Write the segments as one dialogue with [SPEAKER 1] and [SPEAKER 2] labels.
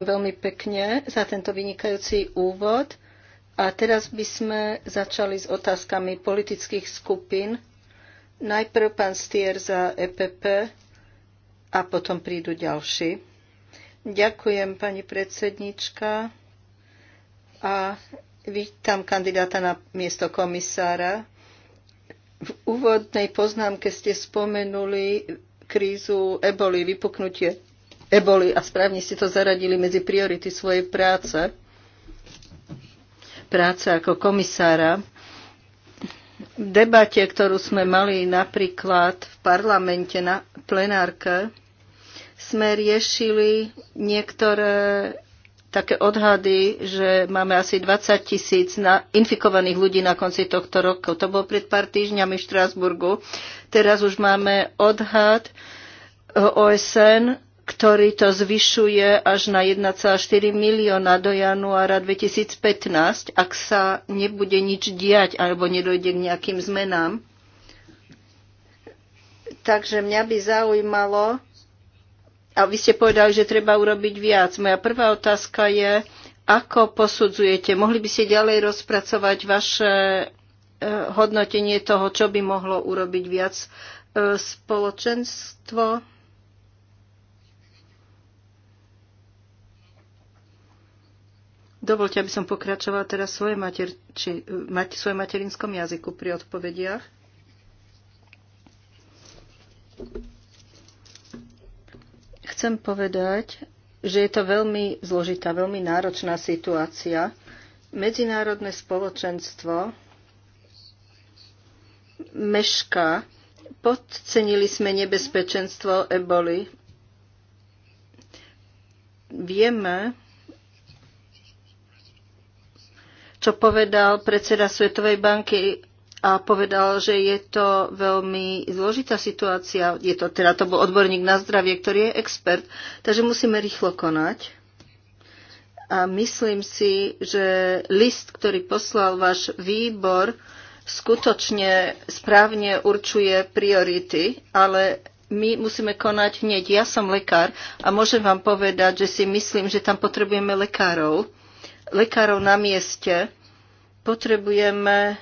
[SPEAKER 1] veľmi pekne za tento vynikajúci úvod. A teraz by sme začali s otázkami politických skupín. Najprv pán Stier za EPP a potom prídu ďalší. Ďakujem, pani predsednička. A vítam kandidáta na miesto komisára. V úvodnej poznámke ste spomenuli krízu eboli, vypuknutie eboli a správne ste to zaradili medzi priority svojej práce. Práce ako komisára. V debate, ktorú sme mali napríklad v parlamente na plenárke, sme riešili niektoré také odhady, že máme asi 20 tisíc infikovaných ľudí na konci tohto roku. To bolo pred pár týždňami v Štrásburgu. Teraz už máme odhad eh, OSN ktorý to zvyšuje až na 1,4 milióna do januára 2015, ak sa nebude nič diať alebo nedojde k nejakým zmenám. Takže mňa by zaujímalo, a vy ste povedali, že treba urobiť viac. Moja prvá otázka je, ako posudzujete? Mohli by ste ďalej rozpracovať vaše e, hodnotenie toho, čo by mohlo urobiť viac e, spoločenstvo? Dovolte, aby som pokračovala teraz svoje mater, či, eh, mať, svojom materinskom jazyku pri odpovediach. Chcem povedať, že je to veľmi zložitá, veľmi náročná situácia. Medzinárodné spoločenstvo meška. Podcenili sme nebezpečenstvo eboli. Vieme, čo povedal predseda Svetovej banky a povedal, že je to veľmi zložitá situácia. Je to, teda to bol odborník na zdravie, ktorý je expert, takže musíme rýchlo konať. A myslím si, že list, ktorý poslal váš výbor, skutočne správne určuje priority, ale my musíme konať hneď. Ja som lekár a môžem vám povedať, že si myslím, že tam potrebujeme lekárov. Lekárov na mieste, Potrebujeme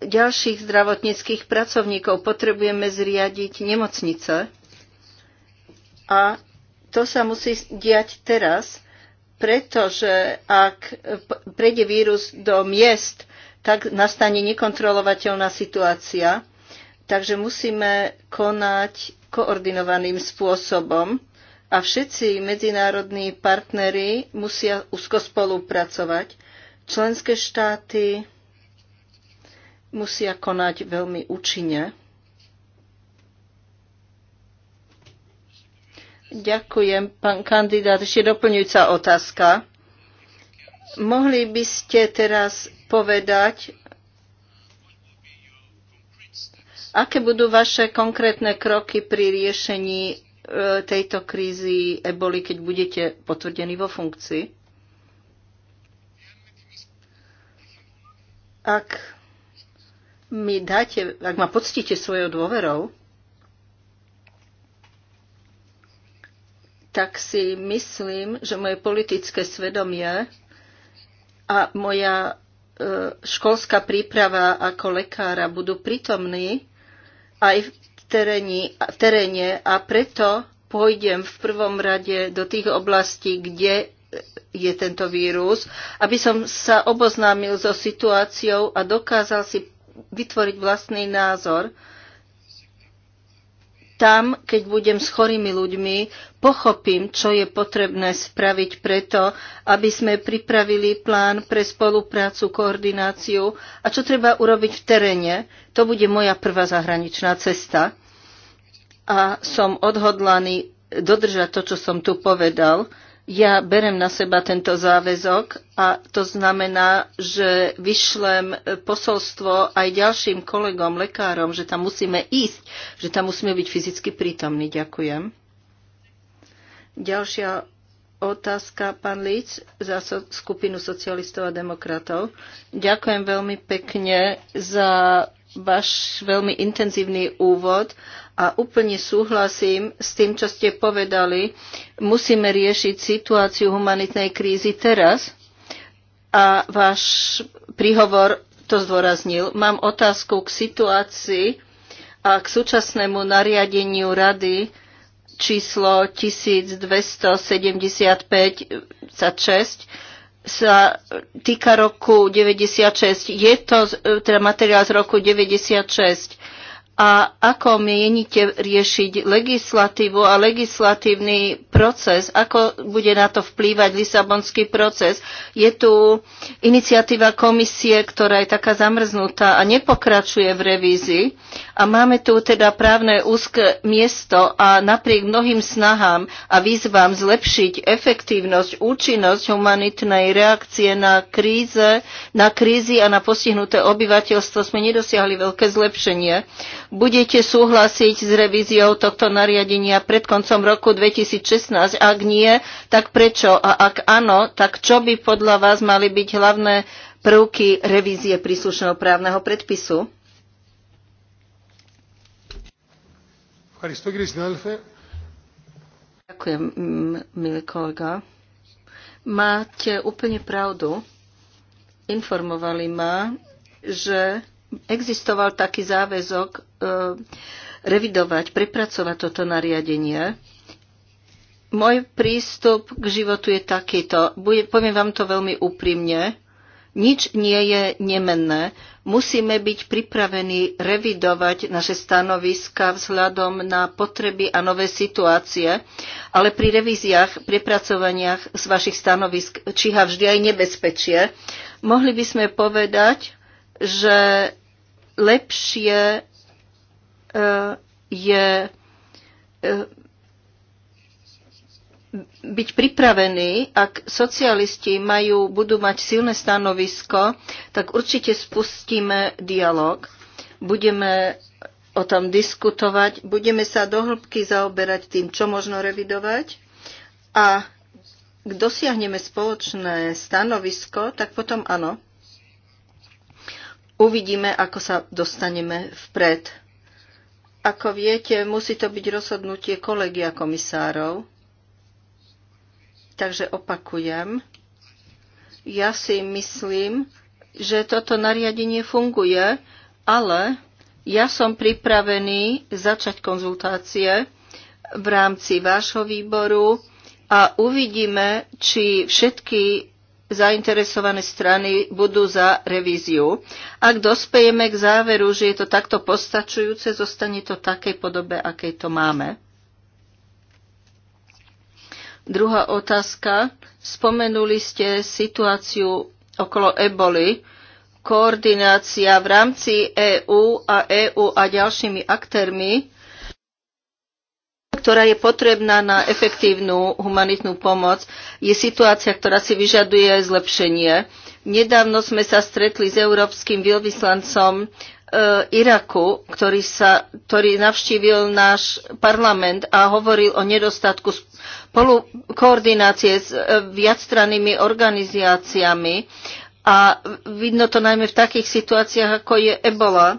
[SPEAKER 1] ďalších zdravotníckých pracovníkov, potrebujeme zriadiť nemocnice. A to sa musí diať teraz, pretože ak prejde vírus do miest, tak nastane nekontrolovateľná situácia. Takže musíme konať koordinovaným spôsobom a všetci medzinárodní partnery musia úzko spolupracovať. Členské štáty musia konať veľmi účinne. Ďakujem, pán kandidát. Ešte doplňujúca otázka. Mohli by ste teraz povedať, aké budú vaše konkrétne kroky pri riešení e, tejto krízy eboli, keď budete potvrdení vo funkcii? Ak mi dáte, ak ma poctíte svojou dôverou, tak si myslím, že moje politické svedomie a moja e, školská príprava ako lekára budú prítomní aj v, teréni, v teréne a preto pôjdem v prvom rade do tých oblastí, kde je tento vírus, aby som sa oboznámil so situáciou a dokázal si vytvoriť vlastný názor. Tam, keď budem s chorými ľuďmi, pochopím, čo je potrebné spraviť preto, aby sme pripravili plán pre spoluprácu, koordináciu a čo treba urobiť v teréne. To bude moja prvá zahraničná cesta. A som odhodlaný dodržať to, čo som tu povedal ja berem na seba tento záväzok a to znamená, že vyšlem posolstvo aj ďalším kolegom, lekárom, že tam musíme ísť, že tam musíme byť fyzicky prítomní. Ďakujem. Ďalšia otázka, pán Líc, za so, skupinu socialistov a demokratov. Ďakujem veľmi pekne za váš veľmi intenzívny úvod a úplne súhlasím s tým, čo ste povedali. Musíme riešiť situáciu humanitnej krízy teraz. A váš príhovor to zdôraznil. Mám otázku k situácii a k súčasnému nariadeniu rady číslo 1275-6 sa týka roku 96. Je to e, teda materiál z roku 96 a ako mienite riešiť legislatívu a legislatívny proces, ako bude na to vplývať Lisabonský proces. Je tu iniciatíva komisie, ktorá je taká zamrznutá a nepokračuje v revízii. A máme tu teda právne úzke miesto a napriek mnohým snahám a výzvam zlepšiť efektívnosť, účinnosť humanitnej reakcie na kríze, na krízy a na postihnuté obyvateľstvo sme nedosiahli veľké zlepšenie. Budete súhlasiť s revíziou tohto nariadenia pred koncom roku 2016 2016? Ak nie, tak prečo? A ak áno, tak čo by podľa vás mali byť hlavné prvky revízie príslušného právneho predpisu? Ďakujem, milý kolega. Máte úplne pravdu. Informovali ma, že existoval taký záväzok e, revidovať, prepracovať toto nariadenie môj prístup k životu je takýto. Bude, poviem vám to veľmi úprimne. Nič nie je nemenné. Musíme byť pripravení revidovať naše stanoviska vzhľadom na potreby a nové situácie, ale pri revíziách, prepracovaniach z vašich stanovisk číha vždy aj nebezpečie. Mohli by sme povedať, že lepšie e, je e, byť pripravení, ak socialisti majú, budú mať silné stanovisko, tak určite spustíme dialog. Budeme o tom diskutovať, budeme sa dohlbky zaoberať tým, čo možno revidovať a ak dosiahneme spoločné stanovisko, tak potom áno, uvidíme, ako sa dostaneme vpred. Ako viete, musí to byť rozhodnutie kolegia komisárov Takže opakujem, ja si myslím, že toto nariadenie funguje, ale ja som pripravený začať konzultácie v rámci vášho výboru a uvidíme, či všetky zainteresované strany budú za revíziu. Ak dospejeme k záveru, že je to takto postačujúce, zostane to v takej podobe, akej to máme. Druhá otázka. Spomenuli ste situáciu okolo eboli. Koordinácia v rámci EÚ a EÚ a ďalšími aktérmi, ktorá je potrebná na efektívnu humanitnú pomoc, je situácia, ktorá si vyžaduje zlepšenie. Nedávno sme sa stretli s európskym veľvyslancom E, Iraku, ktorý, sa, ktorý navštívil náš parlament a hovoril o nedostatku spolu koordinácie s e, viacstrannými organizáciami a vidno to najmä v takých situáciách, ako je ebola.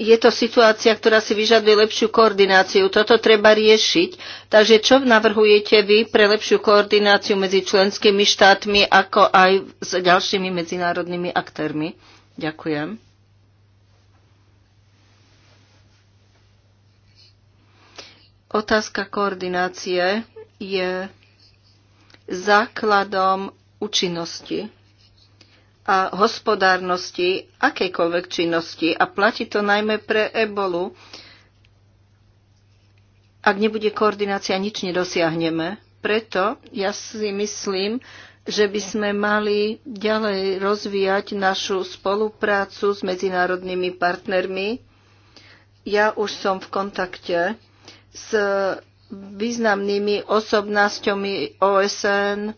[SPEAKER 1] Je to situácia, ktorá si vyžaduje lepšiu koordináciu. Toto treba riešiť. Takže čo navrhujete vy pre lepšiu koordináciu medzi členskými štátmi, ako aj s ďalšími medzinárodnými aktérmi? Ďakujem. Otázka koordinácie je základom účinnosti a hospodárnosti akejkoľvek činnosti a platí to najmä pre ebolu. Ak nebude koordinácia, nič nedosiahneme. Preto ja si myslím, že by sme mali ďalej rozvíjať našu spoluprácu s medzinárodnými partnermi. Ja už som v kontakte s významnými osobnosťami OSN,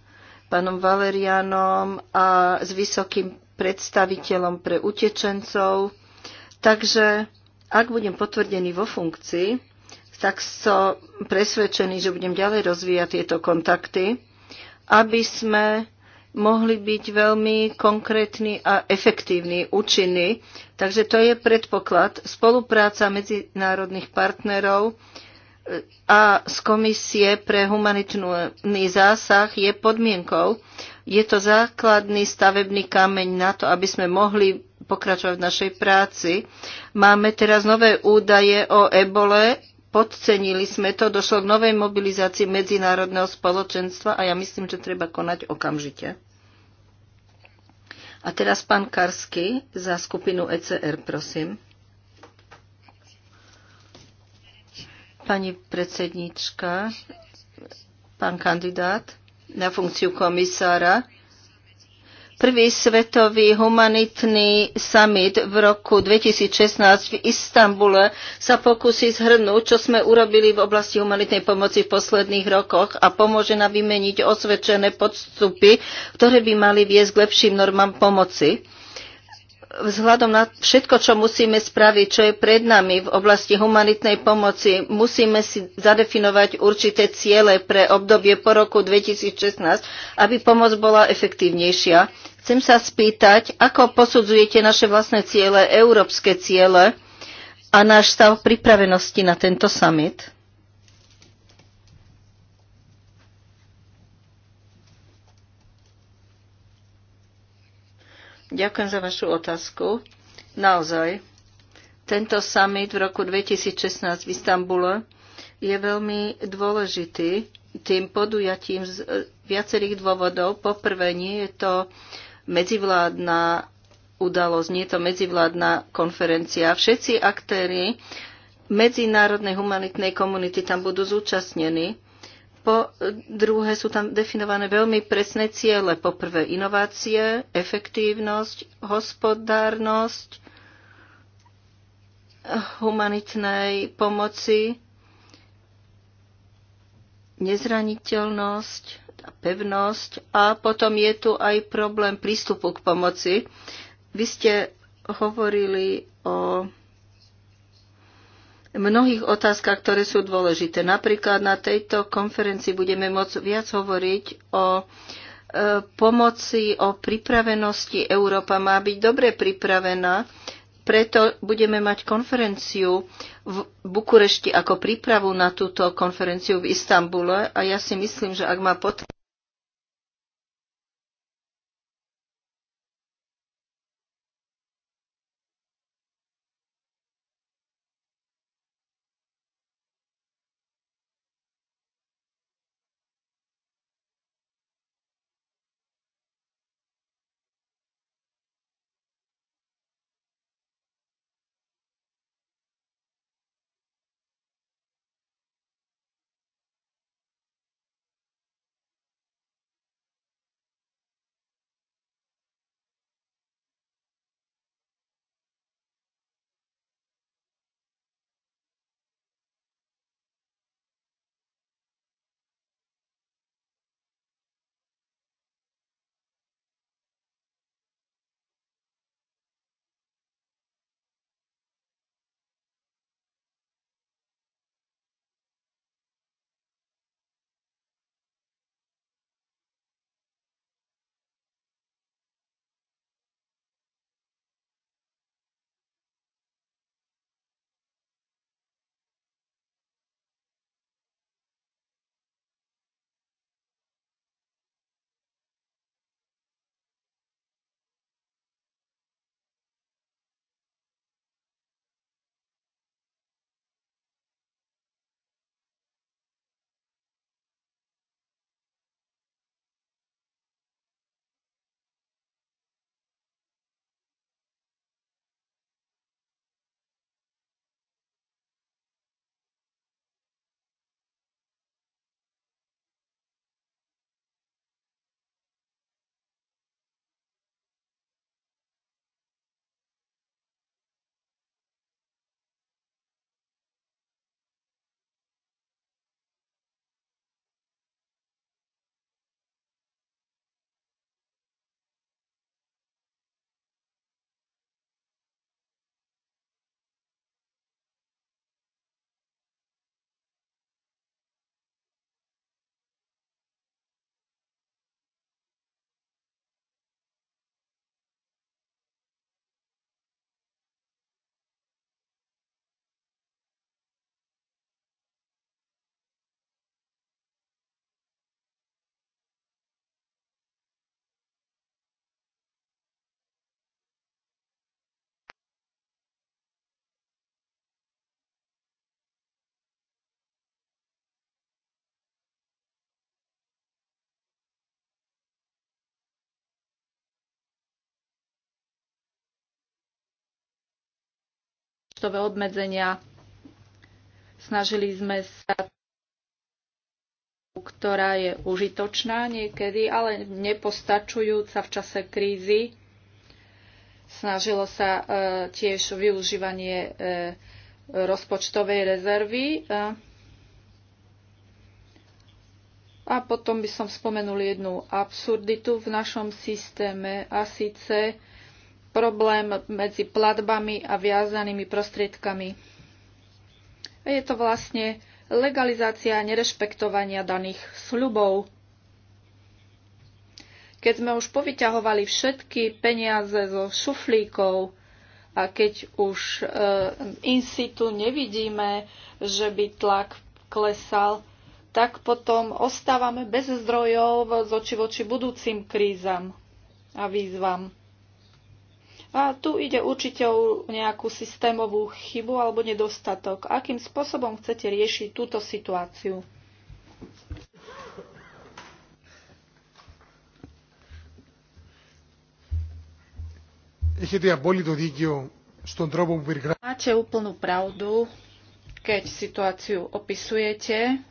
[SPEAKER 1] pánom Valerianom a s vysokým predstaviteľom pre utečencov. Takže ak budem potvrdený vo funkcii, tak som presvedčený, že budem ďalej rozvíjať tieto kontakty, aby sme mohli byť veľmi konkrétni a efektívni, účinní. Takže to je predpoklad spolupráca medzinárodných partnerov a z Komisie pre humanitný zásah je podmienkou. Je to základný stavebný kameň na to, aby sme mohli pokračovať v našej práci. Máme teraz nové údaje o ebole. Podcenili sme to, došlo k novej mobilizácii medzinárodného spoločenstva a ja myslím, že treba konať okamžite. A teraz pán Karsky za skupinu ECR, prosím. Pani predsednička, pán kandidát na funkciu komisára, prvý svetový humanitný summit v roku 2016 v Istambule sa pokusí zhrnúť, čo sme urobili v oblasti humanitnej pomoci v posledných rokoch a pomôže nám vymeniť osvedčené podstupy, ktoré by mali viesť k lepším normám pomoci vzhľadom na všetko, čo musíme spraviť, čo je pred nami v oblasti humanitnej pomoci, musíme si zadefinovať určité ciele pre obdobie po roku 2016, aby pomoc bola efektívnejšia. Chcem sa spýtať, ako posudzujete naše vlastné ciele, európske ciele a náš stav pripravenosti na tento summit? Ďakujem za vašu otázku. Naozaj, tento summit v roku 2016 v Istambule je veľmi dôležitý tým podujatím z e, viacerých dôvodov. Poprvé, nie je to medzivládna udalosť, nie je to medzivládna konferencia. Všetci aktéry medzinárodnej humanitnej komunity tam budú zúčastnení. Po druhé sú tam definované veľmi presné ciele. Po prvé inovácie, efektívnosť, hospodárnosť, humanitnej pomoci, nezraniteľnosť, a pevnosť a potom je tu aj problém prístupu k pomoci. Vy ste hovorili o mnohých otázkach, ktoré sú dôležité. Napríklad na tejto konferencii budeme môcť viac hovoriť o e, pomoci, o pripravenosti. Európa má byť dobre pripravená, preto budeme mať konferenciu v Bukurešti ako prípravu na túto konferenciu v Istambule a ja si myslím, že ak má potrebu
[SPEAKER 2] rozpočtové obmedzenia. Snažili sme sa ktorá je užitočná niekedy, ale nepostačujúca v čase krízy. Snažilo sa e, tiež využívanie e, rozpočtovej rezervy. E, a potom by som spomenul jednu absurditu v našom systéme a síce problém medzi platbami a viazanými prostriedkami. Je to vlastne legalizácia nerešpektovania daných sľubov. Keď sme už povyťahovali všetky peniaze zo šuflíkov a keď už e, in situ nevidíme, že by tlak klesal, tak potom ostávame bez zdrojov z oči voči budúcim krízam a výzvam. A tu ide určite o nejakú systémovú chybu alebo nedostatok. Akým spôsobom chcete riešiť túto situáciu? Máte úplnú pravdu, keď situáciu opisujete.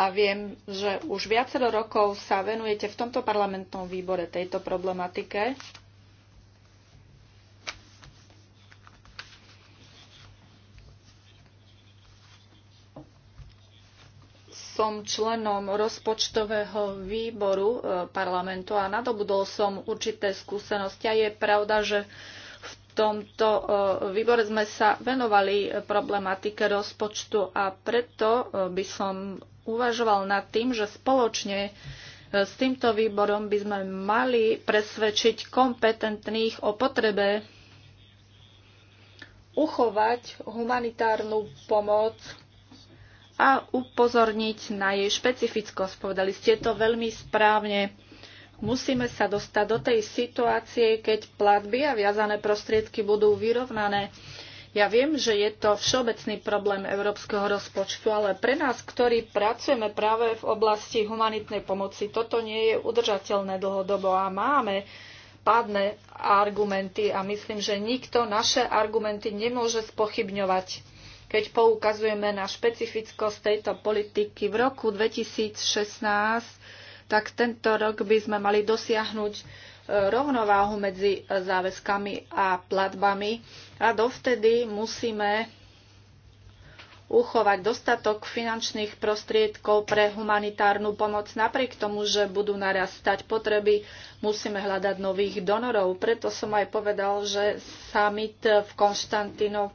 [SPEAKER 2] a viem, že už viacero rokov sa venujete v tomto parlamentnom výbore tejto problematike. som členom rozpočtového výboru e, parlamentu a nadobudol som určité skúsenosti a je pravda, že v tomto e, výbore sme sa venovali problematike rozpočtu a preto e, by som uvažoval nad tým, že spoločne e, s týmto výborom by sme mali presvedčiť kompetentných o potrebe uchovať humanitárnu pomoc a upozorniť na jej špecifickosť. Povedali ste to veľmi správne. Musíme sa dostať do tej situácie, keď platby a viazané prostriedky budú vyrovnané. Ja viem, že je to všeobecný problém európskeho rozpočtu, ale pre nás, ktorí pracujeme práve v oblasti humanitnej pomoci, toto nie je udržateľné dlhodobo a máme pádne argumenty a myslím, že nikto naše argumenty nemôže spochybňovať. Keď poukazujeme na špecifickosť tejto politiky v roku 2016, tak tento rok by sme mali dosiahnuť rovnováhu medzi záväzkami a platbami a dovtedy musíme uchovať dostatok finančných prostriedkov pre humanitárnu pomoc. Napriek tomu, že budú narastať potreby, musíme hľadať nových donorov. Preto som aj povedal, že summit v Konštantinov e,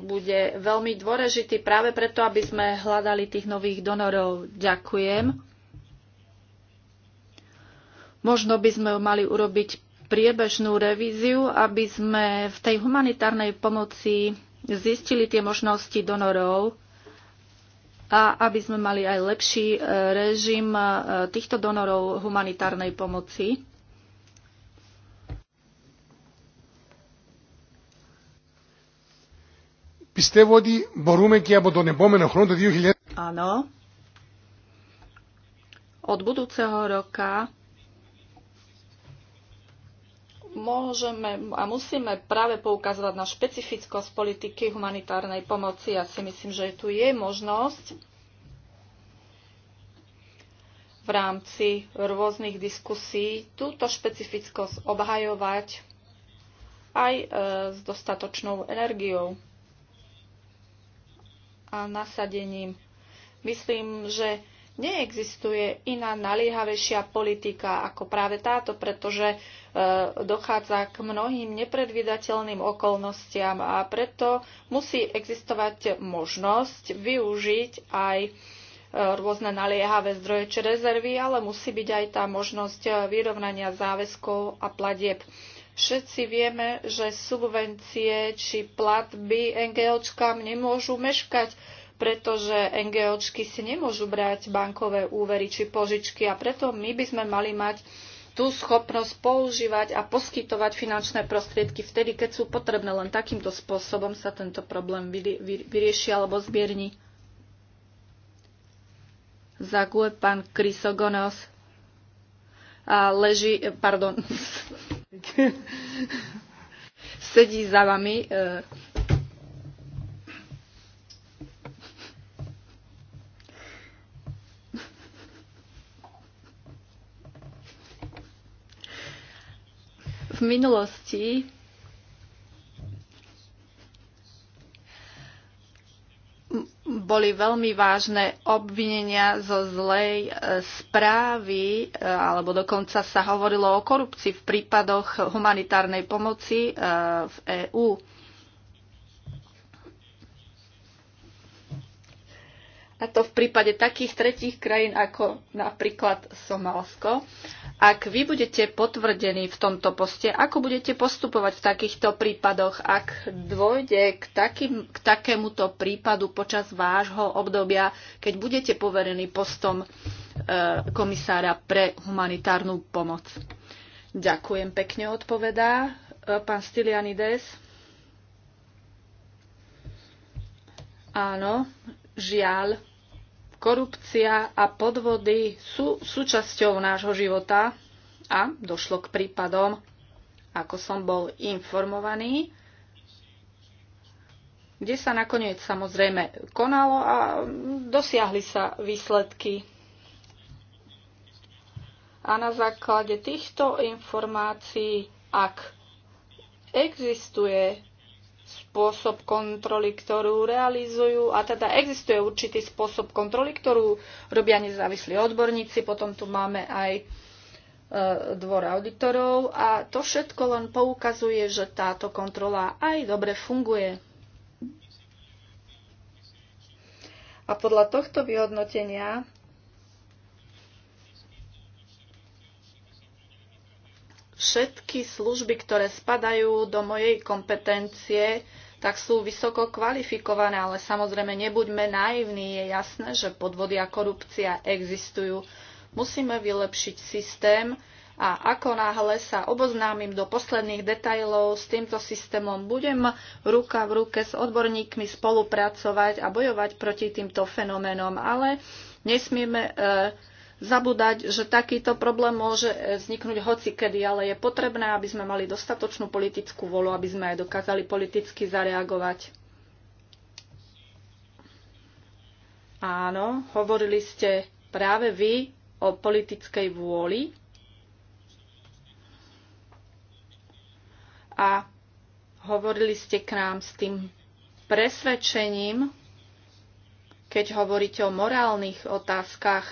[SPEAKER 2] bude veľmi dôležitý práve preto, aby sme hľadali tých nových donorov. Ďakujem. Možno by sme mali urobiť priebežnú revíziu, aby sme v tej humanitárnej pomoci zistili tie možnosti donorov a aby sme mali aj lepší e, režim e, týchto donorov humanitárnej pomoci.
[SPEAKER 3] Πιστεύω ότι μπορούμε και από τον επόμενο 2000... Áno.
[SPEAKER 2] Od budúceho roka môžeme a musíme práve poukazovať na špecifickosť politiky humanitárnej pomoci. Ja si myslím, že tu je možnosť v rámci rôznych diskusí túto špecifickosť obhajovať aj e, s dostatočnou energiou a nasadením. Myslím, že Neexistuje iná naliehavejšia politika ako práve táto, pretože e, dochádza k mnohým nepredvydateľným okolnostiam a preto musí existovať možnosť využiť aj e, rôzne naliehavé zdroje či rezervy, ale musí byť aj tá možnosť e, vyrovnania záväzkov a platieb. Všetci vieme, že subvencie či platby NGOčkám nemôžu meškať pretože NGOčky si nemôžu brať bankové úvery či požičky a preto my by sme mali mať tú schopnosť používať a poskytovať finančné prostriedky vtedy, keď sú potrebné. Len takýmto spôsobom sa tento problém vyrieši alebo zmierni. Zaguje pán Krysogonos a leží, pardon, sedí za vami e, v minulosti boli veľmi vážne obvinenia zo zlej e, správy, e, alebo dokonca sa hovorilo o korupcii v prípadoch humanitárnej pomoci e, v EÚ. a to v prípade takých tretích krajín ako napríklad Somálsko. Ak vy budete potvrdení v tomto poste, ako budete postupovať v takýchto prípadoch, ak dôjde k, takým, k takémuto prípadu počas vášho obdobia, keď budete poverení postom e, komisára pre humanitárnu pomoc? Ďakujem pekne, odpovedá e, pán Stylianides. Áno, žiaľ, Korupcia a podvody sú súčasťou nášho života a došlo k prípadom, ako som bol informovaný, kde sa nakoniec samozrejme konalo a dosiahli sa výsledky. A na základe týchto informácií, ak existuje spôsob kontroly, ktorú realizujú. A teda existuje určitý spôsob kontroly, ktorú robia nezávislí odborníci. Potom tu máme aj e, dvor auditorov a to všetko len poukazuje, že táto kontrola aj dobre funguje. A podľa tohto vyhodnotenia všetky služby, ktoré spadajú do mojej kompetencie, tak sú vysoko kvalifikované, ale samozrejme nebuďme naivní. Je jasné, že podvody a korupcia existujú. Musíme vylepšiť systém a ako náhle sa oboznámim do posledných detajlov s týmto systémom, budem ruka v ruke s odborníkmi spolupracovať a bojovať proti týmto fenoménom, ale nesmieme e, zabúdať, že takýto problém môže vzniknúť hoci kedy, ale je potrebné, aby sme mali dostatočnú politickú volu, aby sme aj dokázali politicky zareagovať. Áno, hovorili ste práve vy o politickej vôli. A hovorili ste k nám s tým presvedčením, keď hovoríte o morálnych otázkach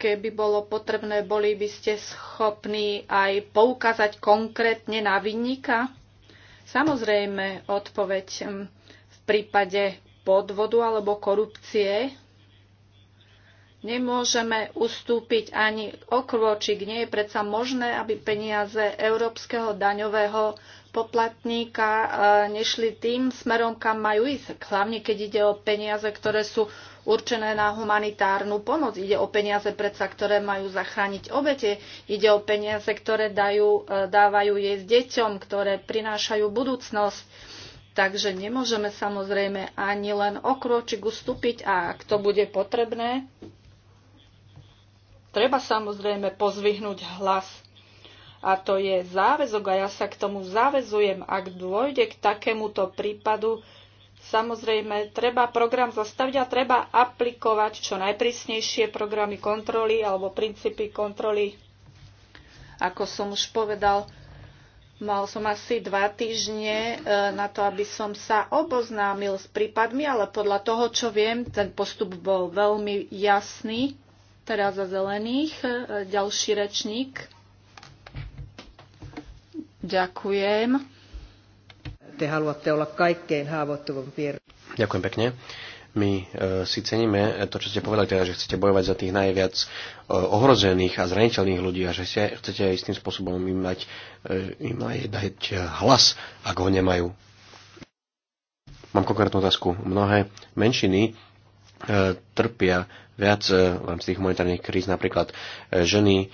[SPEAKER 2] keby bolo potrebné, boli by ste schopní aj poukázať konkrétne na vinníka? Samozrejme, odpoveď hm, v prípade podvodu alebo korupcie nemôžeme ustúpiť ani okročík. Nie je predsa možné, aby peniaze európskeho daňového poplatníka eh, nešli tým smerom, kam majú ísť. Hlavne, keď ide o peniaze, ktoré sú určené na humanitárnu pomoc. Ide o peniaze predsa, ktoré majú zachrániť obete. Ide o peniaze, ktoré dajú, e, dávajú jej s deťom, ktoré prinášajú budúcnosť. Takže nemôžeme samozrejme ani len o ustúpiť a ak to bude potrebné, treba samozrejme pozvihnúť hlas a to je záväzok a ja sa k tomu záväzujem, ak dôjde k takémuto prípadu, Samozrejme, treba program zastaviť a treba aplikovať čo najprísnejšie programy kontroly alebo princípy kontroly. Ako som už povedal, mal som asi dva týždne e, na to, aby som sa oboznámil s prípadmi, ale podľa toho, čo viem, ten postup bol veľmi jasný. Teraz za zelených e, ďalší rečník.
[SPEAKER 1] Ďakujem te haluatte olla kaikkein haavoittuvimpien.
[SPEAKER 3] Ďakujem
[SPEAKER 4] pekne. My e, si ceníme to, čo ste povedali, teda, že chcete bojovať za tých najviac e, ohrozených a zraniteľných ľudí a že ste, chcete aj istým spôsobom im, mať, e, im aj dať e, hlas, ak ho nemajú. Mám konkrétnu otázku. Mnohé menšiny e, trpia viac e, vám z tých humanitárnych kríz, napríklad e, ženy,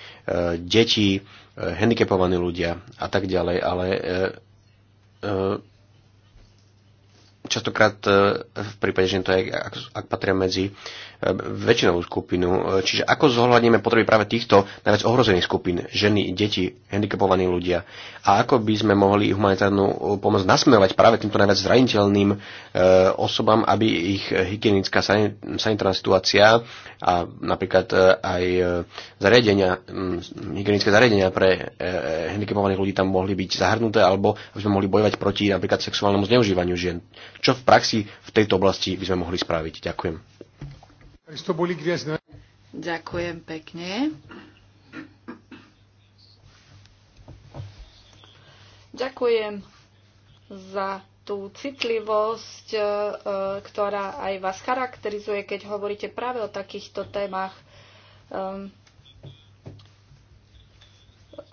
[SPEAKER 4] deti, handicapovaní ľudia a tak ďalej, ale častokrát e, v prípade že to je, ak, ak patria medzi e, väčšinovú skupinu. E, čiže ako zohľadníme potreby práve týchto najviac ohrozených skupín, ženy, deti, handicapovaní ľudia a ako by sme mohli humanitárnu pomoc nasmerovať práve týmto najviac zraniteľným e, osobám, aby ich hygienická sanitárna situácia a napríklad aj zariadenia, hygienické zariadenia pre handicapovaných ľudí tam mohli byť zahrnuté alebo aby sme mohli bojovať proti napríklad sexuálnemu zneužívaniu žien čo v praxi v tejto oblasti by sme mohli spraviť. Ďakujem.
[SPEAKER 3] Ďakujem pekne.
[SPEAKER 2] Ďakujem za tú citlivosť, e, ktorá aj vás charakterizuje, keď hovoríte práve o takýchto témach. Ehm,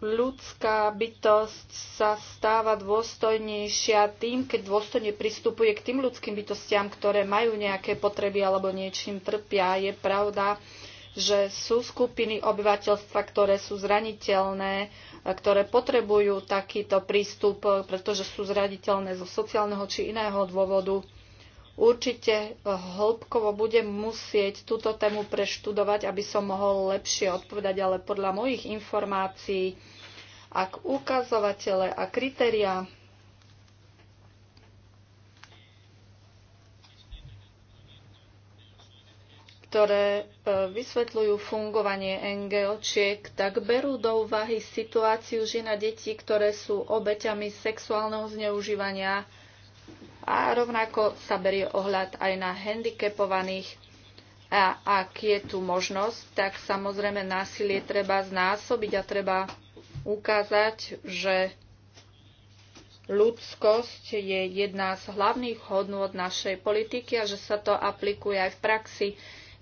[SPEAKER 2] ľudská bytosť sa stáva dôstojnejšia tým, keď dôstojne pristupuje k tým ľudským bytostiam, ktoré majú nejaké potreby alebo niečím trpia. Je pravda, že sú skupiny obyvateľstva, ktoré sú zraniteľné, ktoré potrebujú takýto prístup, pretože sú zraniteľné zo sociálneho či iného dôvodu. Určite hĺbkovo budem musieť túto tému preštudovať, aby som mohol lepšie odpovedať, ale podľa mojich informácií, ak ukazovatele a kritéria ktoré e, vysvetľujú fungovanie NGOčiek, tak berú do úvahy situáciu žien a detí, ktoré sú obeťami sexuálneho zneužívania a rovnako sa berie ohľad aj na handicapovaných. A ak je tu možnosť, tak samozrejme násilie treba znásobiť a treba ukázať, že ľudskosť je jedna z hlavných hodnôt našej politiky a že sa to aplikuje aj v praxi.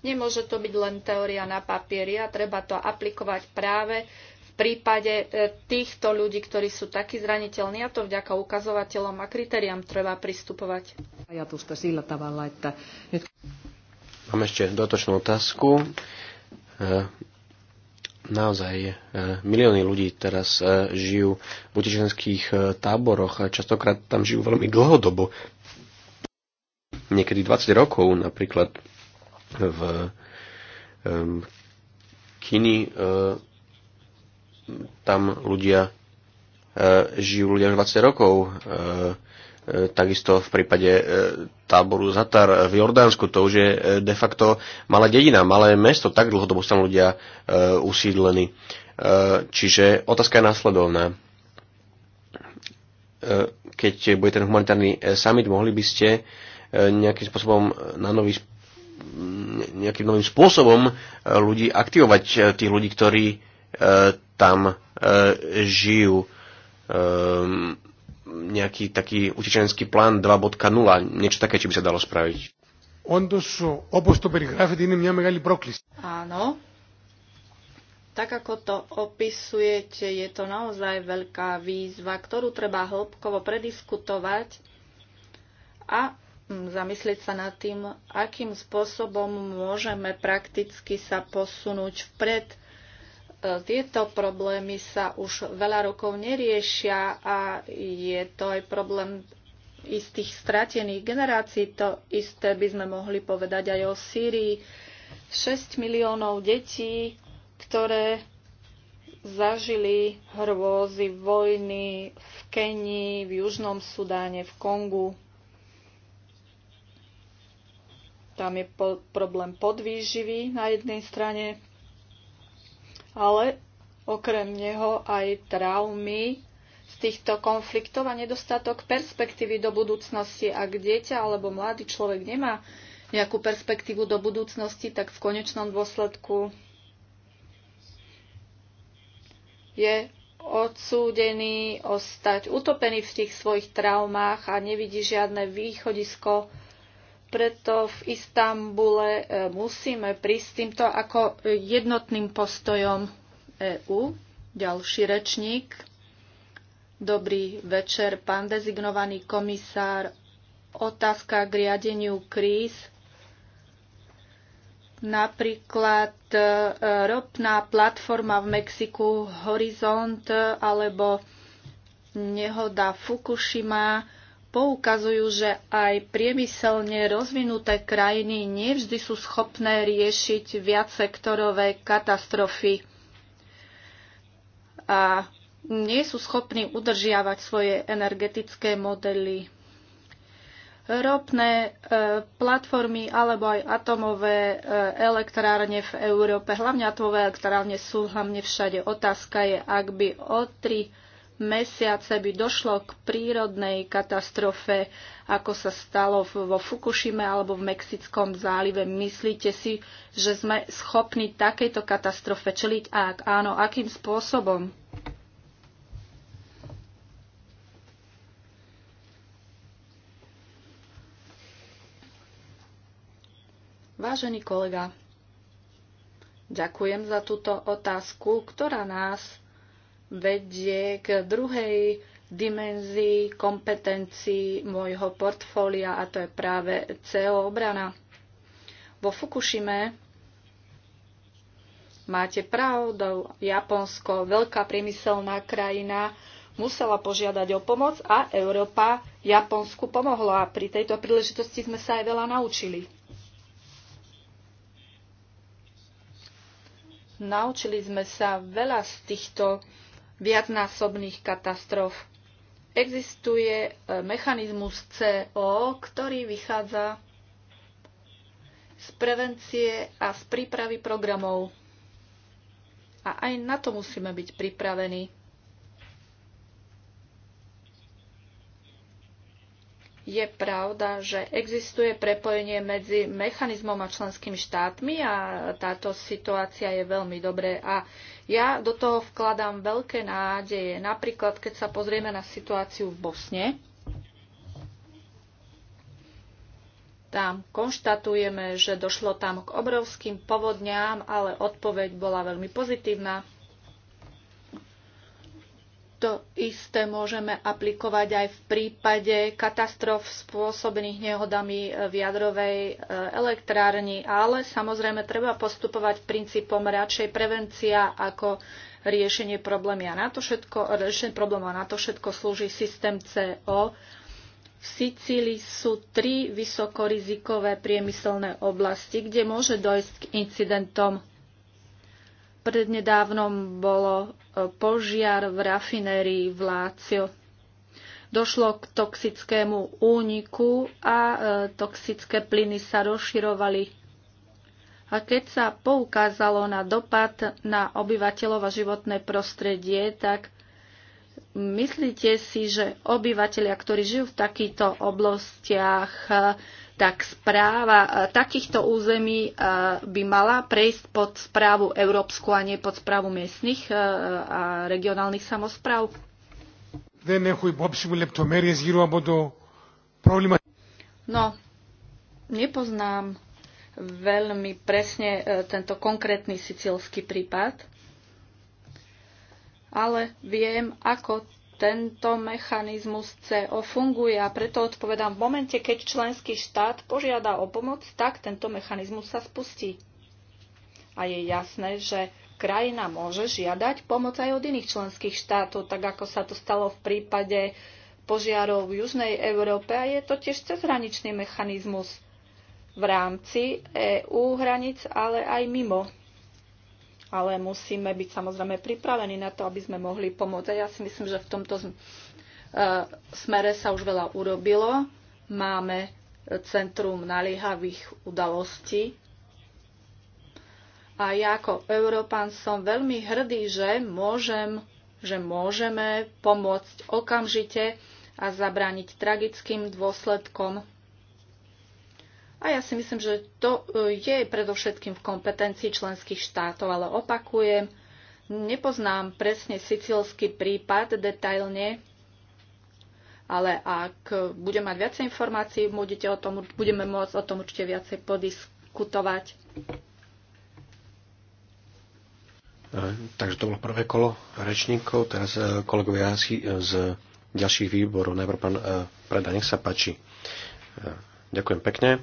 [SPEAKER 2] Nemôže to byť len teória na papieri a treba to aplikovať práve prípade e, týchto ľudí, ktorí sú takí zraniteľní a to vďaka ukazovateľom a kritériám treba pristupovať.
[SPEAKER 4] Mám ešte dotočnú otázku. E, naozaj e, milióny ľudí teraz žijú v utečenských táboroch a častokrát tam žijú veľmi dlhodobo. Niekedy 20 rokov napríklad v Kini tam ľudia e, žijú ľudia už 20 rokov. E, e, takisto v prípade táboru Zatar v Jordánsku, to už je de facto malá dedina, malé mesto, tak dlhodobo sú tam ľudia usídlení. Čiže otázka je následovná. Keď bude ten humanitárny summit, mohli by ste nejakým spôsobom na nový nejakým novým spôsobom ľudí aktivovať, tých ľudí, ktorí tam e, žijú. E, nejaký taký utečenský plán 2.0, niečo také, či by sa dalo spraviť.
[SPEAKER 3] Áno.
[SPEAKER 2] Tak ako to opisujete, je to naozaj veľká výzva, ktorú treba hĺbkovo prediskutovať a hm, zamyslieť sa nad tým, akým spôsobom môžeme prakticky sa posunúť vpred tieto problémy sa už veľa rokov neriešia a je to aj problém istých stratených generácií. To isté by sme mohli povedať aj o Sýrii. 6 miliónov detí, ktoré zažili hrôzy vojny v Kenii, v Južnom Sudáne, v Kongu. Tam je po- problém podvýživy na jednej strane, ale okrem neho aj traumy z týchto konfliktov a nedostatok perspektívy do budúcnosti. Ak dieťa alebo mladý človek nemá nejakú perspektívu do budúcnosti, tak v konečnom dôsledku je odsúdený ostať utopený v tých svojich traumách a nevidí žiadne východisko preto v Istambule e, musíme prísť s týmto ako jednotným postojom EÚ. Ďalší rečník. Dobrý večer, pán dezignovaný komisár. Otázka k riadeniu kríz napríklad e, ropná platforma v Mexiku Horizont alebo nehoda Fukushima poukazujú, že aj priemyselne rozvinuté krajiny nevždy sú schopné riešiť viacsektorové katastrofy a nie sú schopní udržiavať svoje energetické modely ropné e, platformy alebo aj atomové e, elektrárne v Európe, hlavne atomové elektrárne sú hlavne všade. Otázka je, ak by o 3 mesiace by došlo k prírodnej katastrofe, ako sa stalo vo Fukushime alebo v Mexickom zálive. Myslíte si, že sme schopní takejto katastrofe čeliť? A ak áno, akým spôsobom? Vážený kolega, ďakujem za túto otázku, ktorá nás vedie k druhej dimenzii kompetencií môjho portfólia a to je práve CO obrana. Vo Fukushime máte pravdu, Japonsko, veľká priemyselná krajina, musela požiadať o pomoc a Európa Japonsku pomohla. Pri tejto príležitosti sme sa aj veľa naučili. Naučili sme sa veľa z týchto viacnásobných katastrof. Existuje e, mechanizmus CO, ktorý vychádza z prevencie a z prípravy programov. A aj na to musíme byť pripravení. Je pravda, že existuje prepojenie medzi mechanizmom a členskými štátmi a táto situácia je veľmi dobré a ja do toho vkladám veľké nádeje. Napríklad, keď sa pozrieme na situáciu v Bosne, tam konštatujeme, že došlo tam k obrovským povodňám, ale odpoveď bola veľmi pozitívna. To isté môžeme aplikovať aj v prípade katastrof spôsobených nehodami v jadrovej e, elektrárni, ale samozrejme treba postupovať princípom radšej prevencia ako riešenie problémy a na to všetko, riešenie problému a na to všetko slúži systém CO. V Sicílii sú tri vysokorizikové priemyselné oblasti, kde môže dojsť k incidentom Prednedávnom bolo e, požiar v rafinérii v Lácio. Došlo k toxickému úniku a e, toxické plyny sa rozširovali. A keď sa poukázalo na dopad na obyvateľov a životné prostredie, tak myslíte si, že obyvateľia, ktorí žijú v takýchto oblastiach, tak správa e, takýchto území e, by mala prejsť pod správu európsku a nie pod správu miestnych e, a regionálnych samozpráv. No, nepoznám veľmi presne tento konkrétny sicilský prípad, ale viem, ako tento mechanizmus CO funguje a preto odpovedám, v momente, keď členský štát požiada o pomoc, tak tento mechanizmus sa spustí. A je jasné, že krajina môže žiadať pomoc aj od iných členských štátov, tak ako sa to stalo v prípade požiarov v Južnej Európe a je to tiež cezhraničný mechanizmus v rámci EU hranic, ale aj mimo ale musíme byť samozrejme pripravení na to, aby sme mohli pomôcť. A ja si myslím, že v tomto eh, smere sa už veľa urobilo. Máme eh, Centrum naliehavých udalostí. A ja ako Európan som veľmi hrdý, že, môžem, že môžeme pomôcť okamžite a zabrániť tragickým dôsledkom a ja si myslím, že to e, je predovšetkým v kompetencii členských štátov, ale opakujem, nepoznám presne sicilský prípad detailne, ale ak budem mať viacej informácií, budete o tom, budeme môcť o tom určite viacej podiskutovať.
[SPEAKER 4] E, takže to bolo prvé kolo rečníkov. Teraz e, kolegovia z ďalších výborov. Najprv pán Preda, nech sa páči. Ďakujem pekne.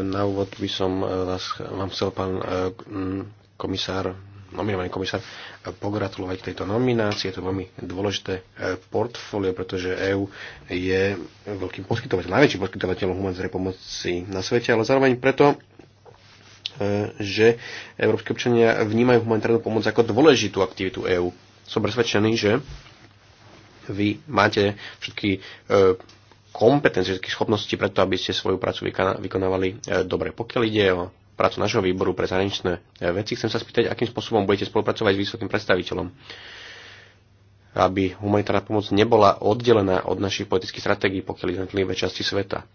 [SPEAKER 4] Na úvod by som e, vás, vám chcel, pán e, komisár, nominovaný komisár, pogratulovať k tejto nominácii. Je to veľmi dôležité e, portfólio, pretože EÚ je veľkým poskytovateľom, najväčším poskytovateľom humanitárnej pomoci na svete, ale zároveň preto, že európske občania vnímajú humanitárnu pomoc ako dôležitú aktivitu EÚ. Som presvedčený, že vy máte všetky kompetencie, všetky schopnosti preto, aby ste svoju prácu vykonávali e, dobre. Pokiaľ ide o prácu našho výboru pre zahraničné e, veci, chcem sa spýtať, akým spôsobom budete spolupracovať s vysokým predstaviteľom aby humanitárna pomoc nebola oddelená od našich politických stratégií, pokiaľ jednotlivé časti sveta.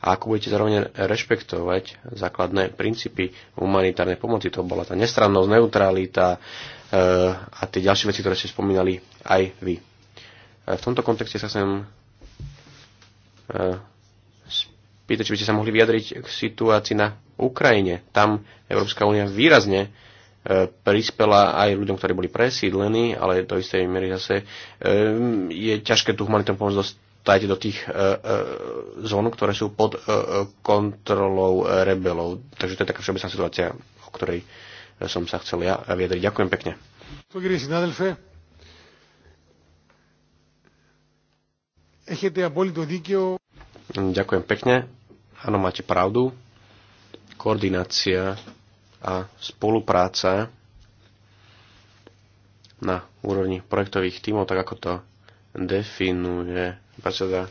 [SPEAKER 4] A ako budete zároveň rešpektovať základné princípy humanitárnej pomoci, to bola tá nestrannosť, neutralita e, a tie ďalšie veci, ktoré ste spomínali aj vy. E, v tomto kontexte sa chcem E, spýtať, či by ste sa mohli vyjadriť k situácii na Ukrajine. Tam Európska únia výrazne e, prispela aj ľuďom, ktorí boli presídlení, ale do istej miery zase e, je ťažké tú humanitárnu pomoc dostať do tých zón, ktoré sú pod kontrolou rebelov. Takže to je taká všeobecná situácia, o ktorej som sa chcel ja vyjadriť. Ďakujem pekne. Ďakujem pekne. Áno, máte pravdu. Koordinácia a spolupráca na úrovni projektových tímov, tak ako to definuje predseda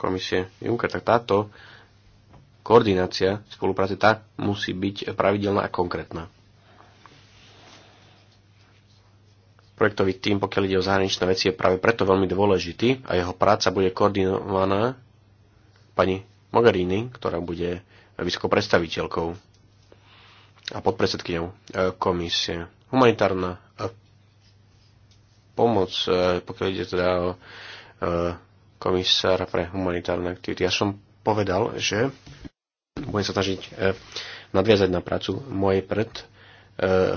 [SPEAKER 4] komisie Juncker, tak táto koordinácia spolupráce tá musí byť pravidelná a konkrétna. Projektový tým, pokiaľ ide o zahraničné veci, je práve preto veľmi dôležitý a jeho práca bude koordinovaná pani Mogherini, ktorá bude vysokou predstaviteľkou a podpredsedkyňou e, komisie. Humanitárna e, pomoc, e, pokiaľ ide teda o komisára pre humanitárne aktivity. Ja som povedal, že budem sa snažiť nadviazať na prácu mojej pred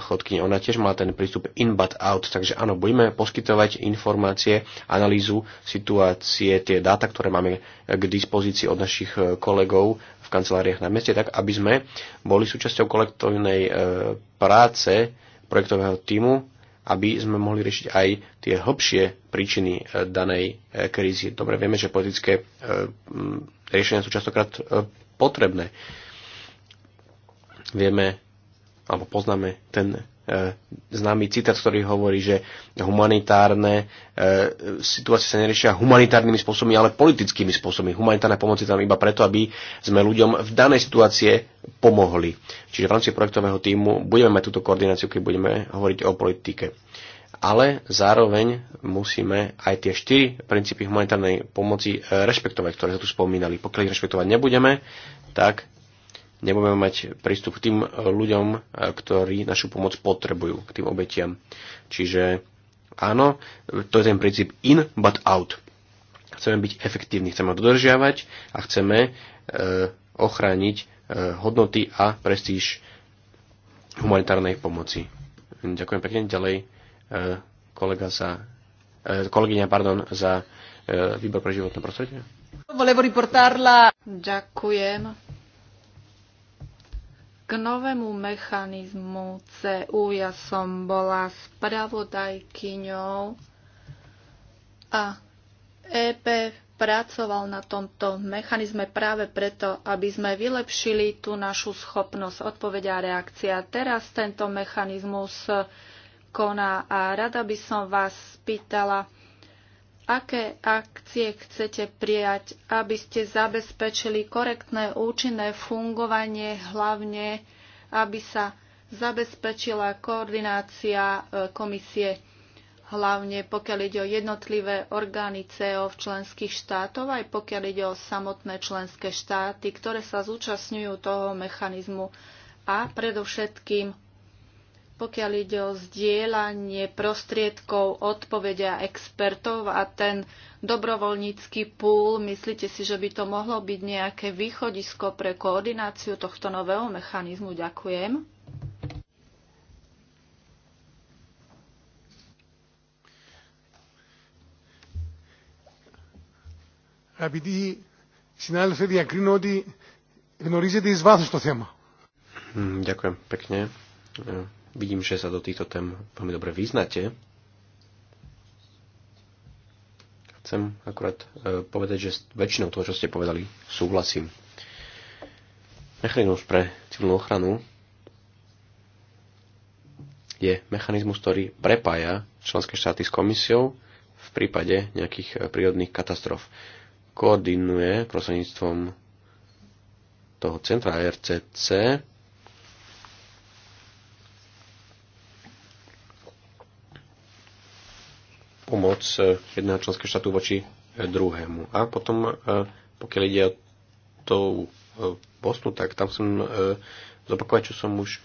[SPEAKER 4] chodkyne. Ona tiež má ten prístup in but out, takže áno, budeme poskytovať informácie, analýzu situácie, tie dáta, ktoré máme k dispozícii od našich e, kolegov v kanceláriách na meste, tak aby sme boli súčasťou kolektívnej e, práce projektového týmu, aby sme mohli riešiť aj tie hlbšie príčiny e, danej krízy. Dobre, vieme, že politické riešenia sú častokrát potrebné. Vieme, alebo poznáme ten e, známy citát, ktorý hovorí, že humanitárne e, situácie sa neriešia humanitárnymi spôsobmi, ale politickými spôsobmi. Humanitárna pomoc je tam iba preto, aby sme ľuďom v danej situácie pomohli. Čiže v rámci projektového týmu budeme mať túto koordináciu, keď budeme hovoriť o politike. Ale zároveň musíme aj tie štyri princípy humanitárnej pomoci e, rešpektovať, ktoré sa tu spomínali. Pokiaľ ich rešpektovať nebudeme, tak nebudeme mať prístup k tým e, ľuďom, e, ktorí našu pomoc potrebujú, k tým obetiam. Čiže áno, to je ten princíp in but out. Chceme byť efektívni, chceme dodržiavať a chceme e, ochrániť e, hodnoty a prestíž humanitárnej pomoci. Ďakujem pekne. Ďalej e, kolega za, e, kolegyňa pardon, za e, výbor pre životné prostredie.
[SPEAKER 2] Ďakujem. K novému mechanizmu CU ja som bola spravodajkyňou a EP pracoval na tomto mechanizme práve preto, aby sme vylepšili tú našu schopnosť odpovedia a reakcia. Teraz tento mechanizmus koná a rada by som vás spýtala, aké akcie chcete prijať, aby ste zabezpečili korektné účinné fungovanie, hlavne aby sa zabezpečila koordinácia e, komisie, hlavne pokiaľ ide o jednotlivé orgány CO v členských štátov, aj pokiaľ ide o samotné členské štáty, ktoré sa zúčastňujú toho mechanizmu a predovšetkým pokiaľ ide o zdieľanie prostriedkov, odpovedia expertov a ten dobrovoľnícky púl, myslíte si, že by to mohlo byť nejaké východisko pre koordináciu tohto nového mechanizmu? Ďakujem.
[SPEAKER 3] Αγαπητοί συνάδελφοι, διακρίνω ότι γνωρίζετε εις βάθος το θέμα.
[SPEAKER 4] Ďakujem pekne. Vidím, že sa do týchto tém veľmi dobre vyznate. Chcem akurát e, povedať, že s väčšinou toho, čo ste povedali, súhlasím. Mechanizmus pre civilnú ochranu je mechanizmus, ktorý prepája členské štáty s komisiou v prípade nejakých e, prírodných katastrof. Koordinuje prostredníctvom toho centra RCC pomoc e, jedného členského štátu voči e, druhému. A potom, e, pokiaľ ide o tú Bosnu, tak tam som zopakovať, čo som už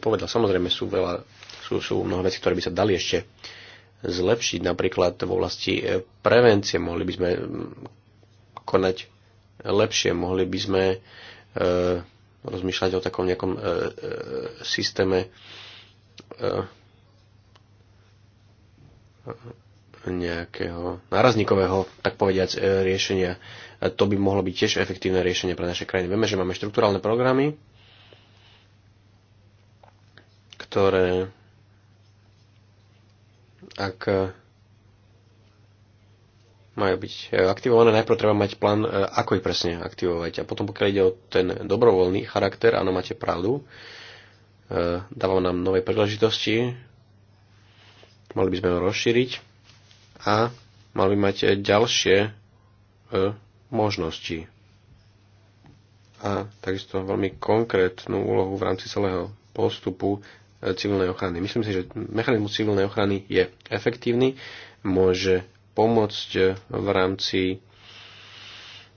[SPEAKER 4] povedal. Samozrejme sú, veľa, sú, sú mnoho veci, ktoré by sa dali ešte zlepšiť. Napríklad v oblasti prevencie mohli by sme konať lepšie, mohli by sme rozmýšľať o takom nejakom systéme nejakého nárazníkového, tak povediať, e, riešenia. To by mohlo byť tiež efektívne riešenie pre naše krajiny. Vieme, že máme štruktúralne programy, ktoré ak majú byť e, aktivované, najprv treba mať plán, e, ako ich presne aktivovať. A potom, pokiaľ ide o ten dobrovoľný charakter, áno, máte pravdu, dáva nám nové príležitosti, mali by sme ho rozšíriť a mali mať ďalšie e, možnosti. A takisto veľmi konkrétnu úlohu v rámci celého postupu e, civilnej ochrany. Myslím si, že mechanizmus civilnej ochrany je efektívny, môže pomôcť e, v rámci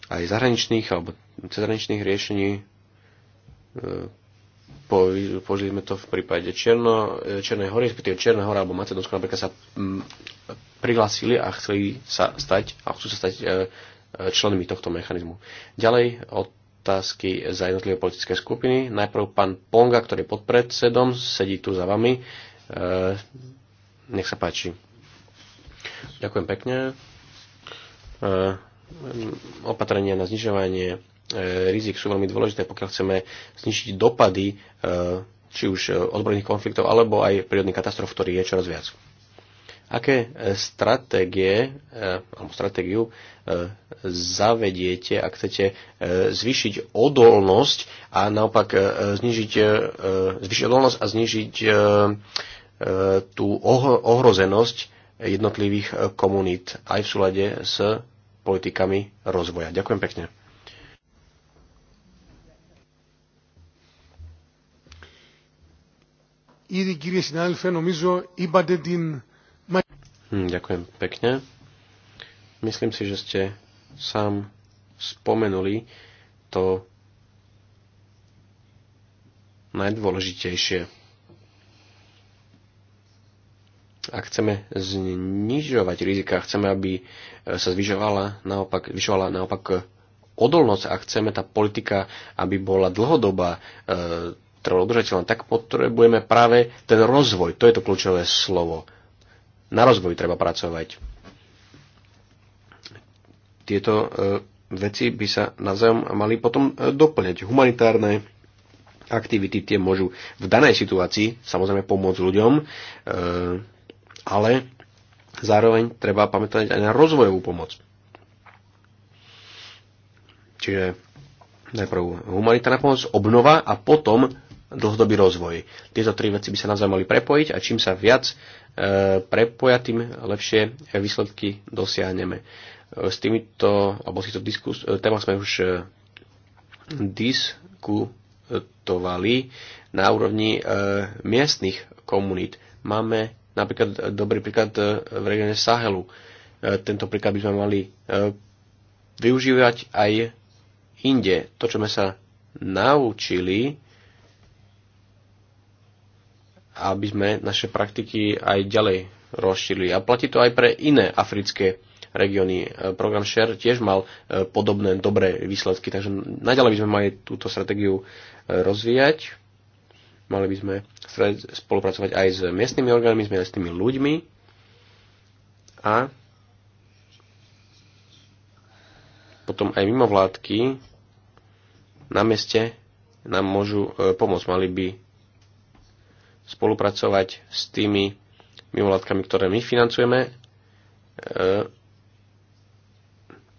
[SPEAKER 4] aj zahraničných alebo cezhraničných riešení. E, Použili sme to v prípade Černo, e, Černej hory, respektíve Černá hora alebo Macedónska napríklad sa prihlásili a chceli sa stať a chcú sa stať e, e, členmi tohto mechanizmu. Ďalej otázky za jednotlivé politické skupiny. Najprv pán Ponga, ktorý je podpredsedom, sedí tu za vami. E, nech sa páči. Ďakujem pekne. Opatrenia na znižovanie rizik sú veľmi dôležité, pokiaľ chceme znižiť dopady či už odborných konfliktov, alebo aj prírodných katastrof, ktorý je čoraz viac. Aké e, stratégie, e, alebo stratégiu e, zavediete, ak chcete zvýšiť odolnosť a naopak znižiť, zvýšiť odolnosť a znižiť tú ohrozenosť jednotlivých komunít aj v súlade s politikami rozvoja. Ďakujem pekne.
[SPEAKER 3] Ήδη κύριε συνάδελφε νομίζω είπατε την
[SPEAKER 4] Hm, ďakujem pekne. Myslím si, že ste sám spomenuli to najdôležitejšie. Ak chceme znižovať rizika, chceme, aby e, sa zvyšovala naopak, zvyšovala naopak odolnosť a chceme tá politika, aby bola dlhodobá, e, trvalo udržateľná, tak potrebujeme práve ten rozvoj. To je to kľúčové slovo na rozvoj treba pracovať. Tieto e, veci by sa navzájom mali potom e, doplňať. Humanitárne aktivity tie môžu v danej situácii samozrejme pomôcť ľuďom, e, ale zároveň treba pamätať aj na rozvojovú pomoc. Čiže najprv humanitárna pomoc, obnova a potom dlhodobý rozvoj. Tieto tri veci by sa naozaj mali prepojiť a čím sa viac e, prepoja, tým lepšie výsledky dosiahneme. E, s týmito, alebo s týchto diskus, e, téma sme už diskutovali na úrovni miestnych komunít. Máme napríklad dobrý príklad v regióne Sahelu. Tento príklad by sme mali využívať aj inde. To, čo sme sa naučili, aby sme naše praktiky aj ďalej rozšírili. A platí to aj pre iné africké regióny. E, program SHARE tiež mal e, podobné dobré výsledky, takže naďalej by sme mali túto stratégiu e, rozvíjať. Mali by sme spolupracovať aj s miestnymi orgánmi, aj s tými ľuďmi. A potom aj mimovládky na meste nám môžu pomôcť. Mali by spolupracovať s tými mimovládkami, ktoré my financujeme, e,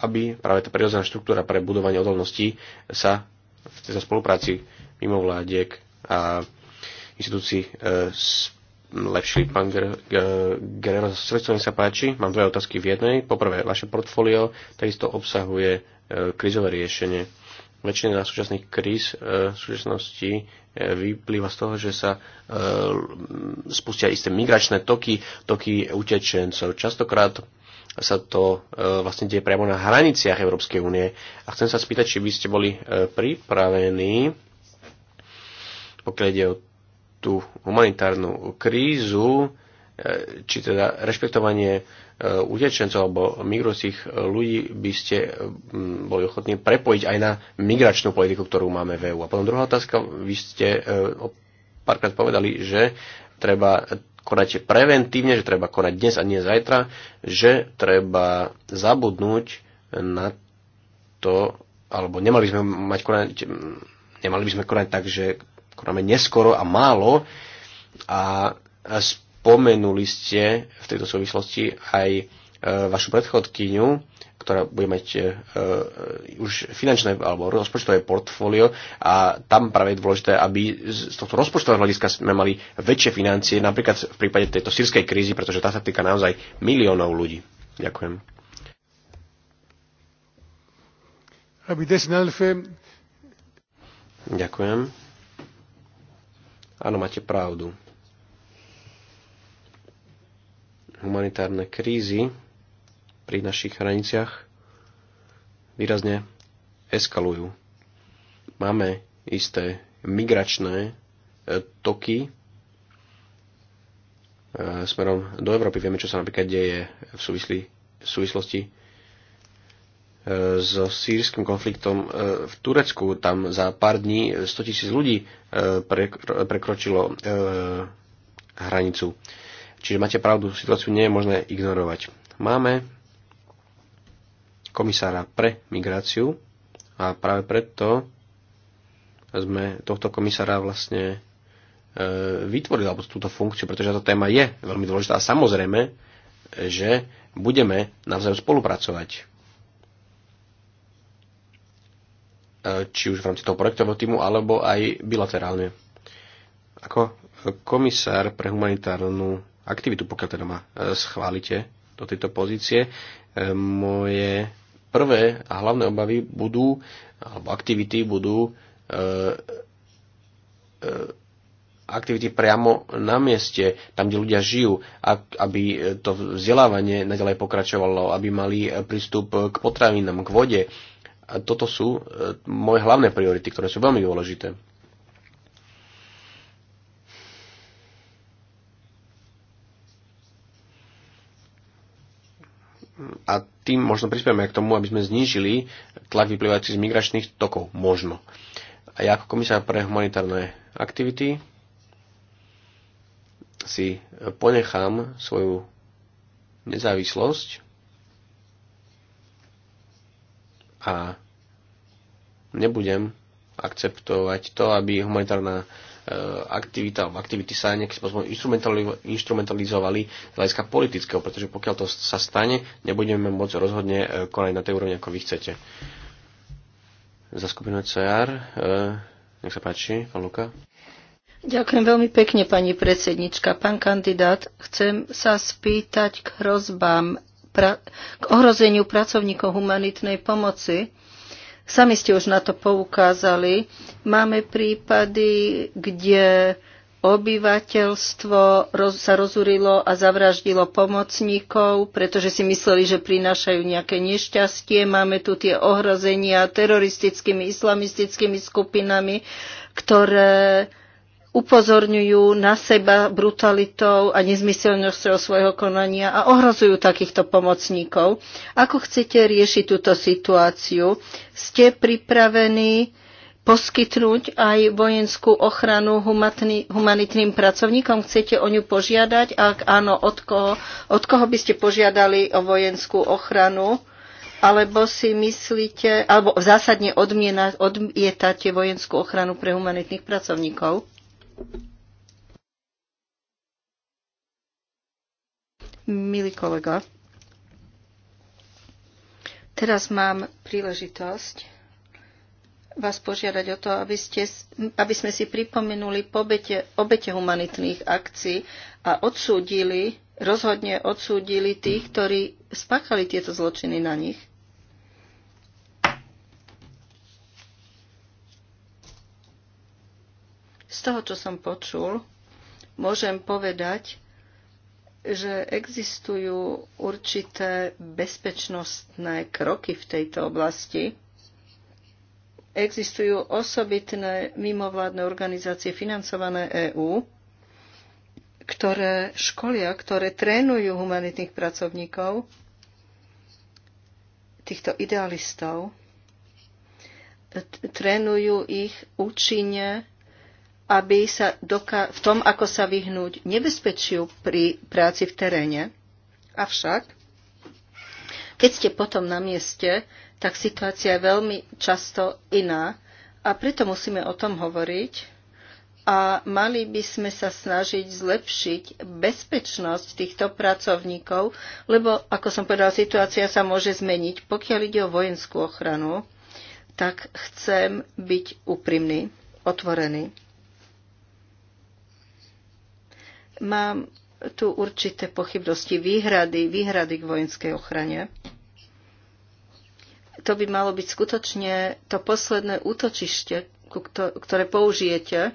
[SPEAKER 4] aby práve tá prirodzená štruktúra pre budovanie odolností sa v tejto spolupráci mimovládiek a inštitúcií e, lepšili. Pán Guerrero, srdcovne sa páči, mám dve otázky v jednej. Poprvé, vaše portfólio takisto obsahuje e, krizové riešenie väčšina súčasných kríz e, v súčasnosti e, vyplýva z toho, že sa e, spustia isté migračné toky, toky utečencov. Častokrát sa to vlastne deje priamo na hraniciach Európskej únie. A chcem sa spýtať, či by ste boli pripravení, pokiaľ ide o tú humanitárnu krízu, E, či teda rešpektovanie e, utečencov alebo migrujúcich e, ľudí by ste boli ochotní prepojiť aj na migračnú politiku, ktorú máme v EU. A potom druhá otázka, vy ste párkrát povedali, že treba konať preventívne, že treba konať dnes a nie zajtra, že treba zabudnúť na to, alebo nemali sme mať konať, nemali by sme konať tak, že konáme neskoro a málo a Spomenuli ste v tejto súvislosti aj e, vašu predchodkyňu, ktorá bude mať e, e, už finančné alebo rozpočtové portfólio a tam práve je dôležité, aby z tohto rozpočtového hľadiska sme mali väčšie financie, napríklad v prípade tejto sírskej krízy, pretože tá sa týka naozaj miliónov ľudí. Ďakujem. Ďakujem. Áno, máte pravdu. humanitárne krízy pri našich hraniciach výrazne eskalujú. Máme isté migračné e, toky e, smerom do Európy. Vieme, čo sa napríklad deje v, súvislí, v súvislosti so e, sírským konfliktom v Turecku. Tam za pár dní 100 tisíc ľudí prekročilo hranicu. Čiže máte pravdu, situáciu nie je možné ignorovať. Máme komisára pre migráciu a práve preto sme tohto komisára vlastne e, vytvorili alebo túto funkciu, pretože táto téma je veľmi dôležitá a samozrejme, že budeme navzájom spolupracovať. E, či už v rámci toho projektového týmu alebo aj bilaterálne. Ako komisár pre humanitárnu aktivitu, pokiaľ teda ma e, schválite do tejto pozície. E, moje prvé a hlavné obavy budú, alebo aktivity budú e, aktivity priamo na mieste, tam, kde ľudia žijú, aby to vzdelávanie naďalej pokračovalo, aby mali prístup k potravinám, k vode. A toto sú moje hlavné priority, ktoré sú veľmi dôležité. a tým možno prispieme k tomu, aby sme znížili tlak vyplývajúci z migračných tokov. Možno. A ja ako komisár pre humanitárne aktivity si ponechám svoju nezávislosť a nebudem akceptovať to, aby humanitárna Eh, aktivitám. Aktivity sa nejakým spôsobom instrumentalizovali z hľadiska politického, pretože pokiaľ to sa stane, nebudeme môcť rozhodne eh, konať na tej úrovni, ako vy chcete. Za skupinu e CR, eh, nech sa páči, pán Luka.
[SPEAKER 1] Ďakujem veľmi pekne, pani predsednička. Pán kandidát, chcem sa spýtať k hrozbám, pra, k ohrozeniu pracovníkov humanitnej pomoci. Sami ste už na to poukázali. Máme prípady, kde obyvateľstvo sa rozurilo a zavraždilo pomocníkov, pretože si mysleli, že prinášajú nejaké nešťastie. Máme tu tie ohrozenia teroristickými, islamistickými skupinami, ktoré upozorňujú na seba brutalitou a nezmyselnosťou svojho konania a ohrozujú takýchto pomocníkov. Ako chcete riešiť túto situáciu? Ste pripravení poskytnúť aj vojenskú ochranu humatný, humanitným pracovníkom? Chcete o ňu požiadať? Ak áno, od koho, od koho by ste požiadali o vojenskú ochranu? Alebo si myslíte, alebo zásadne odmietate vojenskú ochranu pre humanitných pracovníkov? Milý kolega, teraz mám príležitosť vás požiadať o to, aby, ste, aby sme si pripomenuli pobete, obete humanitných akcií a odsúdili, rozhodne odsúdili tých, ktorí spáchali tieto zločiny na nich. Z toho, čo som počul, môžem povedať, že existujú určité bezpečnostné kroky v tejto oblasti. Existujú osobitné mimovládne organizácie financované EÚ, ktoré školia, ktoré trénujú humanitných pracovníkov, týchto idealistov, trénujú ich účinne aby sa doká- v tom, ako sa vyhnúť nebezpečiu pri práci v teréne. Avšak, keď ste potom na mieste, tak situácia je veľmi často iná a preto musíme o tom hovoriť a mali by sme sa snažiť zlepšiť bezpečnosť týchto pracovníkov, lebo, ako som povedala, situácia sa môže zmeniť. Pokiaľ ide o vojenskú ochranu, tak chcem byť úprimný, otvorený. Mám tu určité pochybnosti, výhrady, výhrady k vojenskej ochrane. To by malo byť skutočne to posledné útočište, ktoré použijete.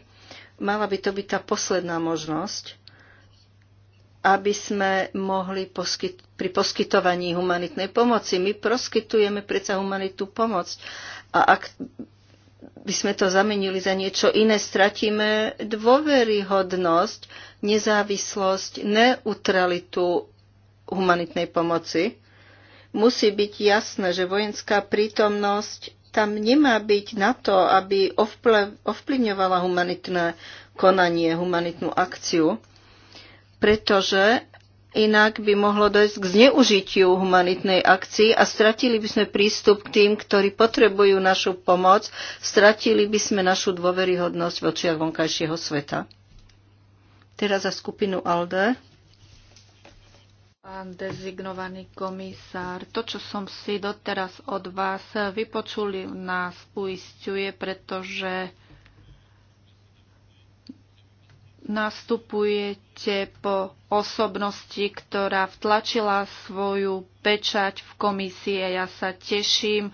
[SPEAKER 1] Mala by to byť tá posledná možnosť, aby sme mohli poskyt- pri poskytovaní humanitnej pomoci. My poskytujeme predsa humanitnú pomoc a ak by sme to zamenili za niečo iné, stratíme dôveryhodnosť, nezávislosť, neutralitu humanitnej pomoci. Musí byť jasné, že vojenská prítomnosť tam nemá byť na to, aby ovplyvňovala humanitné konanie, humanitnú akciu, pretože Inak by mohlo dojsť k zneužitiu humanitnej akcii a stratili by sme prístup k tým, ktorí potrebujú našu pomoc, stratili by sme našu dôveryhodnosť v očiach vonkajšieho sveta. Teraz za skupinu ALDE.
[SPEAKER 2] Pán dezignovaný komisár, to, čo som si doteraz od vás vypočuli, nás uistuje, pretože nastupujete po osobnosti, ktorá vtlačila svoju pečať v komisie. Ja sa teším e,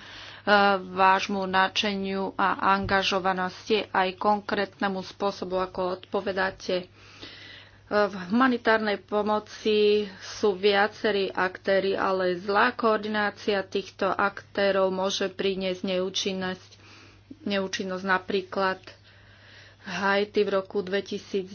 [SPEAKER 2] vášmu načeniu a angažovanosti aj konkrétnemu spôsobu, ako odpovedáte. E, v humanitárnej pomoci sú viacerí aktéry, ale zlá koordinácia týchto aktérov môže priniesť neúčinnosť, neúčinnosť napríklad Haiti v roku 2010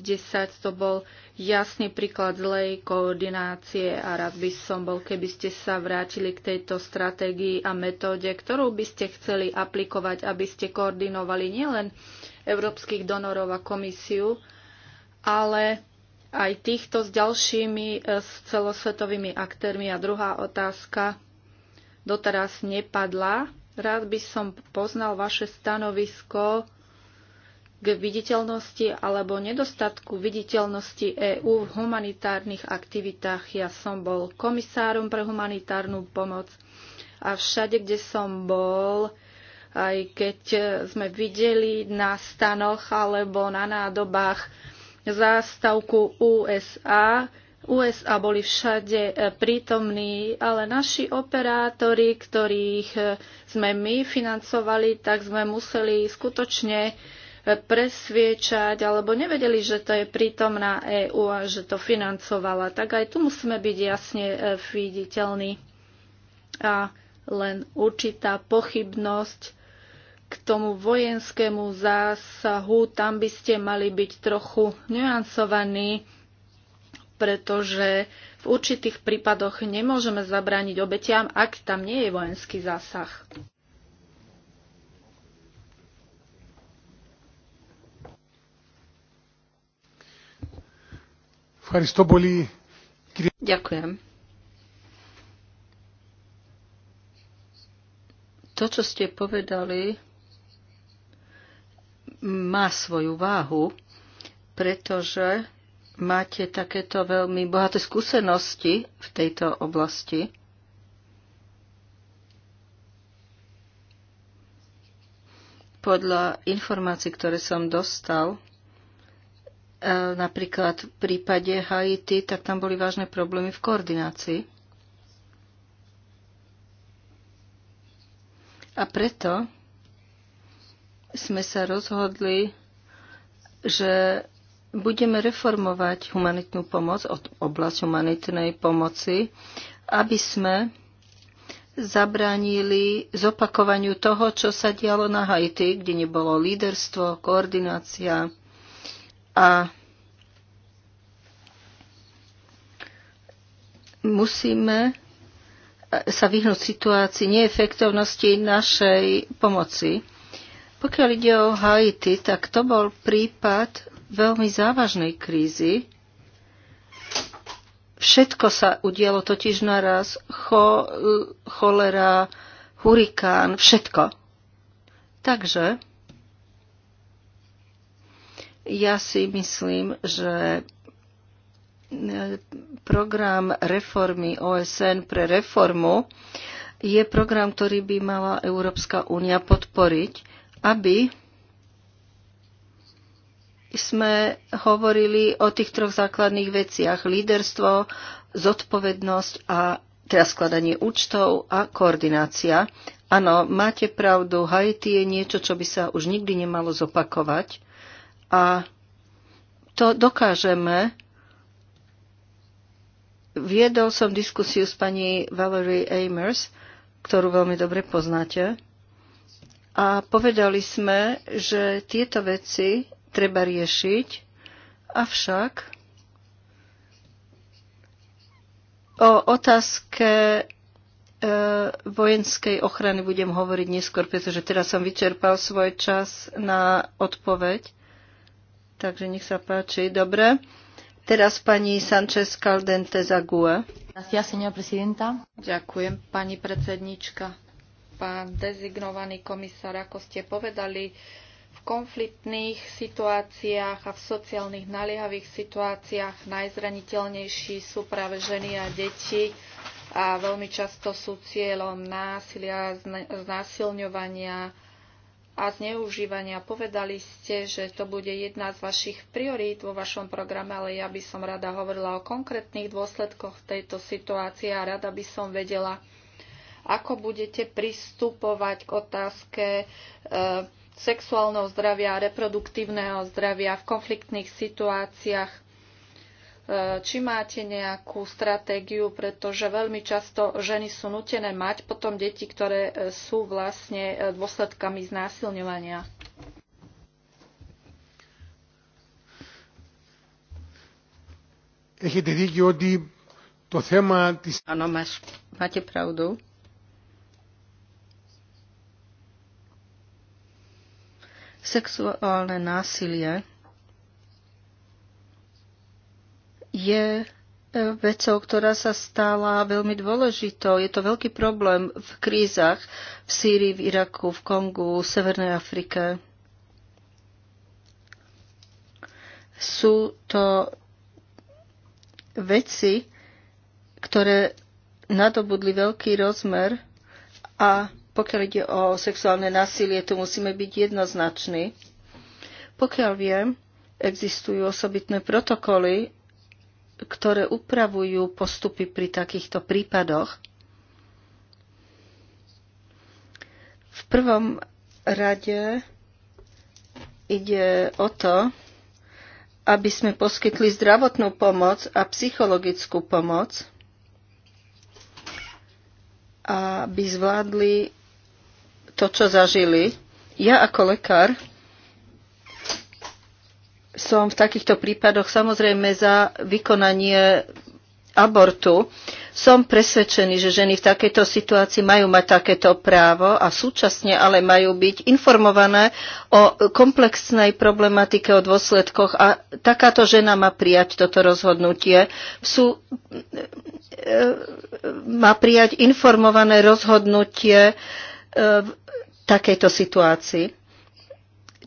[SPEAKER 2] to bol jasný príklad zlej koordinácie a rád by som bol, keby ste sa vrátili k tejto stratégii a metóde, ktorú by ste chceli aplikovať, aby ste koordinovali nielen európskych donorov a komisiu, ale aj týchto s ďalšími e, s celosvetovými aktérmi. A druhá otázka doteraz nepadla. Rád by som poznal vaše stanovisko k viditeľnosti alebo nedostatku viditeľnosti EÚ v humanitárnych aktivitách. Ja som bol komisárom pre humanitárnu pomoc a všade, kde som bol, aj keď sme videli na stanoch alebo na nádobách zástavku USA, USA boli všade eh, prítomní, ale naši operátori, ktorých eh, sme my financovali, tak sme museli skutočne presviečať alebo nevedeli, že to je prítomná EÚ a že to financovala. Tak aj tu musíme byť jasne e, viditeľní. A len určitá pochybnosť k tomu vojenskému zásahu, tam by ste mali byť trochu nuancovaní, pretože v určitých prípadoch nemôžeme zabrániť obetiam, ak tam nie je vojenský zásah.
[SPEAKER 3] Ďakujem.
[SPEAKER 1] To, čo ste povedali, má svoju váhu, pretože máte takéto veľmi bohaté skúsenosti v tejto oblasti. Podľa informácií, ktoré som dostal, E, napríklad v prípade Haiti, tak tam boli vážne problémy v koordinácii. A preto sme sa rozhodli, že budeme reformovať humanitnú pomoc, oblasť humanitnej pomoci, aby sme zabránili zopakovaniu toho, čo sa dialo na Haiti, kde nebolo líderstvo, koordinácia, a musíme e, sa vyhnúť situácii neefektovnosti našej pomoci. Pokiaľ ide o Haiti, tak to bol prípad veľmi závažnej krízy. Všetko sa udialo totiž naraz. Cho, e, cholera, hurikán, všetko. Takže ja si myslím, že e, program reformy OSN pre reformu je program, ktorý by mala Európska únia podporiť, aby sme hovorili o tých troch základných veciach. Líderstvo, zodpovednosť a teda skladanie účtov a koordinácia. Áno, máte pravdu, Haiti je niečo, čo by sa už nikdy nemalo zopakovať. A to dokážeme. Viedol som diskusiu s pani Valerie Amers, ktorú veľmi dobre poznáte. A povedali sme, že tieto veci treba riešiť, avšak o otázke e, vojenskej ochrany budem hovoriť neskôr, pretože teraz som vyčerpal svoj čas na odpoveď. Takže nech sa páči. Dobre. Teraz pani Sanchez Caldente Zague. Ďakujem, pani predsednička.
[SPEAKER 2] Pán dezignovaný komisár, ako ste povedali, v konfliktných situáciách a v sociálnych naliehavých situáciách najzraniteľnejší sú práve ženy a deti a veľmi často sú cieľom násilia, znásilňovania, a zneužívania. Povedali ste, že to bude jedna z vašich priorít vo vašom programe, ale ja by som rada hovorila o konkrétnych dôsledkoch tejto situácie a rada by som vedela, ako budete pristupovať k otázke e, sexuálneho zdravia a reproduktívneho zdravia v konfliktných situáciách Eh, či máte nejakú stratégiu, pretože veľmi často ženy sú nutené mať potom deti, ktoré eh, sú vlastne eh, dôsledkami znásilňovania.
[SPEAKER 3] Áno, máš, máte pravdu.
[SPEAKER 1] Sexuálne násilie je e, vecou, ktorá sa stala veľmi dôležitou. Je to veľký problém v krízach v Sýrii, v Iraku, v Kongu, v Severnej Afrike. Sú to veci, ktoré nadobudli veľký rozmer a pokiaľ ide o sexuálne násilie, tu musíme byť jednoznační. Pokiaľ viem, existujú osobitné protokoly ktoré upravujú postupy pri takýchto prípadoch. V prvom rade ide o to, aby sme poskytli zdravotnú pomoc a psychologickú pomoc, aby zvládli to, čo zažili. Ja ako lekár som v takýchto prípadoch samozrejme za vykonanie abortu. Som presvedčený, že ženy v takejto situácii majú mať takéto právo a súčasne ale majú byť informované o komplexnej problematike, o dôsledkoch a takáto žena má prijať toto rozhodnutie. Sú, e, e, má prijať informované rozhodnutie e, v takejto situácii.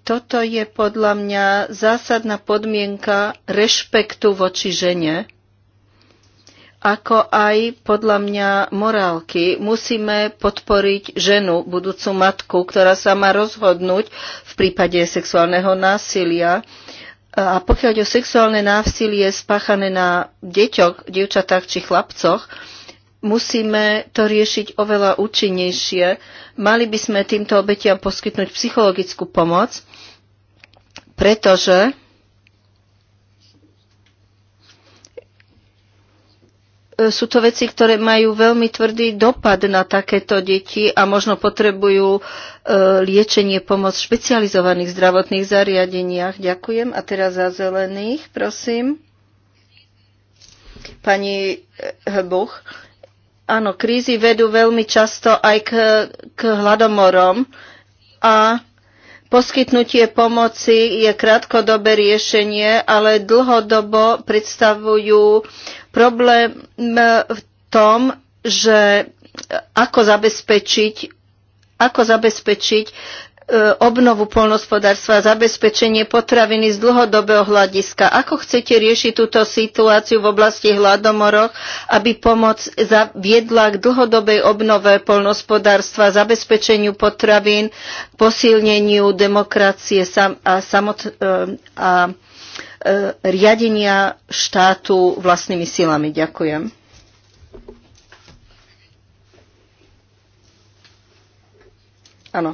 [SPEAKER 1] Toto je podľa mňa zásadná podmienka rešpektu voči žene, ako aj podľa mňa morálky. Musíme podporiť ženu, budúcu matku, ktorá sa má rozhodnúť v prípade sexuálneho násilia. A pokiaľ o sexuálne násilie spáchané na deťoch, dievčatách či chlapcoch, musíme to riešiť oveľa účinnejšie. Mali by sme týmto obetiam poskytnúť psychologickú pomoc, pretože sú to veci, ktoré majú veľmi tvrdý dopad na takéto deti a možno potrebujú e, liečenie, pomoc v špecializovaných zdravotných zariadeniach. Ďakujem. A teraz za zelených, prosím. Pani Hbuch, Áno, krízy vedú veľmi často aj k, k hladomorom a poskytnutie pomoci je krátkodobé riešenie, ale dlhodobo predstavujú problém e, v tom, že ako zabezpečiť ako zabezpečiť E, obnovu poľnohospodárstva a zabezpečenie potraviny z dlhodobého hľadiska. Ako chcete riešiť túto situáciu v oblasti hladomoroch, aby pomoc viedla k dlhodobej obnove poľnohospodárstva, zabezpečeniu potravín, posilneniu demokracie a, samot- e, a e, riadenia štátu vlastnými silami? Ďakujem. Áno.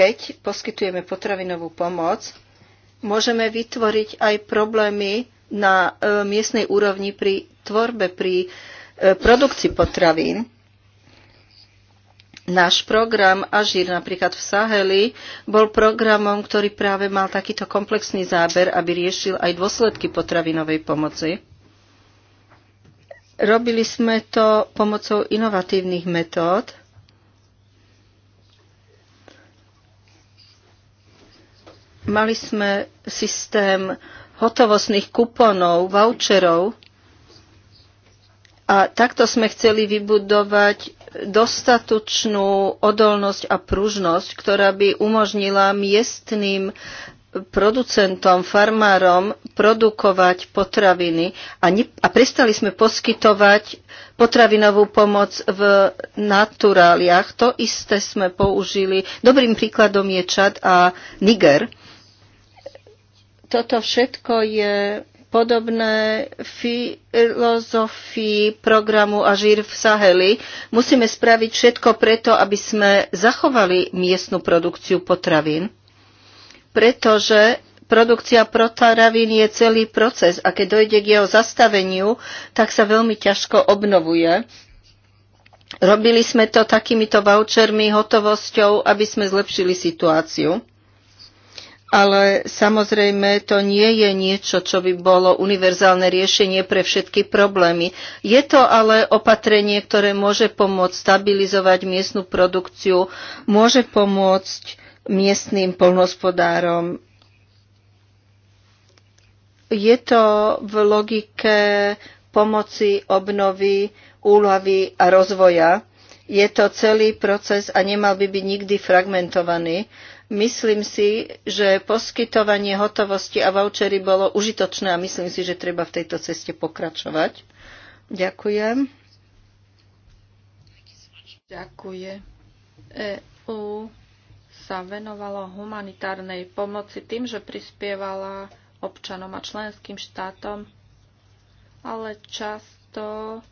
[SPEAKER 1] keď poskytujeme potravinovú pomoc, môžeme vytvoriť aj problémy na e, miestnej úrovni pri tvorbe, pri e, produkcii potravín. Náš program Ažír napríklad v Saheli bol programom, ktorý práve mal takýto komplexný záber, aby riešil aj dôsledky potravinovej pomoci. Robili sme to pomocou inovatívnych metód, Mali sme systém hotovostných kuponov, voucherov a takto sme chceli vybudovať dostatočnú odolnosť a pružnosť, ktorá by umožnila miestným producentom, farmárom produkovať potraviny a, ne, a prestali sme poskytovať potravinovú pomoc v naturáliach. To isté sme použili. Dobrým príkladom je Čad a Niger. Toto všetko je podobné filozofii programu Ažír v Saheli. Musíme spraviť všetko preto, aby sme zachovali miestnu produkciu potravín, pretože produkcia potravín je celý proces a keď dojde k jeho zastaveniu, tak sa veľmi ťažko obnovuje. Robili sme to takýmito vouchermi, hotovosťou, aby sme zlepšili situáciu ale samozrejme to nie je niečo, čo by bolo univerzálne riešenie pre všetky problémy. Je to ale opatrenie, ktoré môže pomôcť stabilizovať miestnu produkciu, môže pomôcť miestnym polnospodárom. Je to v logike pomoci, obnovy, úlavy a rozvoja. Je to celý proces a nemal by byť nikdy fragmentovaný Myslím si, že poskytovanie hotovosti a vouchery bolo užitočné a myslím si, že treba v tejto ceste pokračovať. Ďakujem.
[SPEAKER 2] Ďakujem. EU sa venovalo humanitárnej pomoci tým, že prispievala občanom a členským štátom, ale často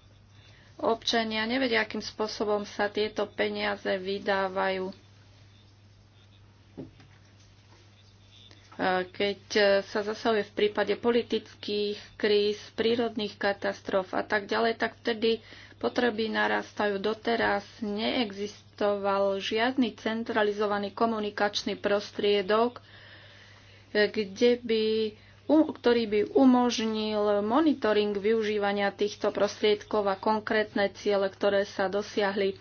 [SPEAKER 2] občania nevedia, akým spôsobom sa tieto peniaze vydávajú keď e, sa zasahuje v prípade politických kríz, prírodných katastrof a tak ďalej, tak vtedy potreby narastajú. Doteraz neexistoval žiadny centralizovaný komunikačný prostriedok, e, kde by, ktorý by umožnil monitoring využívania týchto prostriedkov a konkrétne ciele, ktoré sa dosiahli.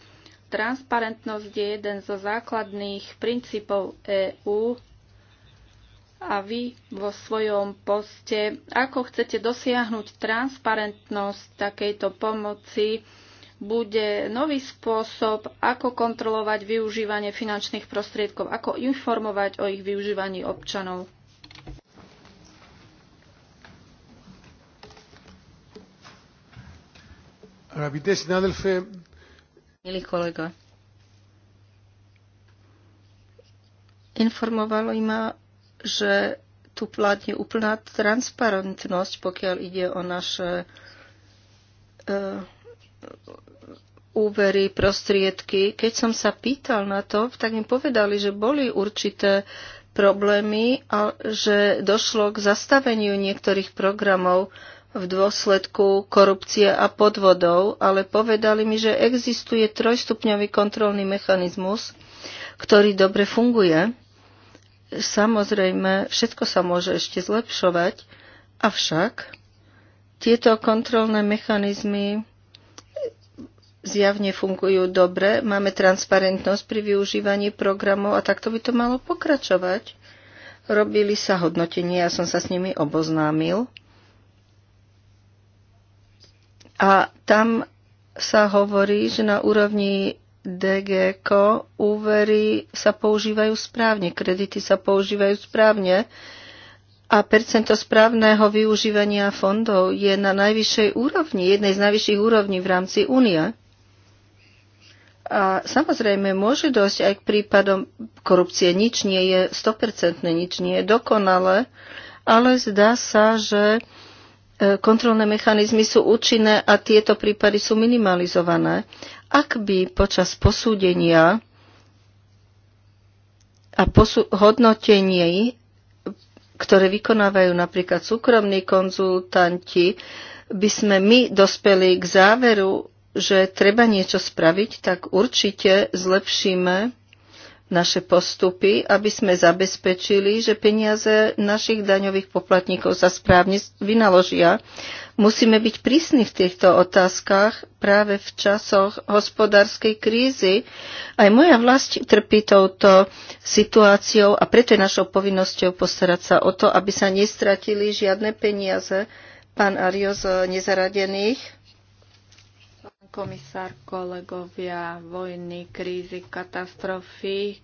[SPEAKER 2] Transparentnosť je jeden zo základných princípov EÚ a vy vo svojom poste, ako chcete dosiahnuť transparentnosť takejto pomoci, bude nový spôsob, ako kontrolovať využívanie finančných prostriedkov, ako informovať o ich využívaní občanov.
[SPEAKER 1] Milý kolega, informovali ma že tu platí úplná transparentnosť, pokiaľ ide o naše e, úvery, prostriedky. Keď som sa pýtal na to, tak mi povedali, že boli určité problémy a že došlo k zastaveniu niektorých programov v dôsledku korupcie a podvodov, ale povedali mi, že existuje trojstupňový kontrolný mechanizmus, ktorý dobre funguje Samozrejme, všetko sa môže ešte zlepšovať, avšak tieto kontrolné mechanizmy zjavne fungujú dobre, máme transparentnosť pri využívaní programov a takto by to malo pokračovať. Robili sa hodnotenie, ja som sa s nimi oboznámil. A tam sa hovorí, že na úrovni DGK úvery sa používajú správne, kredity sa používajú správne a percento správneho využívania fondov je na najvyššej úrovni, jednej z najvyšších úrovní v rámci únie. A samozrejme môže dosť aj k prípadom korupcie. Nič nie je 100%, nič nie je dokonalé, ale zdá sa, že e, kontrolné mechanizmy sú účinné a tieto prípady sú minimalizované. Ak by počas posúdenia a posú- hodnotení, ktoré vykonávajú napríklad súkromní konzultanti, by sme my dospeli k záveru, že treba niečo spraviť, tak určite zlepšíme naše postupy, aby sme zabezpečili, že peniaze našich daňových poplatníkov sa správne vynaložia. Musíme byť prísni v týchto otázkach práve v časoch hospodárskej krízy. Aj moja vlast trpí touto situáciou a preto je našou povinnosťou postarať sa o to, aby sa nestratili žiadne peniaze. Pán Ario z nezaradených.
[SPEAKER 2] Pán komisár, kolegovia, vojny, krízy, katastrofy,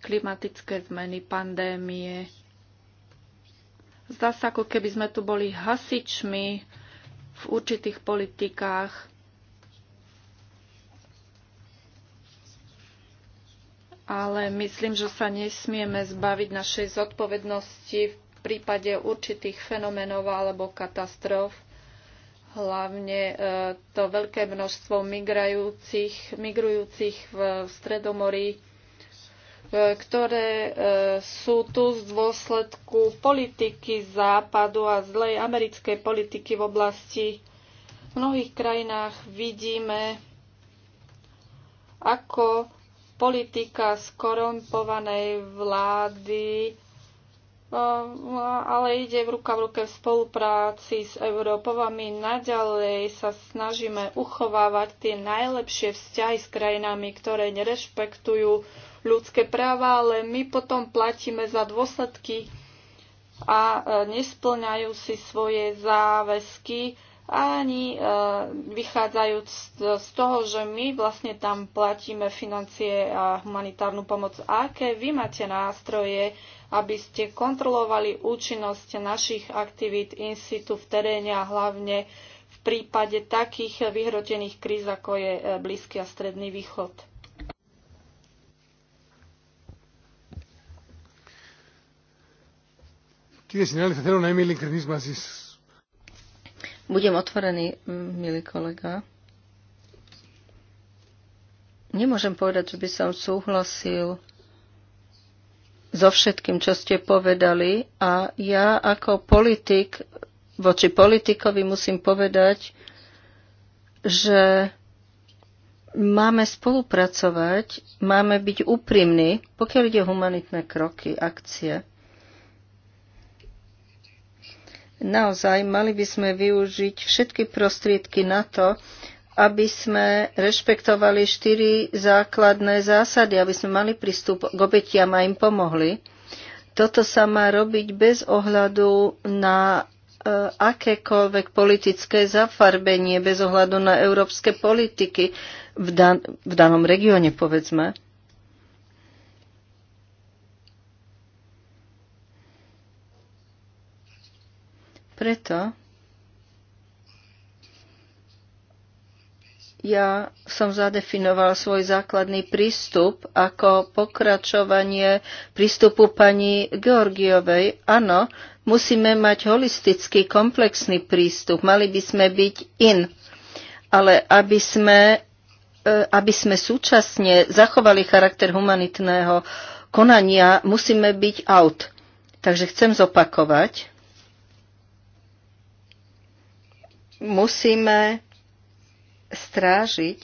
[SPEAKER 2] klimatické zmeny, pandémie. Zdá sa, ako keby sme tu boli hasičmi, v určitých politikách. Ale myslím, že sa nesmieme zbaviť našej zodpovednosti v prípade určitých fenomenov alebo katastrof. Hlavne e, to veľké množstvo migrujúcich, migrujúcich v Stredomorí E, ktoré e, sú tu z dôsledku politiky západu a zlej americkej politiky v oblasti. V mnohých krajinách vidíme, ako politika skorumpovanej vlády e, no, ale ide v ruka v ruke v spolupráci s Európou a my naďalej sa snažíme uchovávať tie najlepšie vzťahy s krajinami, ktoré nerešpektujú ľudské práva, ale my potom platíme za dôsledky a e, nesplňajú si svoje záväzky ani e, vychádzajúc z toho, že my vlastne tam platíme financie a humanitárnu pomoc. Aké vy máte nástroje, aby ste kontrolovali účinnosť našich aktivít in situ v teréne a hlavne v prípade takých vyhrotených kríz, ako je e, Blízky a Stredný východ?
[SPEAKER 1] Budem otvorený, mm, milý kolega. Nemôžem povedať, že by som súhlasil so všetkým, čo ste povedali a ja ako politik, voči politikovi musím povedať, že máme spolupracovať, máme byť úprimní, pokiaľ ide o humanitné kroky, akcie. Naozaj mali by sme využiť všetky prostriedky na to, aby sme rešpektovali štyri základné zásady, aby sme mali prístup k obetiam a im pomohli. Toto sa má robiť bez ohľadu na e, akékoľvek politické zafarbenie, bez ohľadu na európske politiky v, dan- v danom regióne, povedzme. Preto ja som zadefinoval svoj základný prístup ako pokračovanie prístupu pani Georgiovej. Áno, musíme mať holistický, komplexný prístup. Mali by sme byť in. Ale aby sme, e, aby sme súčasne zachovali charakter humanitného konania, musíme byť out. Takže chcem zopakovať. musíme strážiť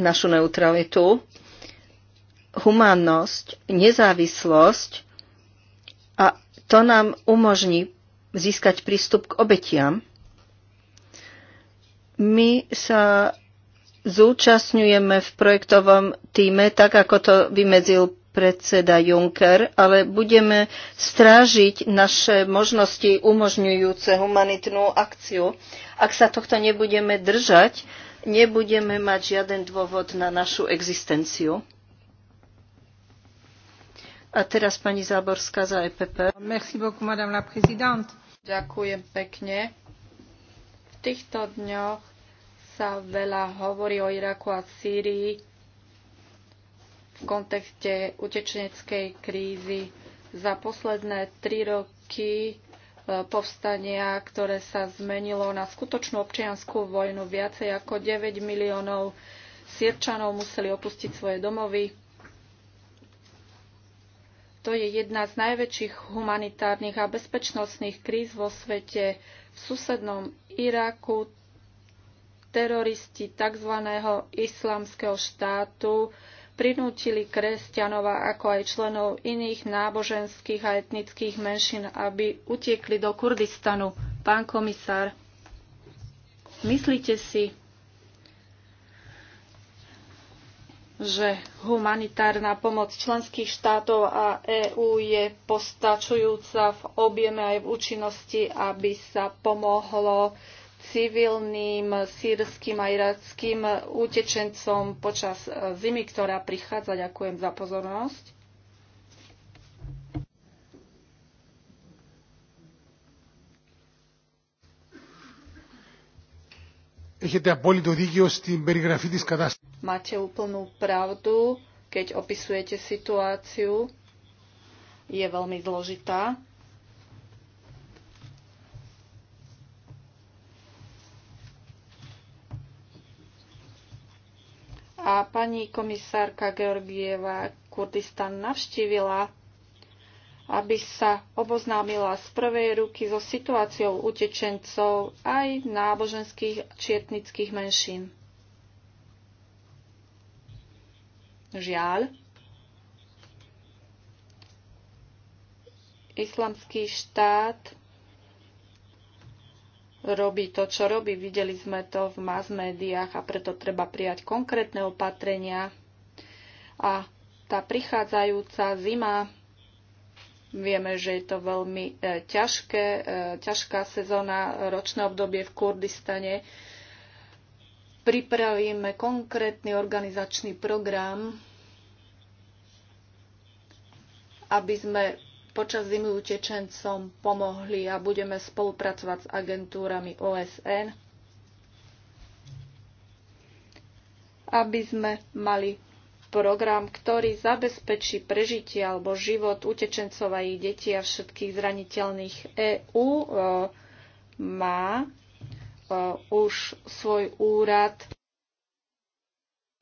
[SPEAKER 1] našu neutralitu, humánnosť, nezávislosť a to nám umožní získať prístup k obetiam. My sa zúčastňujeme v projektovom týme, tak ako to vymedzil predseda Juncker, ale budeme strážiť naše možnosti umožňujúce humanitnú akciu ak sa tohto nebudeme držať, nebudeme mať žiaden dôvod na našu existenciu. A teraz pani Záborská za EPP. Merci beaucoup, madame la présidente.
[SPEAKER 2] Ďakujem pekne. V týchto dňoch sa veľa hovorí o Iraku a Sýrii v kontekste utečeneckej krízy. Za posledné tri roky povstania, ktoré sa zmenilo na skutočnú občianskú vojnu. Viacej ako 9 miliónov Sierčanov museli opustiť svoje domovy. To je jedna z najväčších humanitárnych a bezpečnostných kríz vo svete. V susednom Iraku teroristi tzv. islamského štátu prinútili kresťanova ako aj členov iných náboženských a etnických menšín, aby utiekli do Kurdistanu. Pán komisár, myslíte si, že humanitárna pomoc členských štátov a EÚ je postačujúca v objeme aj v účinnosti, aby sa pomohlo uh, civilným sírským a irackým utečencom počas zimy, ktorá prichádza. Ďakujem za pozornosť. Máte úplnú pravdu, keď opisujete situáciu. Je veľmi zložitá. a pani komisárka Georgieva Kurdistan navštívila, aby sa oboznámila z prvej ruky so situáciou utečencov aj náboženských či etnických menšín. Žiaľ, islamský štát robí to, čo robí. Videli sme to v mass médiách a preto treba prijať konkrétne opatrenia. A tá prichádzajúca zima, vieme, že je to veľmi e, ťažké, e, ťažká sezóna, ročné obdobie v Kurdistane. Pripravíme konkrétny organizačný program, aby sme počas zimy utečencom pomohli a budeme spolupracovať s agentúrami OSN, aby sme mali program, ktorý zabezpečí prežitie alebo život utečencov a ich detí a všetkých zraniteľných EÚ e, má e, už svoj úrad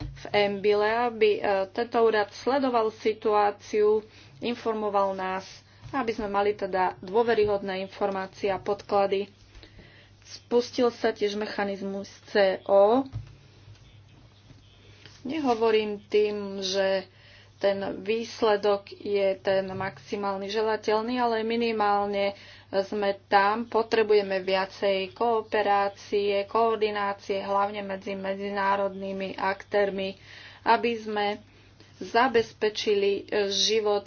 [SPEAKER 2] v Embile, aby e, tento úrad sledoval situáciu informoval nás, aby sme mali teda dôveryhodné informácie a podklady. Spustil sa tiež mechanizmus CO. Nehovorím tým, že ten výsledok je ten maximálny želateľný, ale minimálne sme tam, potrebujeme viacej kooperácie, koordinácie, hlavne medzi medzinárodnými aktérmi, aby sme zabezpečili e, život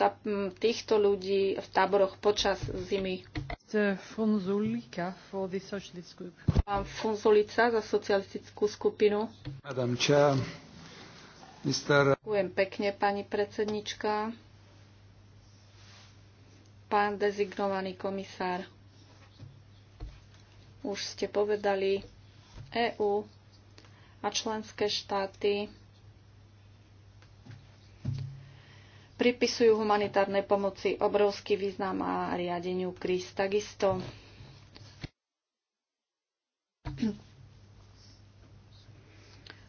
[SPEAKER 2] týchto ľudí v táboroch počas zimy. Pán Fonzulica za socialistickú skupinu.
[SPEAKER 3] Madam Mr.
[SPEAKER 2] Ďakujem pekne, pani predsednička. Pán dezignovaný komisár, už ste povedali, EÚ a členské štáty pripisujú humanitárnej pomoci obrovský význam a riadeniu kríz takisto.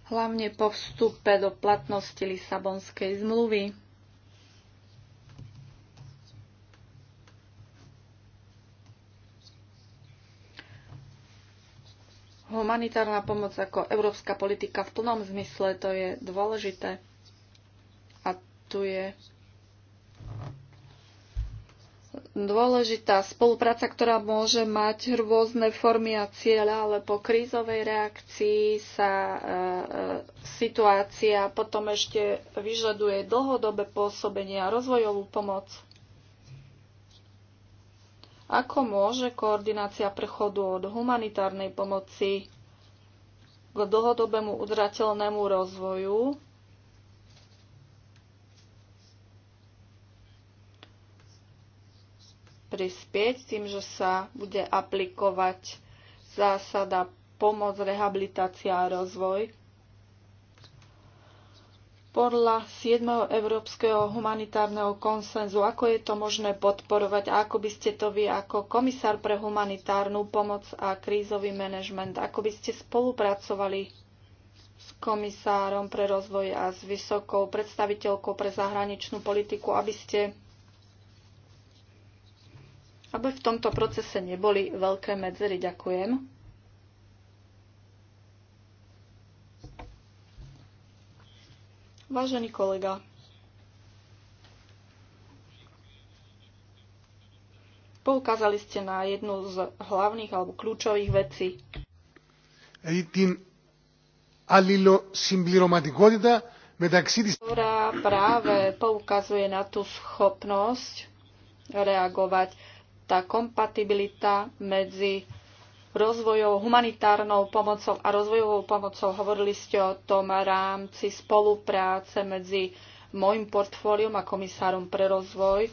[SPEAKER 2] Hlavne po vstupe do platnosti Lisabonskej zmluvy. Humanitárna pomoc ako európska politika v plnom zmysle to je dôležité. A tu je dôležitá spolupráca, ktorá môže mať rôzne formy a cieľa, ale po krízovej reakcii sa e, e, situácia potom ešte vyžaduje dlhodobé pôsobenie a rozvojovú pomoc. Ako môže koordinácia prechodu od humanitárnej pomoci k dlhodobému udrateľnému rozvoju prispieť tým, že sa bude aplikovať zásada pomoc, rehabilitácia a rozvoj. Podľa 7. Európskeho humanitárneho konsenzu, ako je to možné podporovať a ako by ste to vy ako komisár pre humanitárnu pomoc a krízový manažment, ako by ste spolupracovali s komisárom pre rozvoj a s vysokou predstaviteľkou pre zahraničnú politiku, aby ste aby v tomto procese neboli veľké medzery. Ďakujem. Vážený kolega, poukázali ste na jednu z hlavných alebo kľúčových vecí. Ktorá práve poukazuje na tú schopnosť reagovať tá kompatibilita medzi rozvojovou humanitárnou pomocou a rozvojovou pomocou. Hovorili ste o tom rámci spolupráce medzi môjim portfóliom a komisárom pre rozvoj.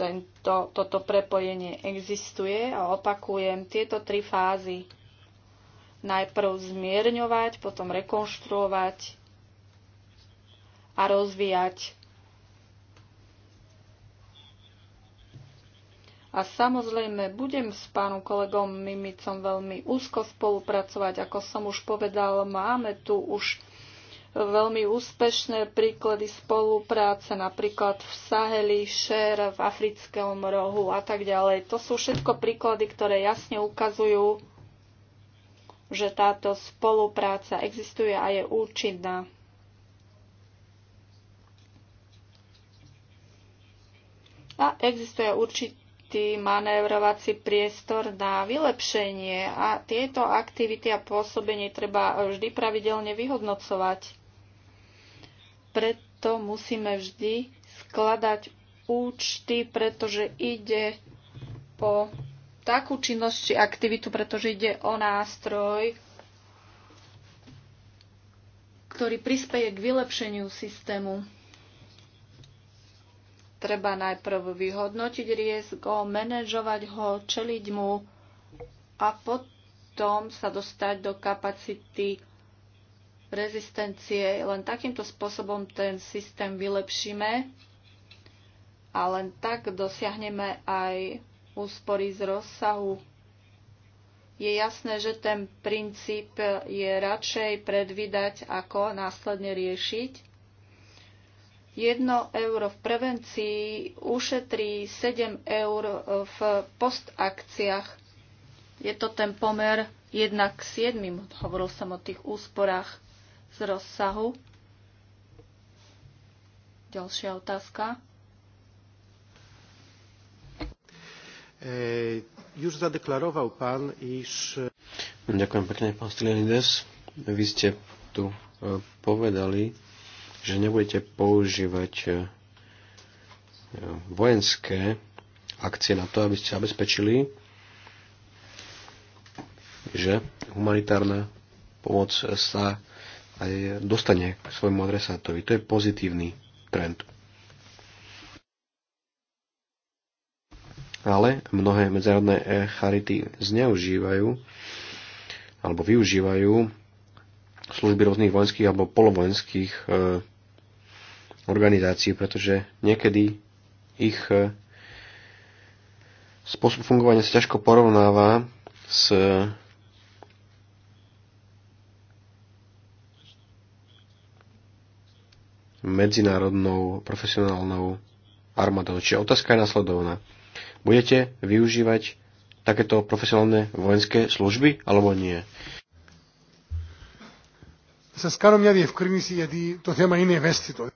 [SPEAKER 2] Tento, toto prepojenie existuje a opakujem tieto tri fázy. Najprv zmierňovať, potom rekonštruovať a rozvíjať A samozrejme, budem s pánom kolegom Mimicom veľmi úzko spolupracovať. Ako som už povedal, máme tu už veľmi úspešné príklady spolupráce, napríklad v Saheli, Šer, v Africkom rohu a tak ďalej. To sú všetko príklady, ktoré jasne ukazujú, že táto spolupráca existuje a je účinná. A existuje určitý určitý manévrovací priestor na vylepšenie a tieto aktivity a pôsobenie treba vždy pravidelne vyhodnocovať. Preto musíme vždy skladať účty, pretože ide o takú činnosť či aktivitu, pretože ide o nástroj, ktorý prispeje k vylepšeniu systému. Treba najprv vyhodnotiť riesko, manažovať ho, čeliť mu a potom sa dostať do kapacity rezistencie. Len takýmto spôsobom ten systém vylepšíme a len tak dosiahneme aj úspory z rozsahu. Je jasné, že ten princíp je radšej predvídať, ako následne riešiť. 1 euro v prevencii ušetrí 7 eur v postakciách. Je to ten pomer 1 k 7. Hovoril som o tých úsporách z rozsahu. Ďalšia otázka.
[SPEAKER 3] E,
[SPEAKER 4] už zadeklaroval pán, iš... Ďakujem pekne, pán Stylianides. Vy ste tu e, povedali, že nebudete používať e, vojenské akcie na to, aby ste zabezpečili, že humanitárna pomoc sa aj dostane k svojmu adresátovi. To je pozitívny trend. Ale mnohé medzinárodné e, charity zneužívajú alebo využívajú služby rôznych vojenských alebo polovojenských e, organizácií, pretože niekedy ich e, spôsob fungovania sa ťažko porovnáva s e, medzinárodnou profesionálnou armádou. Čiže otázka je nasledovná. Budete využívať takéto profesionálne vojenské služby alebo nie?
[SPEAKER 3] Σας κάνω μια διευκρίνηση γιατί το θέμα είναι ευαίσθητο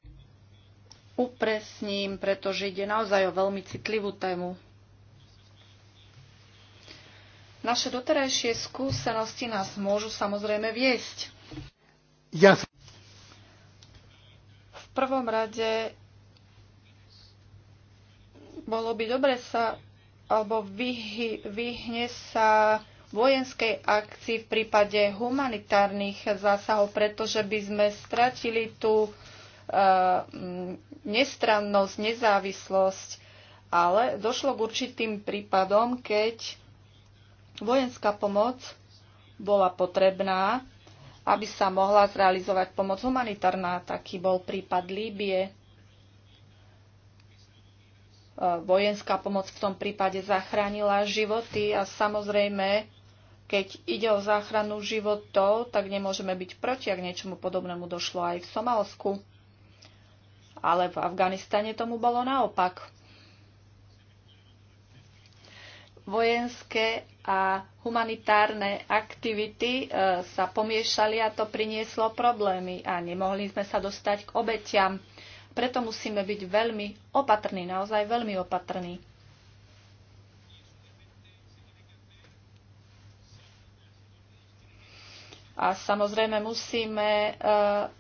[SPEAKER 2] upresním, pretože ide naozaj o veľmi citlivú tému. Naše doterajšie skúsenosti nás môžu samozrejme viesť. Ja. V prvom rade bolo by dobre sa alebo vyhy, vyhne sa vojenskej akcii v prípade humanitárnych zásahov, pretože by sme stratili tú Eh, nestrannosť, nezávislosť, ale došlo k určitým prípadom, keď vojenská pomoc bola potrebná, aby sa mohla zrealizovať pomoc humanitárna. Taký bol prípad Líbie. Eh, vojenská pomoc v tom prípade zachránila životy a samozrejme keď ide o záchranu životov, tak nemôžeme byť proti, ak niečomu podobnému došlo aj v Somálsku ale v Afganistane tomu bolo naopak. Vojenské a humanitárne aktivity e, sa pomiešali a to prinieslo problémy a nemohli sme sa dostať k obetiam. Preto musíme byť veľmi opatrní, naozaj veľmi opatrní. A samozrejme musíme e,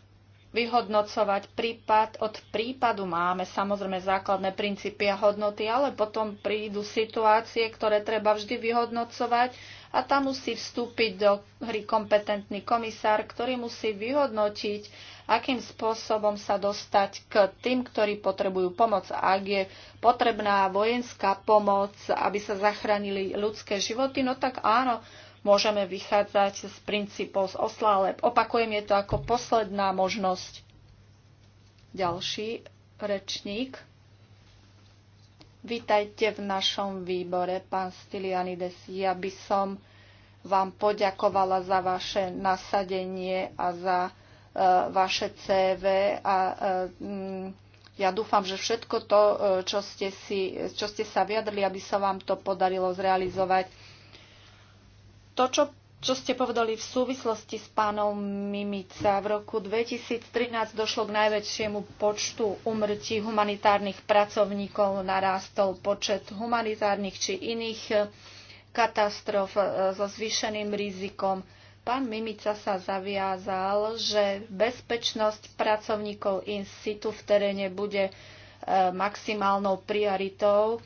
[SPEAKER 2] vyhodnocovať prípad od prípadu. Máme samozrejme základné princípy a hodnoty, ale potom prídu situácie, ktoré treba vždy vyhodnocovať a tam musí vstúpiť do hry kompetentný komisár, ktorý musí vyhodnotiť, akým spôsobom sa dostať k tým, ktorí potrebujú pomoc. A ak je potrebná vojenská pomoc, aby sa zachránili ľudské životy, no tak áno, môžeme vychádzať z princípov z Osla, opakujem, je to ako posledná možnosť. Ďalší rečník. Vítajte v našom výbore, pán Stylianides. Ja by som vám poďakovala za vaše nasadenie a za e, vaše CV a e, m, ja dúfam, že všetko to, e, čo ste, si, čo ste sa vyjadrili, aby sa vám to podarilo zrealizovať to, čo, čo ste povedali v súvislosti s pánom Mimica. V roku 2013 došlo k najväčšiemu počtu umrtí humanitárnych pracovníkov. Narástol počet humanitárnych či iných eh, katastrof eh, so zvýšeným rizikom. Pán Mimica sa zaviazal, že bezpečnosť pracovníkov in situ v teréne bude eh, maximálnou prioritou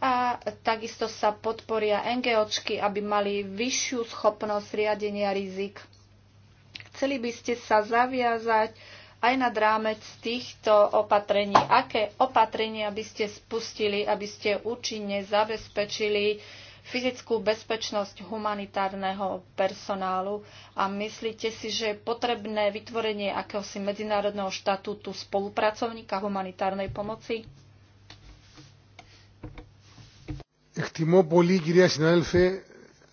[SPEAKER 2] a takisto sa podporia NGOčky, aby mali vyššiu schopnosť riadenia rizik. Chceli by ste sa zaviazať aj nad rámec týchto opatrení. Aké opatrenia by ste spustili, aby ste účinne zabezpečili fyzickú bezpečnosť humanitárneho personálu a myslíte si, že je potrebné vytvorenie akéhosi medzinárodného štatútu spolupracovníka humanitárnej pomoci?
[SPEAKER 3] Εκτιμώ πολύ, κυρία συνάδελφε,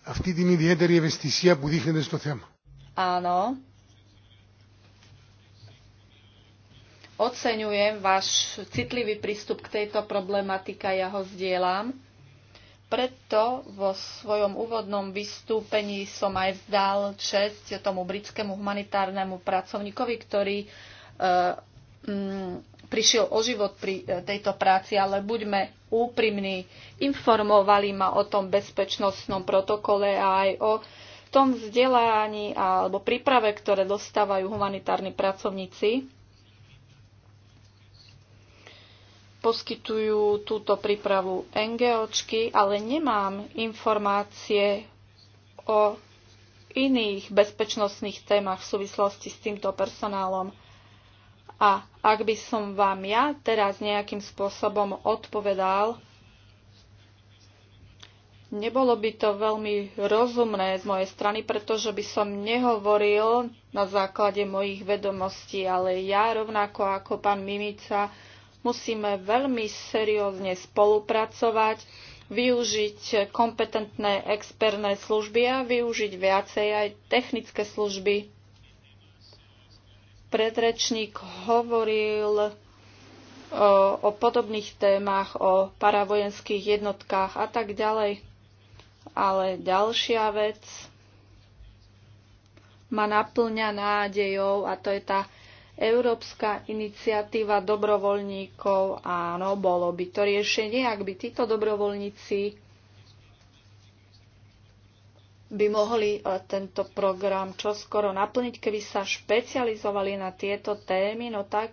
[SPEAKER 3] αυτή την ιδιαίτερη ευαισθησία που δείχνετε στο θέμα.
[SPEAKER 2] Áno. Oceňujem váš citlivý prístup k tejto problematike, ja ho zdieľam. Preto vo svojom úvodnom vystúpení som aj vzdal čest tomu britskému humanitárnemu pracovníkovi, ktorý uh, mm, prišiel o život pri e, tejto práci, ale buďme úprimní. Informovali ma o tom bezpečnostnom protokole a aj o tom vzdelaní alebo príprave, ktoré dostávajú humanitárni pracovníci. Poskytujú túto prípravu NGOčky, ale nemám informácie o iných bezpečnostných témach v súvislosti s týmto personálom. A ak by som vám ja teraz nejakým spôsobom odpovedal, Nebolo by to veľmi rozumné z mojej strany, pretože by som nehovoril na základe mojich vedomostí, ale ja rovnako ako pán Mimica musíme veľmi seriózne spolupracovať, využiť kompetentné expertné služby a využiť viacej aj technické služby predrečník hovoril o, o podobných témach, o paravojenských jednotkách a tak ďalej. Ale ďalšia vec ma naplňa nádejou a to je tá Európska iniciatíva dobrovoľníkov. Áno, bolo by to riešenie, ak by títo dobrovoľníci by mohli e, tento program čoskoro naplniť, keby sa špecializovali na tieto témy, no tak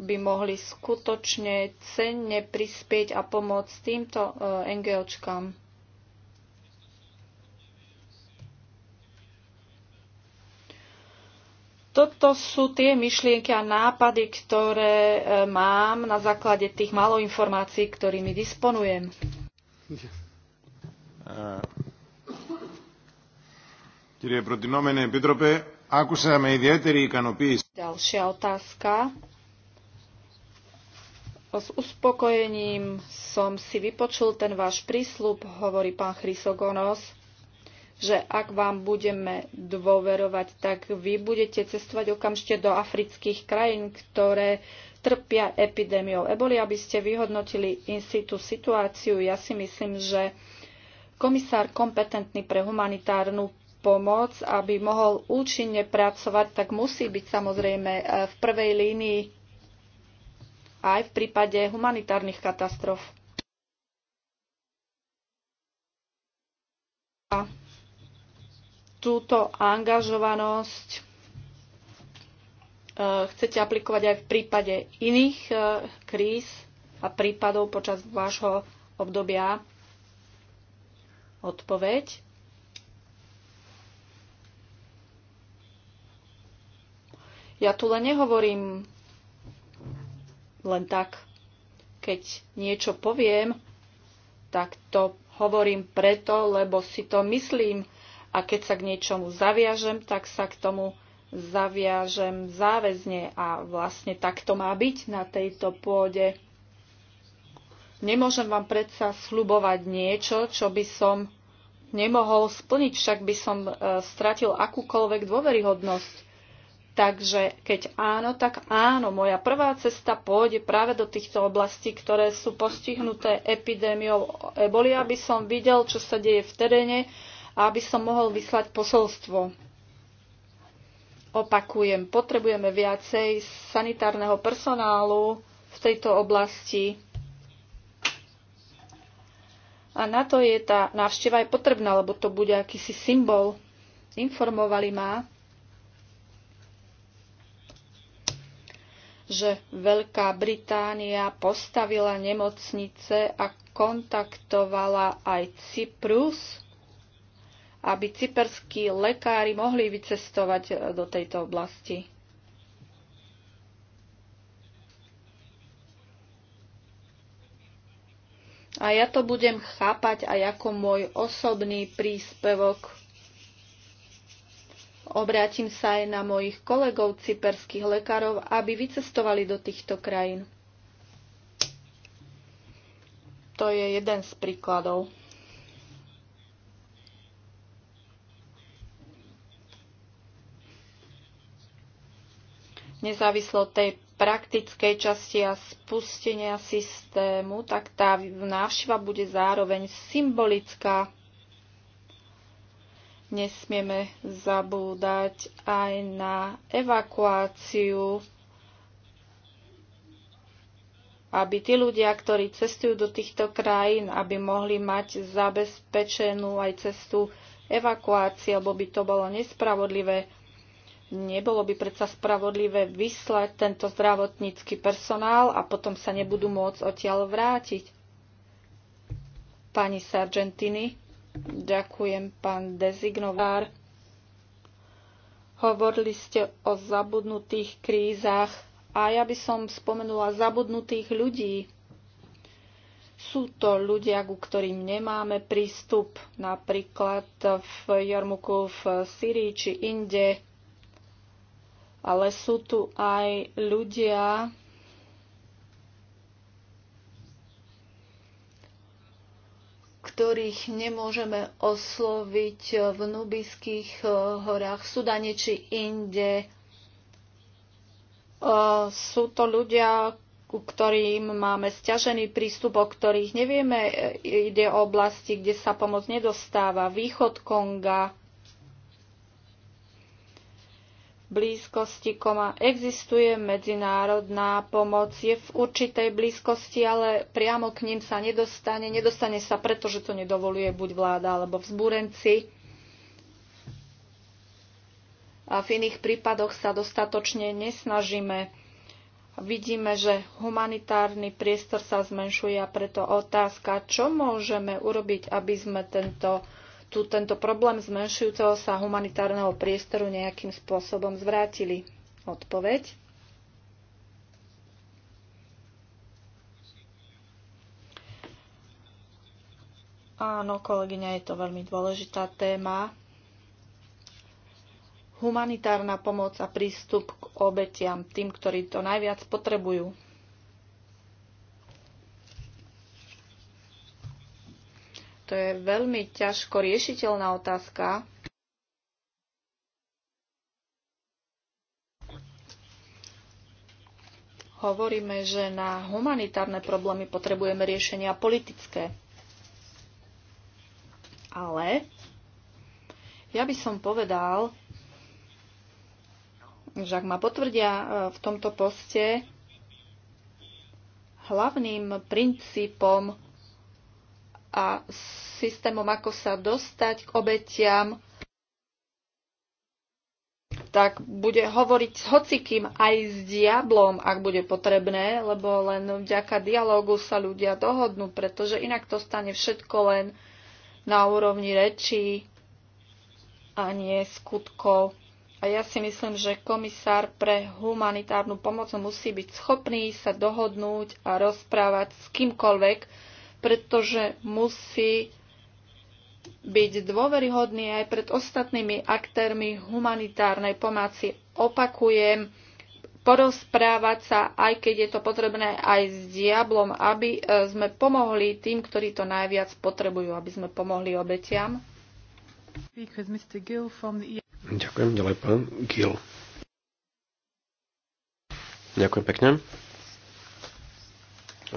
[SPEAKER 2] by mohli skutočne cenne prispieť a pomôcť týmto e, NGOčkám. Toto sú tie myšlienky a nápady, ktoré e, mám na základe tých malo informácií, ktorými disponujem. Ďalšia otázka. S uspokojením som si vypočul ten váš prísľub, hovorí pán Chrysogonos, že ak vám budeme dôverovať, tak vy budete cestovať okamžite do afrických krajín, ktoré trpia epidémiou eboli, aby ste vyhodnotili in situ situáciu. Ja si myslím, že komisár kompetentný pre humanitárnu pomoc, aby mohol účinne pracovať, tak musí byť samozrejme e, v prvej línii aj v prípade humanitárnych katastrof. A túto angažovanosť e, chcete aplikovať aj v prípade iných e, kríz a prípadov počas vášho obdobia odpoveď. Ja tu len nehovorím len tak. Keď niečo poviem, tak to hovorím preto, lebo si to myslím a keď sa k niečomu zaviažem, tak sa k tomu zaviažem záväzne a vlastne tak to má byť na tejto pôde. Nemôžem vám predsa slubovať niečo, čo by som nemohol splniť, však by som e, stratil akúkoľvek dôveryhodnosť. Takže keď áno, tak áno, moja prvá cesta pôjde práve do týchto oblastí, ktoré sú postihnuté epidémiou eboli, aby som videl, čo sa deje v teréne a aby som mohol vyslať posolstvo. Opakujem, potrebujeme viacej sanitárneho personálu v tejto oblasti a na to je tá návšteva aj potrebná, lebo to bude akýsi symbol. Informovali ma, že Veľká Británia postavila nemocnice a kontaktovala aj Cyprus, aby cyperskí lekári mohli vycestovať do tejto oblasti. A ja to budem chápať aj ako môj osobný príspevok. Obrátim sa aj na mojich kolegov cyperských lekárov, aby vycestovali do týchto krajín. To je jeden z príkladov. Nezávislo tej praktickej časti a spustenia systému, tak tá návšteva bude zároveň symbolická. Nesmieme zabúdať aj na evakuáciu, aby tí ľudia, ktorí cestujú do týchto krajín, aby mohli mať zabezpečenú aj cestu evakuácie, lebo by to bolo nespravodlivé Nebolo by predsa spravodlivé vyslať tento zdravotnícky personál a potom sa nebudú môcť odtiaľ vrátiť. Pani Sargentini, ďakujem pán dezignovár. Hovorili ste o zabudnutých krízach a ja by som spomenula zabudnutých ľudí. Sú to ľudia, ku ktorým nemáme prístup, napríklad v Jarmuku v Syrii či inde ale sú tu aj ľudia, ktorých nemôžeme osloviť v Nubiských eh, horách, Sudane či inde. Eh, sú to ľudia, ku ktorým máme stiažený prístup, o ktorých nevieme, eh, ide o oblasti, kde sa pomoc nedostáva. Východ Konga, blízkosti koma. Existuje medzinárodná pomoc, je v určitej blízkosti, ale priamo k ním sa nedostane. Nedostane sa, pretože to nedovoluje buď vláda alebo vzbúrenci. A v iných prípadoch sa dostatočne nesnažíme. Vidíme, že humanitárny priestor sa zmenšuje a preto otázka, čo môžeme urobiť, aby sme tento tu, tento problém zmenšujúceho sa humanitárneho priestoru nejakým spôsobom zvrátili? Odpoveď. Áno, kolegyňa, je to veľmi dôležitá téma. Humanitárna pomoc a prístup k obetiam, tým, ktorí to najviac potrebujú. To je veľmi ťažko riešiteľná otázka. Hovoríme, že na humanitárne problémy potrebujeme riešenia politické. Ale ja by som povedal, že ak ma potvrdia e, v tomto poste, hlavným princípom a systémom, ako sa dostať k obetiam, tak bude hovoriť s hocikým aj s diablom, ak bude potrebné, lebo len vďaka dialogu sa ľudia dohodnú, pretože inak to stane všetko len na úrovni rečí a nie skutkov. A ja si myslím, že komisár pre humanitárnu pomoc musí byť schopný sa dohodnúť a rozprávať s kýmkoľvek, pretože musí byť dôveryhodný aj pred ostatnými aktérmi humanitárnej pomoci. Opakujem, porozprávať sa, aj keď je to potrebné, aj s diablom, aby e, sme pomohli tým, ktorí to najviac potrebujú, aby sme pomohli obetiam.
[SPEAKER 3] Ďakujem, ďalej pán Gil.
[SPEAKER 4] Ďakujem pekne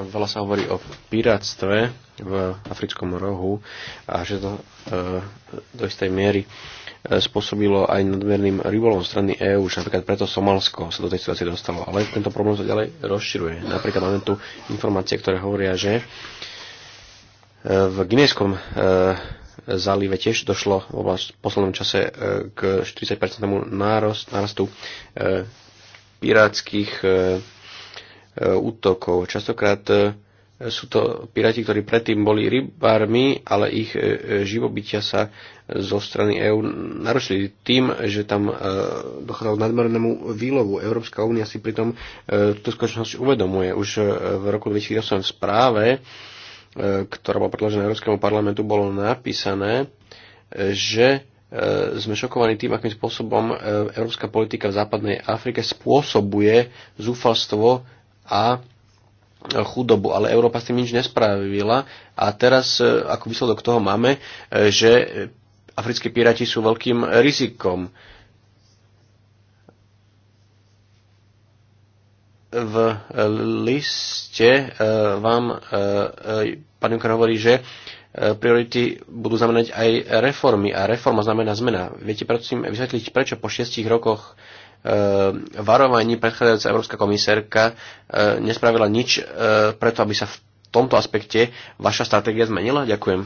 [SPEAKER 4] veľa sa hovorí o piráctve v africkom rohu a že to e, do istej miery e, spôsobilo aj nadmerným rybolom strany EÚ, že napríklad preto Somalsko sa do tej situácie dostalo. Ale tento problém sa ďalej rozširuje. Napríklad máme tu informácie, ktoré hovoria, že e, v Ginejskom zálive tiež došlo v poslednom čase k 40% nárastu pirátskych útokov. Častokrát e, sú to piráti, ktorí predtým boli rybármi, ale ich e, živobytia sa e, zo strany EÚ narušili tým, že tam dochádzalo k nadmernému výlovu. Európska únia si pritom túto skutočnosť uvedomuje. Už v roku 2008 v správe, ktorá bola predložená Európskemu parlamentu, bolo napísané, že sme šokovaní tým, akým spôsobom európska politika v západnej Afrike spôsobuje zúfalstvo a chudobu, ale Európa s tým nič nespravila a teraz e, ako výsledok toho máme, e, že africkí piráti sú veľkým rizikom. V liste e, vám pán Junker hovorí, že priority budú znamenať aj reformy a reforma znamená zmena. Viete prosím vysvetliť, prečo po šiestich rokoch Ehm, varovaní predchádzajúca Európska komisárka ehm, nespravila nič ehm, preto, aby sa v tomto aspekte vaša stratégia zmenila? Ďakujem.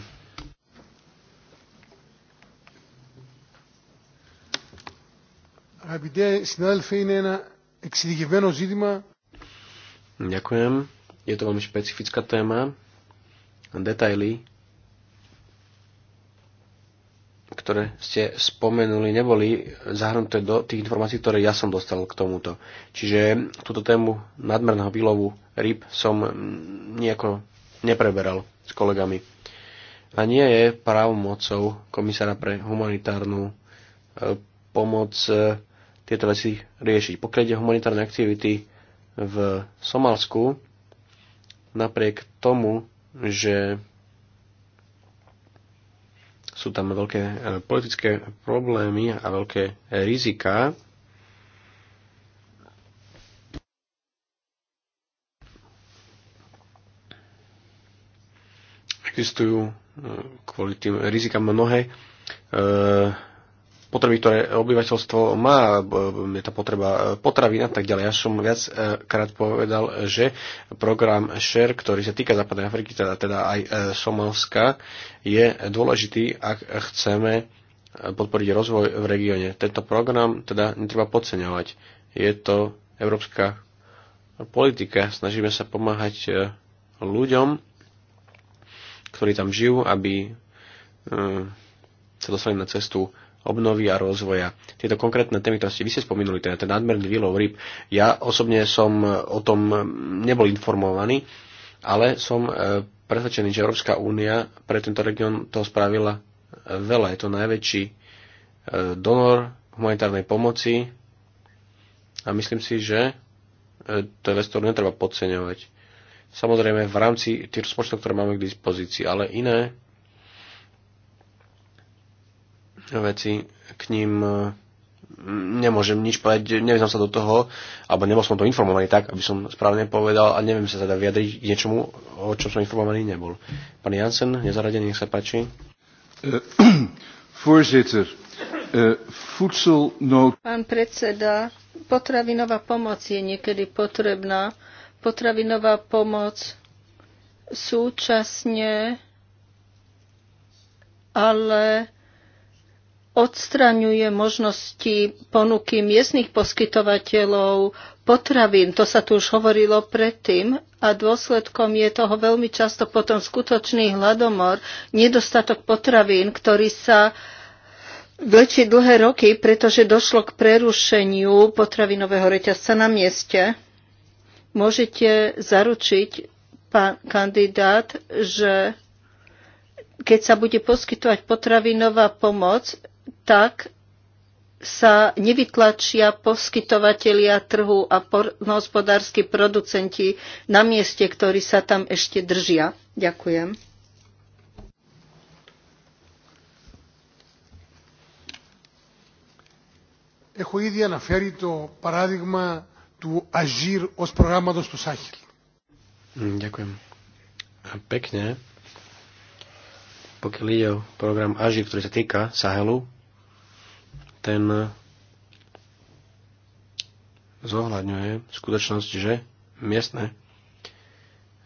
[SPEAKER 4] Ďakujem. Je to veľmi špecifická téma. Detaily ktoré ste spomenuli, neboli zahrnuté do tých informácií, ktoré ja som dostal k tomuto. Čiže túto tému nadmerného výlovu rýb som nejako nepreberal s kolegami. A nie je právomocou komisára pre humanitárnu e, pomoc e, tieto veci riešiť. Pokiaľ ide humanitárne aktivity v Somalsku, napriek tomu, že sú tam veľké e, politické problémy a veľké rizika. Existujú e, kvôli tým rizikám mnohé e, potreby, ktoré obyvateľstvo má, je tá potreba e, potravín a tak ďalej. Ja som viac krát povedal, že program SHARE, ktorý sa týka Západnej Afriky, teda, teda aj e, Somalska, je dôležitý, ak chceme e, podporiť rozvoj v regióne. Tento program teda netreba podceňovať. Je to európska politika. Snažíme sa pomáhať ľuďom, ktorí tam žijú, aby sa dostali na cestu obnovy a rozvoja. Tieto konkrétne témy, ktoré ste vy ste spomenuli, teda ten nadmerný výlov ryb, ja osobne som e, o tom nebol informovaný, ale som e, presvedčený, že Európska únia pre tento región to spravila e, veľa. Je to najväčší donor humanitárnej pomoci a myslím si, že to je vec, ktorú netreba podceňovať. Samozrejme v rámci tých rozpočtov, ktoré máme k dispozícii, ale iné veci, k ním e, nemôžem nič povedať, nevyznam sa do toho, alebo nebol som to informovaný tak, aby som správne povedal a neviem sa teda vyjadriť k niečomu, o čom som informovaný nebol. Pán Jansen, nezaradený, nech sa páči. E, e,
[SPEAKER 1] Pán predseda, potravinová pomoc je niekedy potrebná. Potravinová pomoc súčasne ale odstraňuje možnosti ponuky miestnych poskytovateľov potravín. To sa tu už hovorilo predtým a dôsledkom je toho veľmi často potom skutočný hladomor, nedostatok potravín, ktorý sa vlečie dlhé roky, pretože došlo k prerušeniu potravinového reťazca na mieste. Môžete zaručiť, pán kandidát, že keď sa bude poskytovať potravinová pomoc, tak sa nevytlačia poskytovatelia trhu a hospodárski producenti na mieste, ktorí sa tam ešte držia. Ďakujem.
[SPEAKER 3] Έχω ήδη αναφέρει το παράδειγμα του Αζίρ ως προγράμματος του Σάχελ.
[SPEAKER 4] Ďakujem. A pekne, πρόγραμμα Αζίρ, o program Ažir, ktorý sa týka ten zohľadňuje skutočnosť, že miestne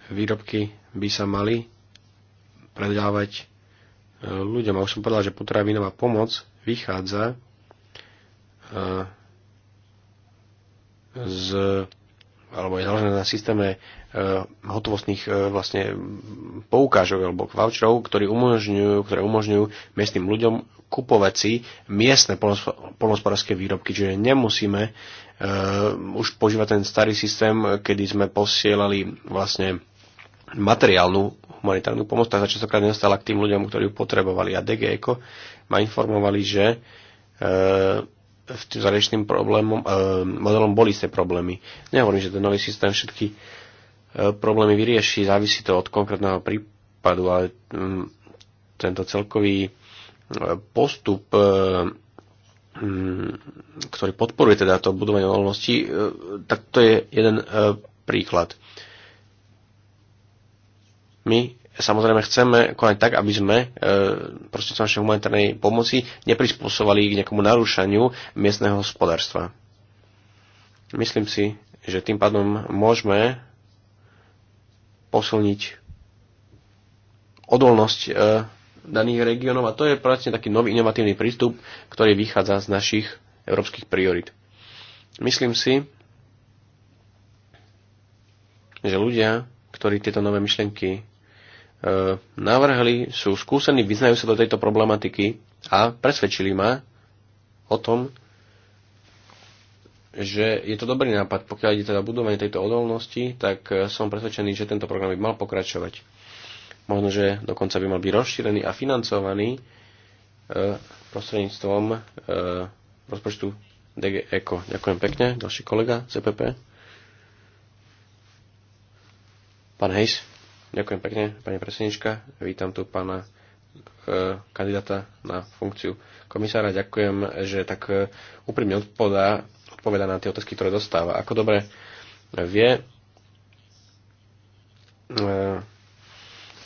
[SPEAKER 4] výrobky by sa mali predávať e, ľuďom. A už som povedal, že potravinová pomoc vychádza e, z, alebo je založená na systéme e, hotovostných vlastne poukážok alebo voucherov, ktoré umožňujú, ktoré umožňujú miestnym ľuďom kupovať si miestne polnospodárske výrobky, čiže nemusíme uh, už používať ten starý systém, kedy sme posielali vlastne materiálnu humanitárnu pomoc, tak sa častokrát nedostala k tým ľuďom, ktorí ju potrebovali. A DG Eco ma informovali, že e, v tým zarečným problémom, e, modelom boli ste problémy. Nehovorím, že ten nový systém všetky e, problémy vyrieši, závisí to od konkrétneho prípadu, ale m, mm, tento celkový postup, eh, mm, ktorý podporuje teda to budovanie voľnosti, eh, tak to je jeden eh, príklad. My samozrejme chceme konať tak, aby sme e, našej humanitárnej pomoci neprispôsobili k nejakomu narúšaniu miestneho hospodárstva. Myslím si, že tým pádom môžeme posilniť odolnosť e, daných regiónov a to je práve vlastne taký nový inovatívny prístup, ktorý vychádza z našich európskych priorit. Myslím si, že ľudia, ktorí tieto nové myšlienky e, navrhli, sú skúsení, vyznajú sa do tejto problematiky a presvedčili ma o tom, že je to dobrý nápad. Pokiaľ ide teda budovanie tejto odolnosti, tak e, som presvedčený, že tento program by mal pokračovať. Možno, že dokonca by mal byť rozšírený a financovaný e, prostredníctvom e, rozpočtu DG Eko. Ďakujem pekne. Ďalší kolega CPP. Pán Hejs. Ďakujem pekne, pani predsednička. Vítam tu pána e, kandidáta na funkciu komisára. Ďakujem, že tak úprimne odpovedá, odpovedá na tie otázky, ktoré dostáva. Ako dobre vie,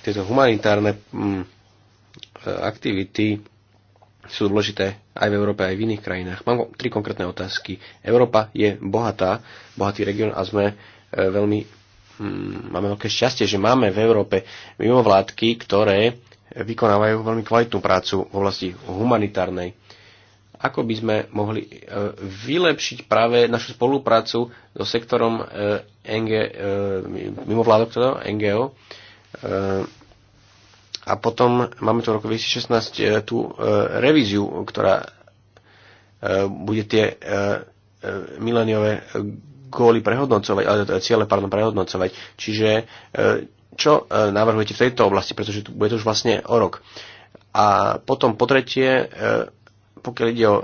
[SPEAKER 4] tieto humanitárne mm, aktivity sú dôležité aj v Európe, aj v iných krajinách. Mám tri konkrétne otázky. Európa je bohatá, bohatý región a sme e, veľmi, mm, máme veľké šťastie, že máme v Európe mimovládky, ktoré vykonávajú veľmi kvalitnú prácu v oblasti humanitárnej. Ako by sme mohli e, vylepšiť práve našu spoluprácu so sektorom e, NG, mimovládok, teda NGO, a potom máme tu v roku 2016 e, tú e, revíziu, ktorá e, bude tie mileniové góly prehodnocovať, ale cieľe pardon, prehodnocovať. Čiže čo navrhujete v tejto oblasti, pretože tu bude to už vlastne o rok. A potom po tretie, pokiaľ ide o e,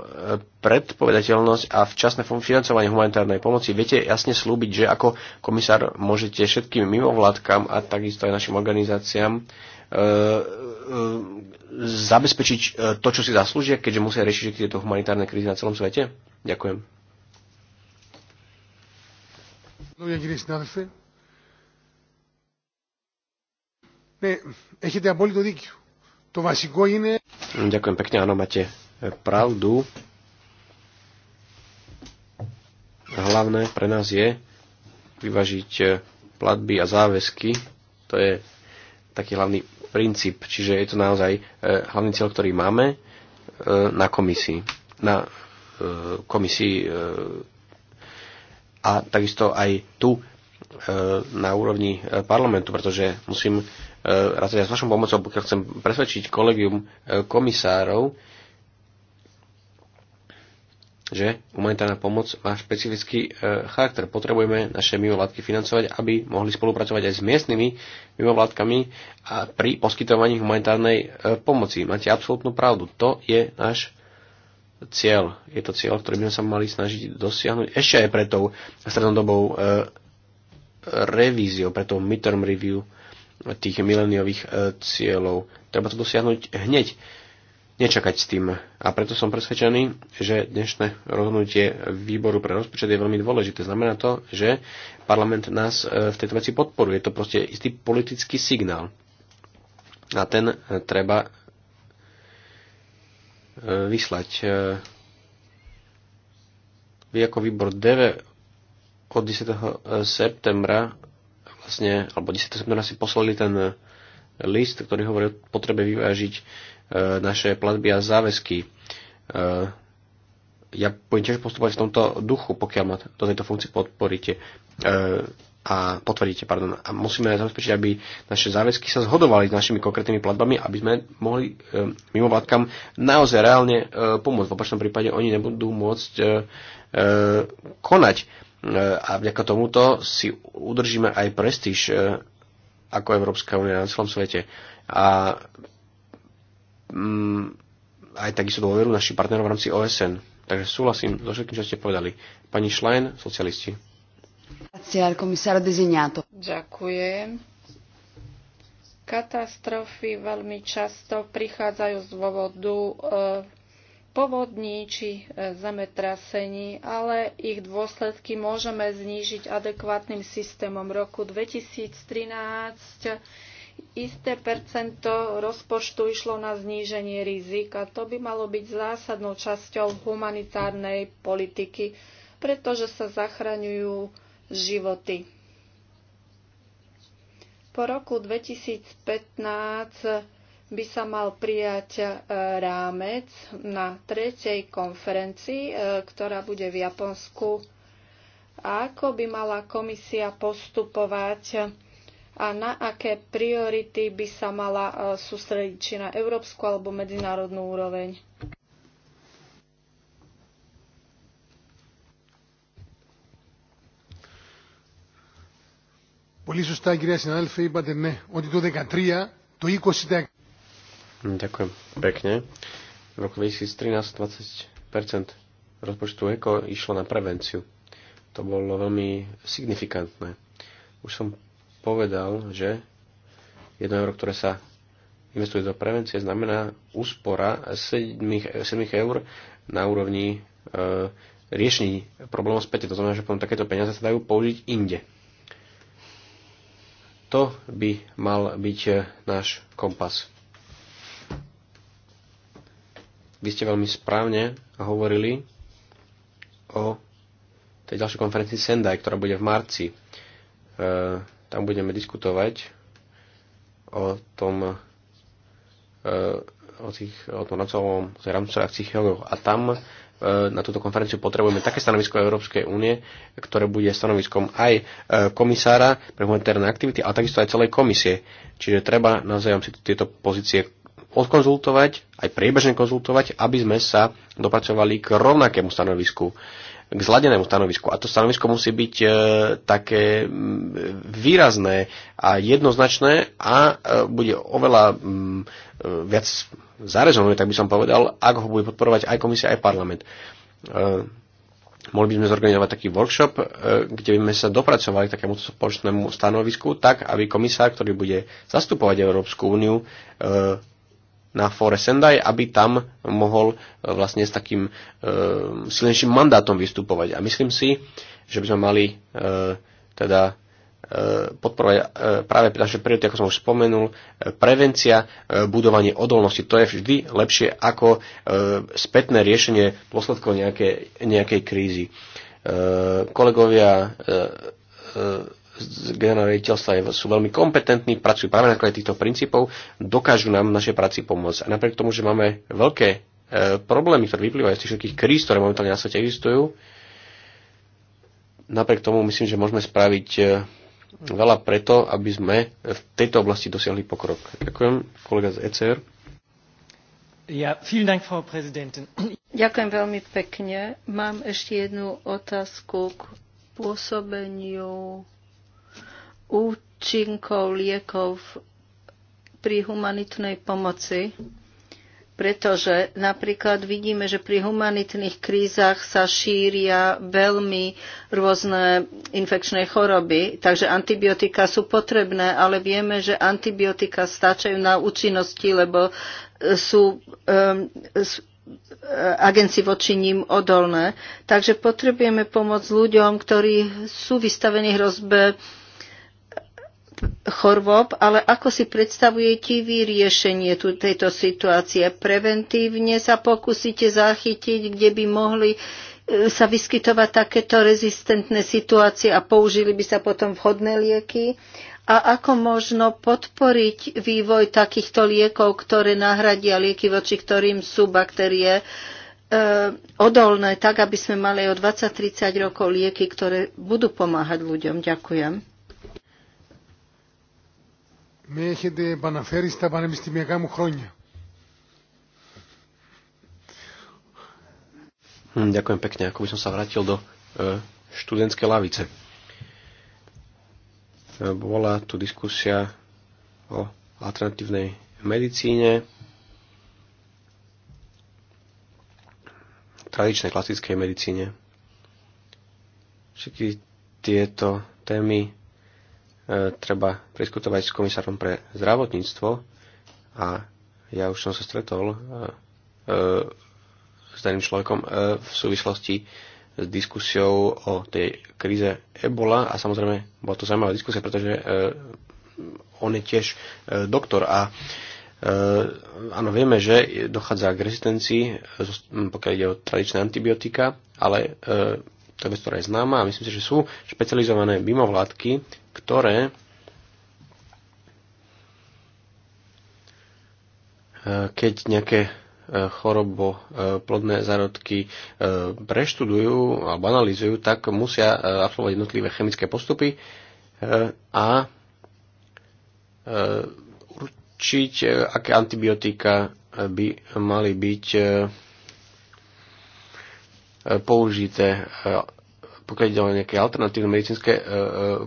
[SPEAKER 4] predpovedateľnosť a včasné financovanie humanitárnej pomoci, viete jasne slúbiť, že ako komisár môžete všetkým mimovládkam a takisto aj našim organizáciám e, e, zabezpečiť to, čo si zaslúžia, keďže musia riešiť tieto humanitárne krízy na celom svete? Ďakujem. Ďakujem pekne, áno, máte pravdu. Hlavné pre nás je vyvažiť e, platby a záväzky. To je taký hlavný princíp, čiže je to naozaj e, hlavný cieľ, ktorý máme e, na komisii. Na komisii a takisto aj tu na úrovni parlamentu, pretože musím raz aj s vašou pomocou, pokiaľ chcem presvedčiť kolegium komisárov, že humanitárna pomoc má špecifický e, charakter. Potrebujeme naše mimovládky financovať, aby mohli spolupracovať aj s miestnymi mimovládkami a pri poskytovaní humanitárnej e, pomoci. Máte absolútnu pravdu. To je náš cieľ. Je to cieľ, ktorý by sme sa mali snažiť dosiahnuť ešte aj pred tou strednodobou e, revíziou, pre tou midterm review tých mileniových e, cieľov. Treba to dosiahnuť hneď nečakať s tým. A preto som presvedčený, že dnešné rozhodnutie výboru pre rozpočet je veľmi dôležité. Znamená to, že parlament nás e, v tejto veci podporuje. Je to proste istý politický signál. A ten e, treba e, vyslať. Vy ako výbor DV od 10. septembra vlastne, alebo 10. septembra si poslali ten list, ktorý hovorí o potrebe vyvážiť E, naše platby a záväzky. E, ja budem tiež postupovať v tomto duchu, pokiaľ ma do tejto funkcie podporíte e, a potvrdíte, pardon. A musíme zabezpečiť, aby naše záväzky sa zhodovali s našimi konkrétnymi platbami, aby sme mohli mimo vládkam naozaj reálne pomôcť. V opačnom prípade oni nebudú môcť konať. a vďaka tomuto si udržíme aj prestíž ako Európska únia na celom svete. A Mm, aj takisto dôveru našich partnerov v rámci OSN. Takže súhlasím so všetkým, čo ste povedali. Pani Schlein, socialisti.
[SPEAKER 2] Ďakujem. Katastrofy veľmi často prichádzajú z dôvodu e, povodní či eh, zemetrasení, ale ich dôsledky môžeme znížiť adekvátnym systémom. Roku 2013 isté percento rozpočtu išlo na zníženie rizik a to by malo byť zásadnou časťou humanitárnej politiky, pretože sa zachraňujú životy. Po roku 2015 by sa mal prijať e, rámec na tretej konferencii, e, ktorá bude v Japonsku. A ako by mala komisia postupovať a na aké priority by sa mala e, sústrediť či na európsku alebo medzinárodnú úroveň.
[SPEAKER 3] Πολύ σωστά κυρία συνάδελφε είπατε ναι, ότι το 2013 το 20%.
[SPEAKER 4] Ďakujem pekne. V roku 2013 20% rozpočtu ECO išlo na prevenciu. To bolo veľmi signifikantné. Už som povedal, že jedno euro, ktoré sa investuje do prevencie, znamená úspora 7, 7 eur na úrovni e, riešení problémov späť. To znamená, že potom takéto peniaze sa dajú použiť inde. To by mal byť e, náš kompas. Vy ste veľmi správne hovorili o tej ďalšej konferencii Sendai, ktorá bude v marci. E, tam budeme diskutovať o tom, e, o, tých, o tom rámcovom, rámcových a tam e, na túto konferenciu potrebujeme také stanovisko Európskej únie, ktoré bude stanoviskom aj e, komisára pre humanitárne aktivity, ale takisto aj celej komisie. Čiže treba navzájom si tieto pozície odkonzultovať, aj priebežne konzultovať, aby sme sa dopracovali k rovnakému stanovisku k zladenému stanovisku. A to stanovisko musí byť e, také výrazné a jednoznačné a e, bude oveľa m, e, viac zarezonuje, tak by som povedal, ako ho bude podporovať aj komisia, aj parlament. E, mohli by sme zorganizovať taký workshop, e, kde by sme sa dopracovali k takému spoločnému stanovisku, tak aby komisár, ktorý bude zastupovať Európsku úniu, e, na fóre Sendai, aby tam mohol e, vlastne s takým e, silnejším mandátom vystupovať. A myslím si, že by sme mali e, teda e, podporovať e, práve naše priority, ako som už spomenul, e, prevencia, e, budovanie odolnosti. To je vždy lepšie ako e, spätné riešenie dôsledkov nejakej, nejakej krízy. E, kolegovia e, e, generálne riaditeľstva sú veľmi kompetentní, pracujú práve na týchto princípov, dokážu nám v našej práci pomôcť. A napriek tomu, že máme veľké e, problémy, ktoré vyplývajú z tých všetkých kríz, ktoré momentálne na svete existujú, napriek tomu myslím, že môžeme spraviť e, veľa preto, aby sme v tejto oblasti dosiahli pokrok. Ďakujem, kolega z ECR.
[SPEAKER 3] Ja, Dank, Frau
[SPEAKER 1] Ďakujem veľmi pekne. Mám ešte jednu otázku k pôsobeniu účinkov liekov pri humanitnej pomoci, pretože napríklad vidíme, že pri humanitných krízach sa šíria veľmi rôzne infekčné choroby, takže antibiotika sú potrebné, ale vieme, že antibiotika stačajú na účinnosti, lebo sú um, agenci voči ním odolné. Takže potrebujeme pomoc ľuďom, ktorí sú vystavení hrozbe chorôb, ale ako si predstavujete vy riešenie tu, tejto situácie? Preventívne sa pokúsite zachytiť, kde by mohli e, sa vyskytovať takéto rezistentné situácie a použili by sa potom vhodné lieky? A ako možno podporiť vývoj takýchto liekov, ktoré nahradia lieky, voči ktorým sú baktérie e, odolné, tak aby sme mali o 20-30 rokov lieky, ktoré budú pomáhať ľuďom? Ďakujem
[SPEAKER 3] με έχετε επαναφέρει στα πανεπιστημιακά μου χρόνια.
[SPEAKER 4] Hm, ďakujem pekne, ako by som sa vrátil do e, študentskej lavice. E, bola tu diskusia o alternatívnej medicíne, tradičnej klasickej medicíne. Všetky tieto témy E, treba preskutovať s komisárom pre zdravotníctvo a ja už som sa stretol e, e, s daným človekom v súvislosti s diskusiou o tej kríze Ebola a samozrejme bola to zaujímavá diskusia, pretože on je tiež doktor a áno, vieme, že dochádza k rezistencii, pokiaľ ide o tradičné antibiotika, ale to je vec, ktorá je známa a myslím si, že sú špecializované mimovládky, ktoré e, keď nejaké e, chorobo e, plodné zárodky preštudujú alebo analýzujú, tak musia absolvovať jednotlivé chemické postupy a určiť, aké antibiotika by mali byť použité. E, pokiaľ ide o nejaké alternatívne medicínske e, e,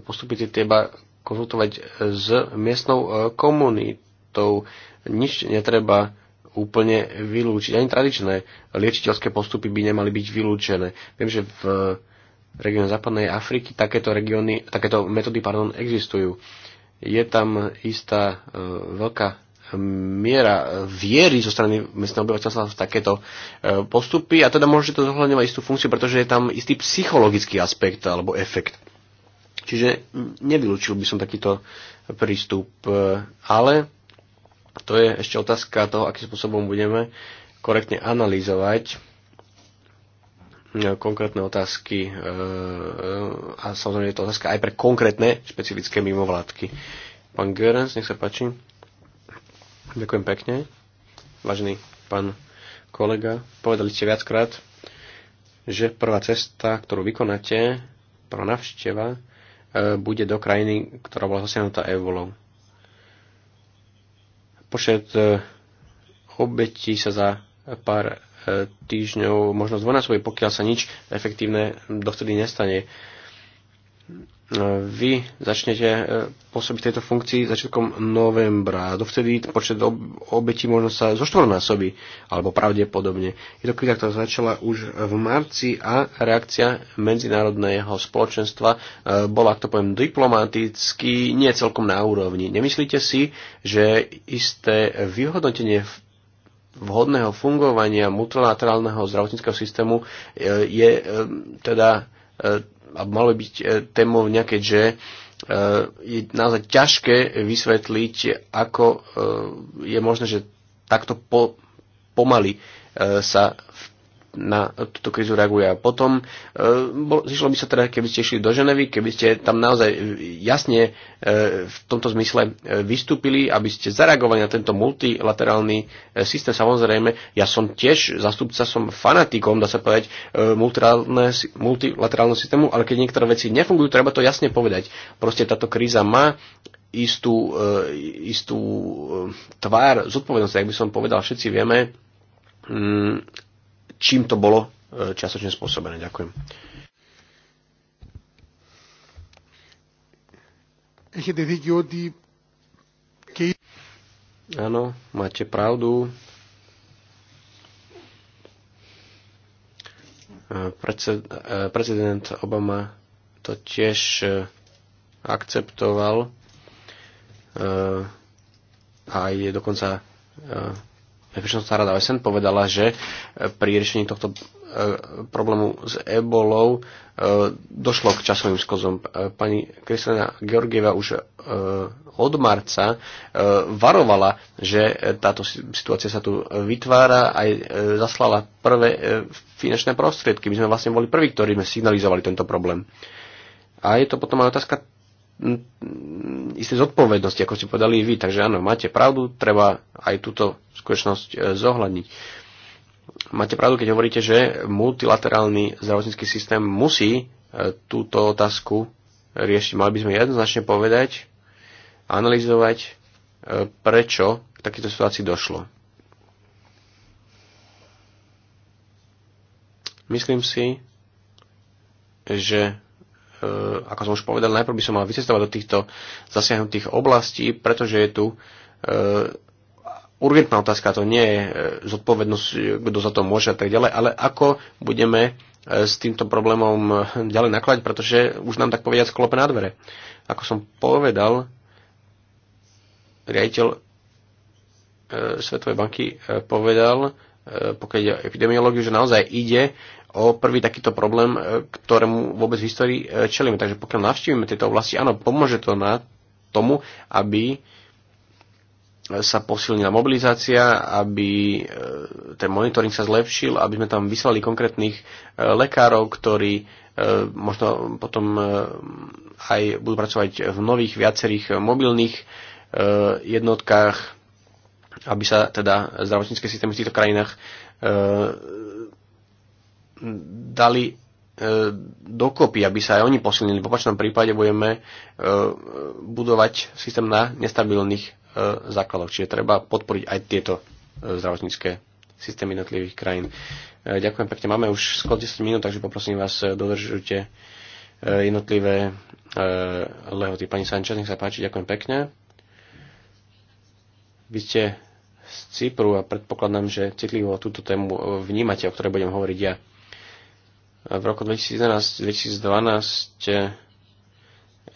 [SPEAKER 4] postupy, tie treba konzultovať s miestnou komunitou. Nič netreba úplne vylúčiť. Ani tradičné liečiteľské postupy by nemali byť vylúčené. Viem, že v regióne západnej Afriky takéto, regióny, takéto metódy pardon, existujú. Je tam istá e, veľká miera viery zo strany miestneho obyvateľstva v takéto e, postupy a teda môže to zohľadňovať istú funkciu, pretože je tam istý psychologický aspekt alebo efekt. Čiže nevylúčil by som takýto prístup, e, ale to je ešte otázka toho, akým spôsobom budeme korektne analyzovať e, konkrétne otázky a samozrejme je to otázka aj pre konkrétne špecifické mimovládky. Pán Görens, nech sa páči. Ďakujem pekne. Vážený pán kolega, povedali ste viackrát, že prvá cesta, ktorú vykonáte, prvá navšteva, e, bude do krajiny, ktorá bola zasiahnutá evolou. Počet e, obetí sa za pár e, týždňov možno zdvojnásobí, pokiaľ sa nič efektívne dovtedy nestane. E, vy začnete e, pôsobiť tejto funkcii začiatkom novembra. Dovtedy počet obetí možno sa zoštvornásobí, alebo pravdepodobne. Je to kríza, ktorá začala už v marci a reakcia medzinárodného spoločenstva e, bola, ak to poviem, diplomaticky nie celkom na úrovni. Nemyslíte si, že isté vyhodnotenie vhodného fungovania multilaterálneho zdravotníckého systému je teda a malo byť e, témou nejakej, že e, je naozaj ťažké vysvetliť, ako e, je možné, že takto po, pomaly sa v na túto krízu reaguje. A potom e, bol, zišlo by sa teda, keby ste išli do Ženevy, keby ste tam naozaj jasne e, v tomto zmysle e, vystúpili, aby ste zareagovali na tento multilaterálny systém. Samozrejme, ja som tiež zastupca, som fanatikom, dá sa povedať, multilaterálneho systému, ale keď niektoré veci nefungujú, treba to jasne povedať. Proste táto kríza má istú, istú tvár zodpovednosti, ak by som povedal, všetci vieme, mm, čím to bolo e, čiastočne spôsobené. Ďakujem. Áno, máte pravdu. E, e, prezident Obama to tiež akceptoval a je dokonca Bezpečnostná rada OSN povedala, že e, pri riešení tohto e, problému s ebolou e, došlo k časovým skozom. Pani Kristina Georgieva už od marca varovala, že táto situácia sa tu vytvára a zaslala prvé finančné prostriedky. My sme vlastne boli prví, ktorí sme signalizovali tento problém. A je to potom aj otázka Mm, isté zodpovednosti, ako ste povedali vy. Takže áno, máte pravdu, treba aj túto skutočnosť e, zohľadniť. Máte pravdu, keď hovoríte, že multilaterálny zdravotnícky systém musí e, túto otázku riešiť. Mali by sme jednoznačne povedať, analyzovať, e, prečo k takéto situácii došlo. Myslím si, že E, ako som už povedal, najprv by som mal vycestovať do týchto zasiahnutých oblastí, pretože je tu e, urgentná otázka, to nie je e, zodpovednosť, kto za to môže a tak ďalej, ale ako budeme s týmto problémom ďalej nakladať, pretože už nám tak povediať sklope na dvere. Ako som povedal, riaditeľ Svetovej banky povedal, pokiaľ ide o epidemiológiu, že naozaj ide o prvý takýto problém, e, ktorému vôbec v histórii e, čelíme. Takže pokiaľ navštívime tieto oblasti, áno, pomôže to na tomu, aby sa posilnila mobilizácia, aby e, ten monitoring sa zlepšil, aby sme tam vyslali konkrétnych lekárov, ktorí možno potom aj budú pracovať v nových viacerých mobilných jednotkách, aby sa teda zdravotnícke systémy v týchto krajinách dali e, dokopy, aby sa aj oni posilnili. V opačnom prípade budeme e, budovať systém na nestabilných e, základoch. Čiže treba podporiť aj tieto zdravotnícke systémy jednotlivých krajín. Ďakujem pekne. Máme už skôr 10 minút, takže poprosím vás, dodržujte jednotlivé lehoty. Pani Sanchez, nech sa páči, ďakujem pekne. Vy ste z Cypru a predpokladám, že citlivo túto tému vnímate, o ktorej budem hovoriť ja v roku 2011-2012 eh,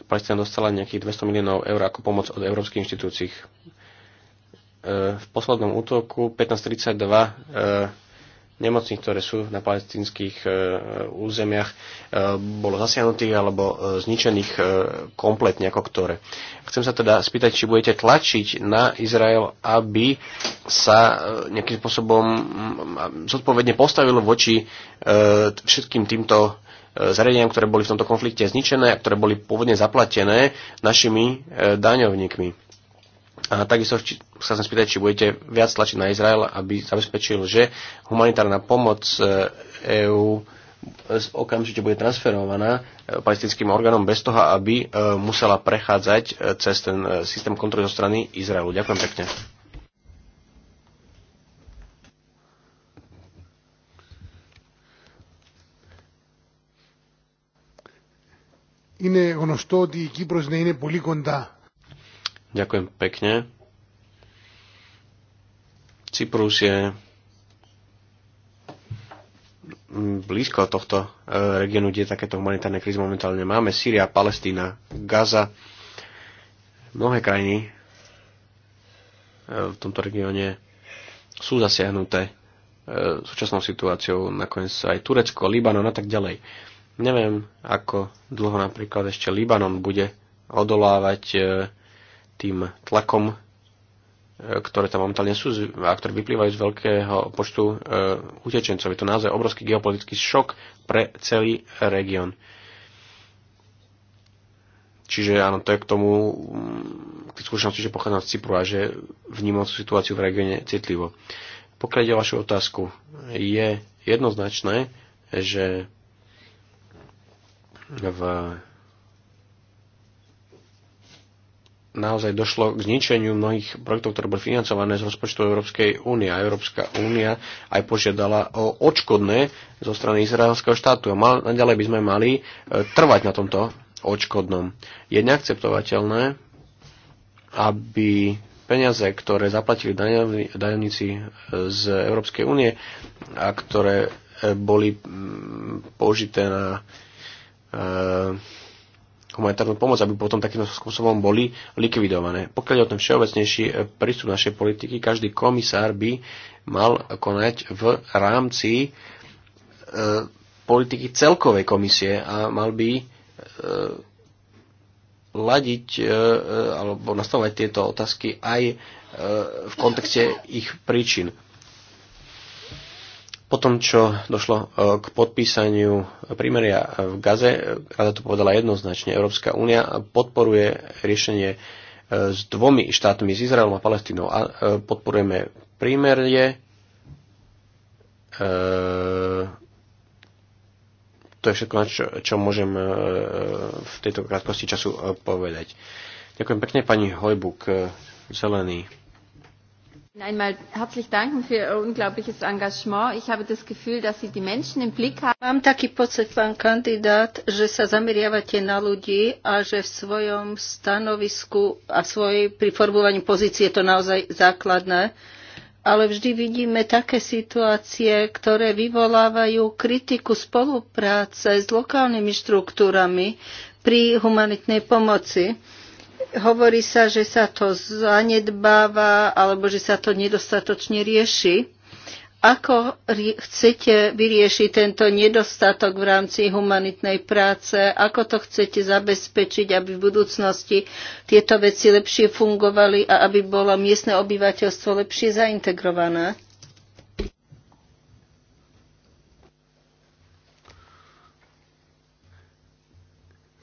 [SPEAKER 4] Palestina dostala nejakých 200 miliónov eur ako pomoc od európskych inštitúcií. Eh, v poslednom útoku 1532 nemocných, ktoré sú na palestinských e, územiach, e, bolo zasiahnutých alebo e, zničených kompletne ako ktoré. Chcem sa teda spýtať, či budete tlačiť na Izrael, aby sa nejakým spôsobom zodpovedne postavilo voči všetkým týmto zariadeniam, ktoré boli v tomto konflikte zničené a ktoré boli pôvodne zaplatené našimi daňovníkmi a takisto sa chcem spýtať, či budete viac tlačiť na Izrael, aby zabezpečil, že humanitárna pomoc EÚ e e, okamžite bude transferovaná e, palestinským orgánom bez toho, aby musela prechádzať cez ten systém kontroly zo strany Izraelu. Ďakujem pekne.
[SPEAKER 3] Είναι γνωστό ότι η Κύπρος να είναι πολύ κοντά
[SPEAKER 4] Ďakujem pekne. Cyprus je blízko tohto e, regiónu, kde takéto humanitárne krízy momentálne máme. Sýria, Palestína, Gaza, mnohé krajiny e, v tomto regióne sú zasiahnuté e, súčasnou situáciou, nakoniec aj Turecko, Libanon a tak ďalej. Neviem, ako dlho napríklad ešte Libanon bude odolávať tým tlakom, e, ktoré tam momentálne sú a ktoré vyplývajú z veľkého počtu e, utečencov. Je to naozaj obrovský geopolitický šok pre celý región. Čiže áno, to je k tomu mm, k tej skúsenosti, že pochádzam z Cypru a že vnímam tú situáciu v regióne citlivo. Pokiaľ ide o vašu otázku, je jednoznačné, že v naozaj došlo k zničeniu mnohých projektov, ktoré boli financované z rozpočtu Európskej únie. A Európska únia aj požiadala o odškodné zo strany izraelského štátu. A mal, naďalej by sme mali e, trvať na tomto odškodnom. Je neakceptovateľné, aby peniaze, ktoré zaplatili daňovníci e, z Európskej únie a ktoré e, boli použité na e, humanitárnu pomoc, aby potom takýmto spôsobom boli likvidované. Pokiaľ je o ten všeobecnejší eh, prístup našej politiky, každý komisár by mal konať v rámci e, politiky celkovej komisie a mal by e, ladiť e, alebo nastavovať tieto otázky aj e, v kontexte ich príčin. Potom, čo došlo e, k podpísaniu primeria v Gaze, e, rada to povedala jednoznačne, Európska únia podporuje riešenie e, s dvomi štátmi, s Izraelom a Palestínou. A podporujeme prímerie, to je všetko, čo, čo môžem v tejto krátkosti času povedať. Ďakujem pekne, pani Hojbuk, zelený.
[SPEAKER 1] Einmal herzlich danken für Ihr unglaubliches Engagement. Ich habe das Gefühl, dass Sie die Menschen im Blick haben. Mám taký pocit, pán kandidát, že sa zameriavate na ľudí a že v svojom stanovisku a svojej, pri formulovaní pozície je to naozaj základné. Ale vždy vidíme také situácie, ktoré vyvolávajú kritiku spolupráce s lokálnymi štruktúrami pri humanitnej pomoci hovorí sa, že sa to zanedbáva alebo že sa to nedostatočne rieši. Ako chcete vyriešiť tento nedostatok v rámci humanitnej práce? Ako to chcete zabezpečiť, aby v budúcnosti tieto veci lepšie fungovali a aby bolo miestne obyvateľstvo lepšie zaintegrované?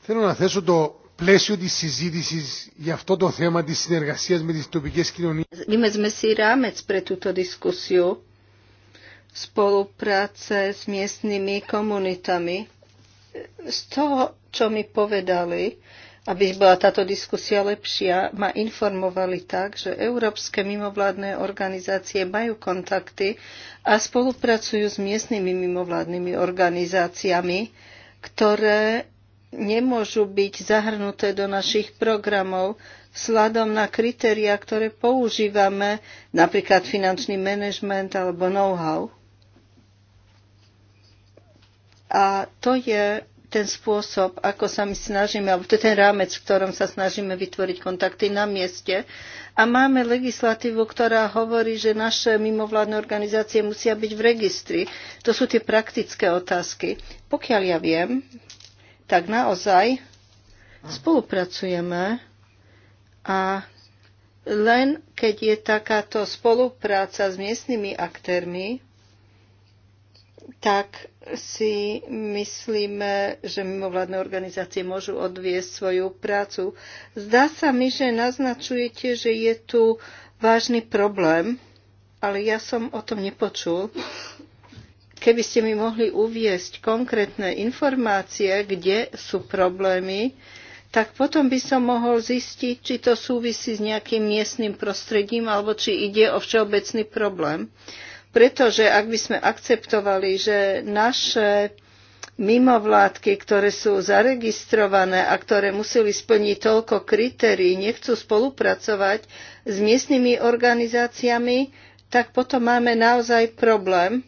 [SPEAKER 3] Chcem να πλαίσιο της συζήτησης για αυτό το θέμα της συνεργασίας με τις τοπικές κοινωνίες.
[SPEAKER 1] Είμαι με σειρά με τις túto diskusiu spolupráce με miestnymi komunitami. Στο τσο μη mi povedali, aby bola táto diskusia lepšia, ma informovali tak, že európske mimovládne organizácie majú kontakty a spolupracujú s miestnymi mimovládnymi organizáciami, ktoré nemôžu byť zahrnuté do našich programov sladom na kritéria, ktoré používame, napríklad finančný manažment alebo know-how. A to je ten spôsob, ako sa my snažíme, alebo to je ten rámec, v ktorom sa snažíme vytvoriť kontakty na mieste. A máme legislatívu, ktorá hovorí, že naše mimovládne organizácie musia byť v registri. To sú tie praktické otázky. Pokiaľ ja viem, tak naozaj spolupracujeme a len keď je takáto spolupráca s miestnymi aktérmi, tak si myslíme, že mimovládne organizácie môžu odviesť svoju prácu. Zdá sa mi, že naznačujete, že je tu vážny problém, ale ja som o tom nepočul. Keby ste mi mohli uviesť konkrétne informácie, kde sú problémy, tak potom by som mohol zistiť, či to súvisí s nejakým miestnym prostredím alebo či ide o všeobecný problém. Pretože ak by sme akceptovali, že naše mimovládky, ktoré sú zaregistrované a ktoré museli splniť toľko kritérií, nechcú spolupracovať s miestnymi organizáciami, tak potom máme naozaj problém.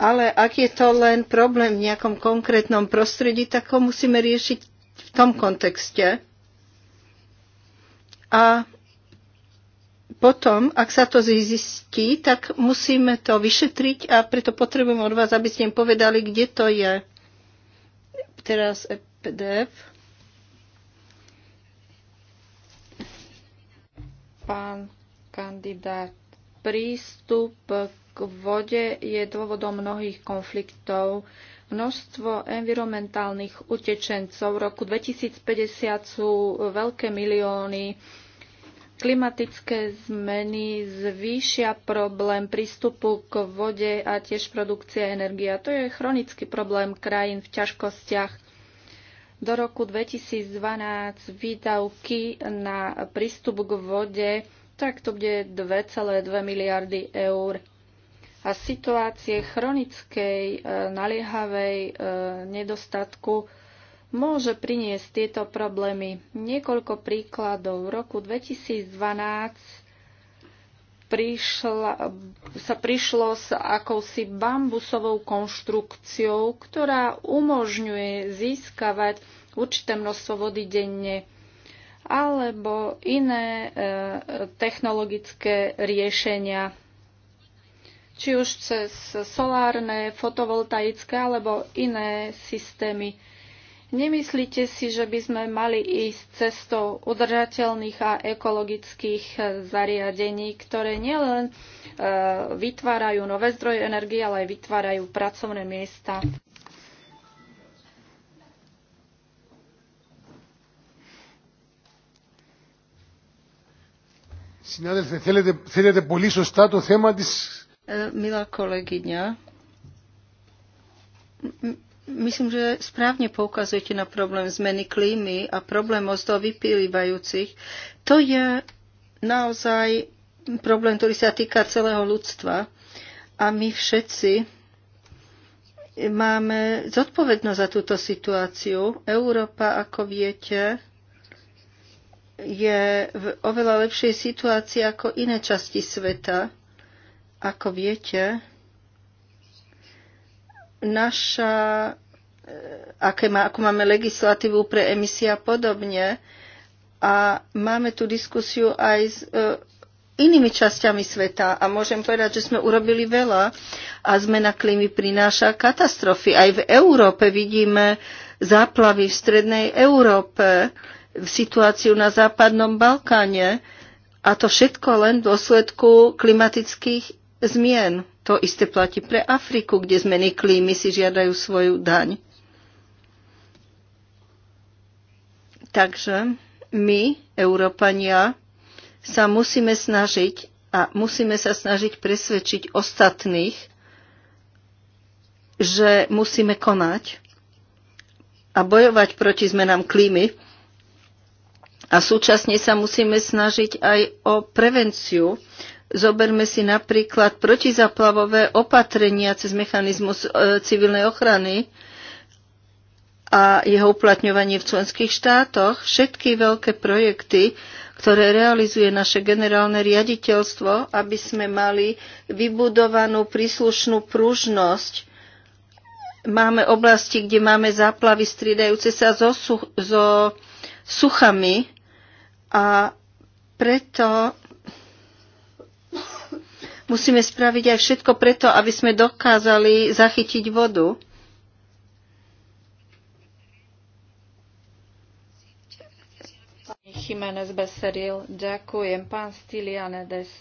[SPEAKER 1] Ale ak je to len problém v nejakom konkrétnom prostredí, tak ho musíme riešiť v tom kontexte. A potom, ak sa to zistí, tak musíme to vyšetriť a preto potrebujem od vás, aby ste im povedali, kde to je. Teraz e PDF.
[SPEAKER 2] Pán kandidát, prístup k vode je dôvodom mnohých konfliktov. Množstvo environmentálnych utečencov v roku 2050 sú veľké milióny. Klimatické zmeny zvýšia problém prístupu k vode a tiež produkcia energia. To je chronický problém krajín v ťažkostiach. Do roku 2012 výdavky na prístup k vode tak to bude 2,2 miliardy eur a situácie chronickej e, naliehavej e, nedostatku môže priniesť tieto problémy. Niekoľko príkladov. V roku 2012 prišla, sa prišlo s akousi bambusovou konštrukciou, ktorá umožňuje získavať určité množstvo vody denne alebo iné e, technologické riešenia či už cez solárne, fotovoltaické alebo iné systémy. Nemyslíte si, že by sme mali ísť cestou udržateľných a ekologických eh, zariadení, ktoré nielen eh, vytvárajú nové zdroje energie, ale aj vytvárajú pracovné miesta?
[SPEAKER 3] Συνάδελφε, θέλετε, θέλετε πολύ σωστά το θέμα της
[SPEAKER 1] E, milá kolegyňa, myslím, že správne poukazujete na problém zmeny klímy a problém mozdov vypilývajúcich, To je naozaj problém, ktorý sa týka celého ľudstva a my všetci máme zodpovednosť za túto situáciu. Európa, ako viete, je v oveľa lepšej situácii ako iné časti sveta ako viete, naša, e, aké má, ako máme legislatívu pre emisie a podobne. A máme tu diskusiu aj s e, inými časťami sveta a môžem povedať, že sme urobili veľa a zmena klímy prináša katastrofy. Aj v Európe vidíme záplavy v strednej Európe, v situáciu na západnom Balkáne a to všetko len v dôsledku klimatických zmien. To isté platí pre Afriku, kde zmeny klímy si žiadajú svoju daň. Takže my, Európania, sa musíme snažiť a musíme sa snažiť presvedčiť ostatných, že musíme konať a bojovať proti zmenám klímy. A súčasne sa musíme snažiť aj o prevenciu Zoberme si napríklad protizaplavové opatrenia cez mechanizmus e, civilnej ochrany a jeho uplatňovanie v členských štátoch. Všetky veľké projekty, ktoré realizuje naše generálne riaditeľstvo, aby sme mali vybudovanú príslušnú pružnosť. Máme oblasti, kde máme záplavy striedajúce sa so, so suchami a preto Musíme spraviť aj všetko preto, aby sme dokázali zachytiť vodu.
[SPEAKER 2] Pani Jiménez Beseril, ďakujem. Pán Stylianedes, e,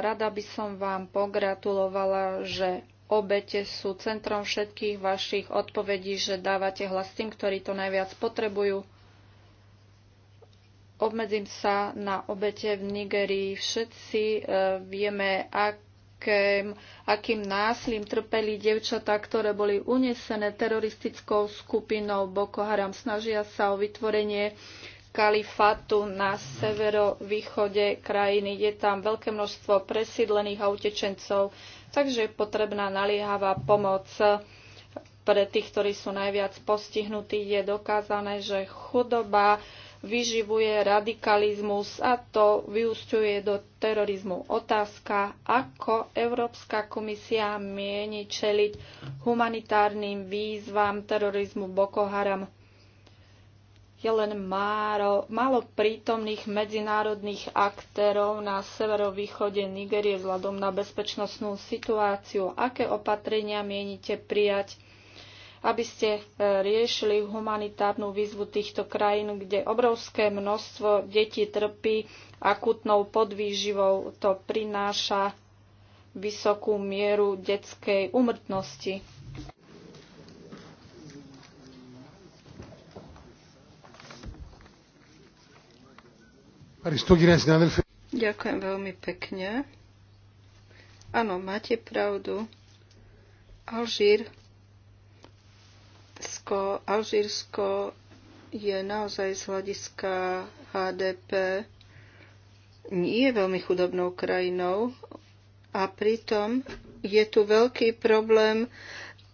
[SPEAKER 2] rada by som vám pogratulovala, že obete sú centrom všetkých vašich odpovedí, že dávate hlas tým, ktorí to najviac potrebujú. Obmedzím sa na obete v Nigerii. Všetci e, vieme, akým, akým násilím trpeli devčatá, ktoré boli unesené teroristickou skupinou Boko Haram. Snažia sa o vytvorenie kalifátu na severovýchode krajiny. Je tam veľké množstvo presídlených a utečencov, takže je potrebná naliehavá pomoc pre tých, ktorí sú najviac postihnutí. Je dokázané, že chudoba vyživuje radikalizmus a to vyústiuje do terorizmu. Otázka, ako Európska komisia mieni čeliť humanitárnym výzvam terorizmu Boko Haram. Je len málo, málo prítomných medzinárodných aktérov na severovýchode Nigérie vzhľadom na bezpečnostnú situáciu. Aké opatrenia mienite prijať aby ste e, riešili humanitárnu výzvu týchto krajín, kde obrovské množstvo detí trpí akutnou podvýživou. To prináša vysokú mieru detskej umrtnosti.
[SPEAKER 1] Ďakujem veľmi pekne. Áno, máte pravdu. Alžír Turecko, Alžírsko je naozaj z hľadiska HDP nie je veľmi chudobnou krajinou a pritom je tu veľký problém e,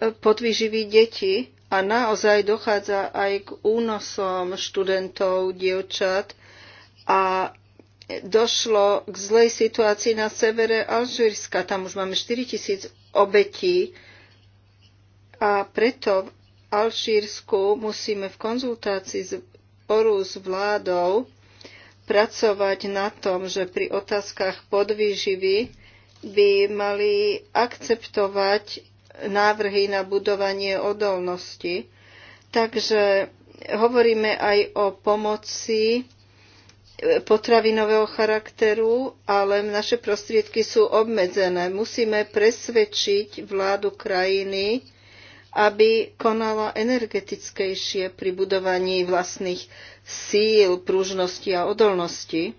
[SPEAKER 1] podvyživy deti a naozaj dochádza aj k únosom študentov, dievčat a došlo k zlej situácii na severe Alžírska. Tam už máme 4 tisíc obetí a preto Alžírsku musíme v konzultácii s s vládou pracovať na tom, že pri otázkach podvýživy by mali akceptovať návrhy na budovanie odolnosti. Takže hovoríme aj o pomoci e, potravinového charakteru, ale naše prostriedky sú obmedzené. Musíme presvedčiť vládu krajiny, aby konala energetickejšie pri budovaní vlastných síl, prúžnosti a odolnosti.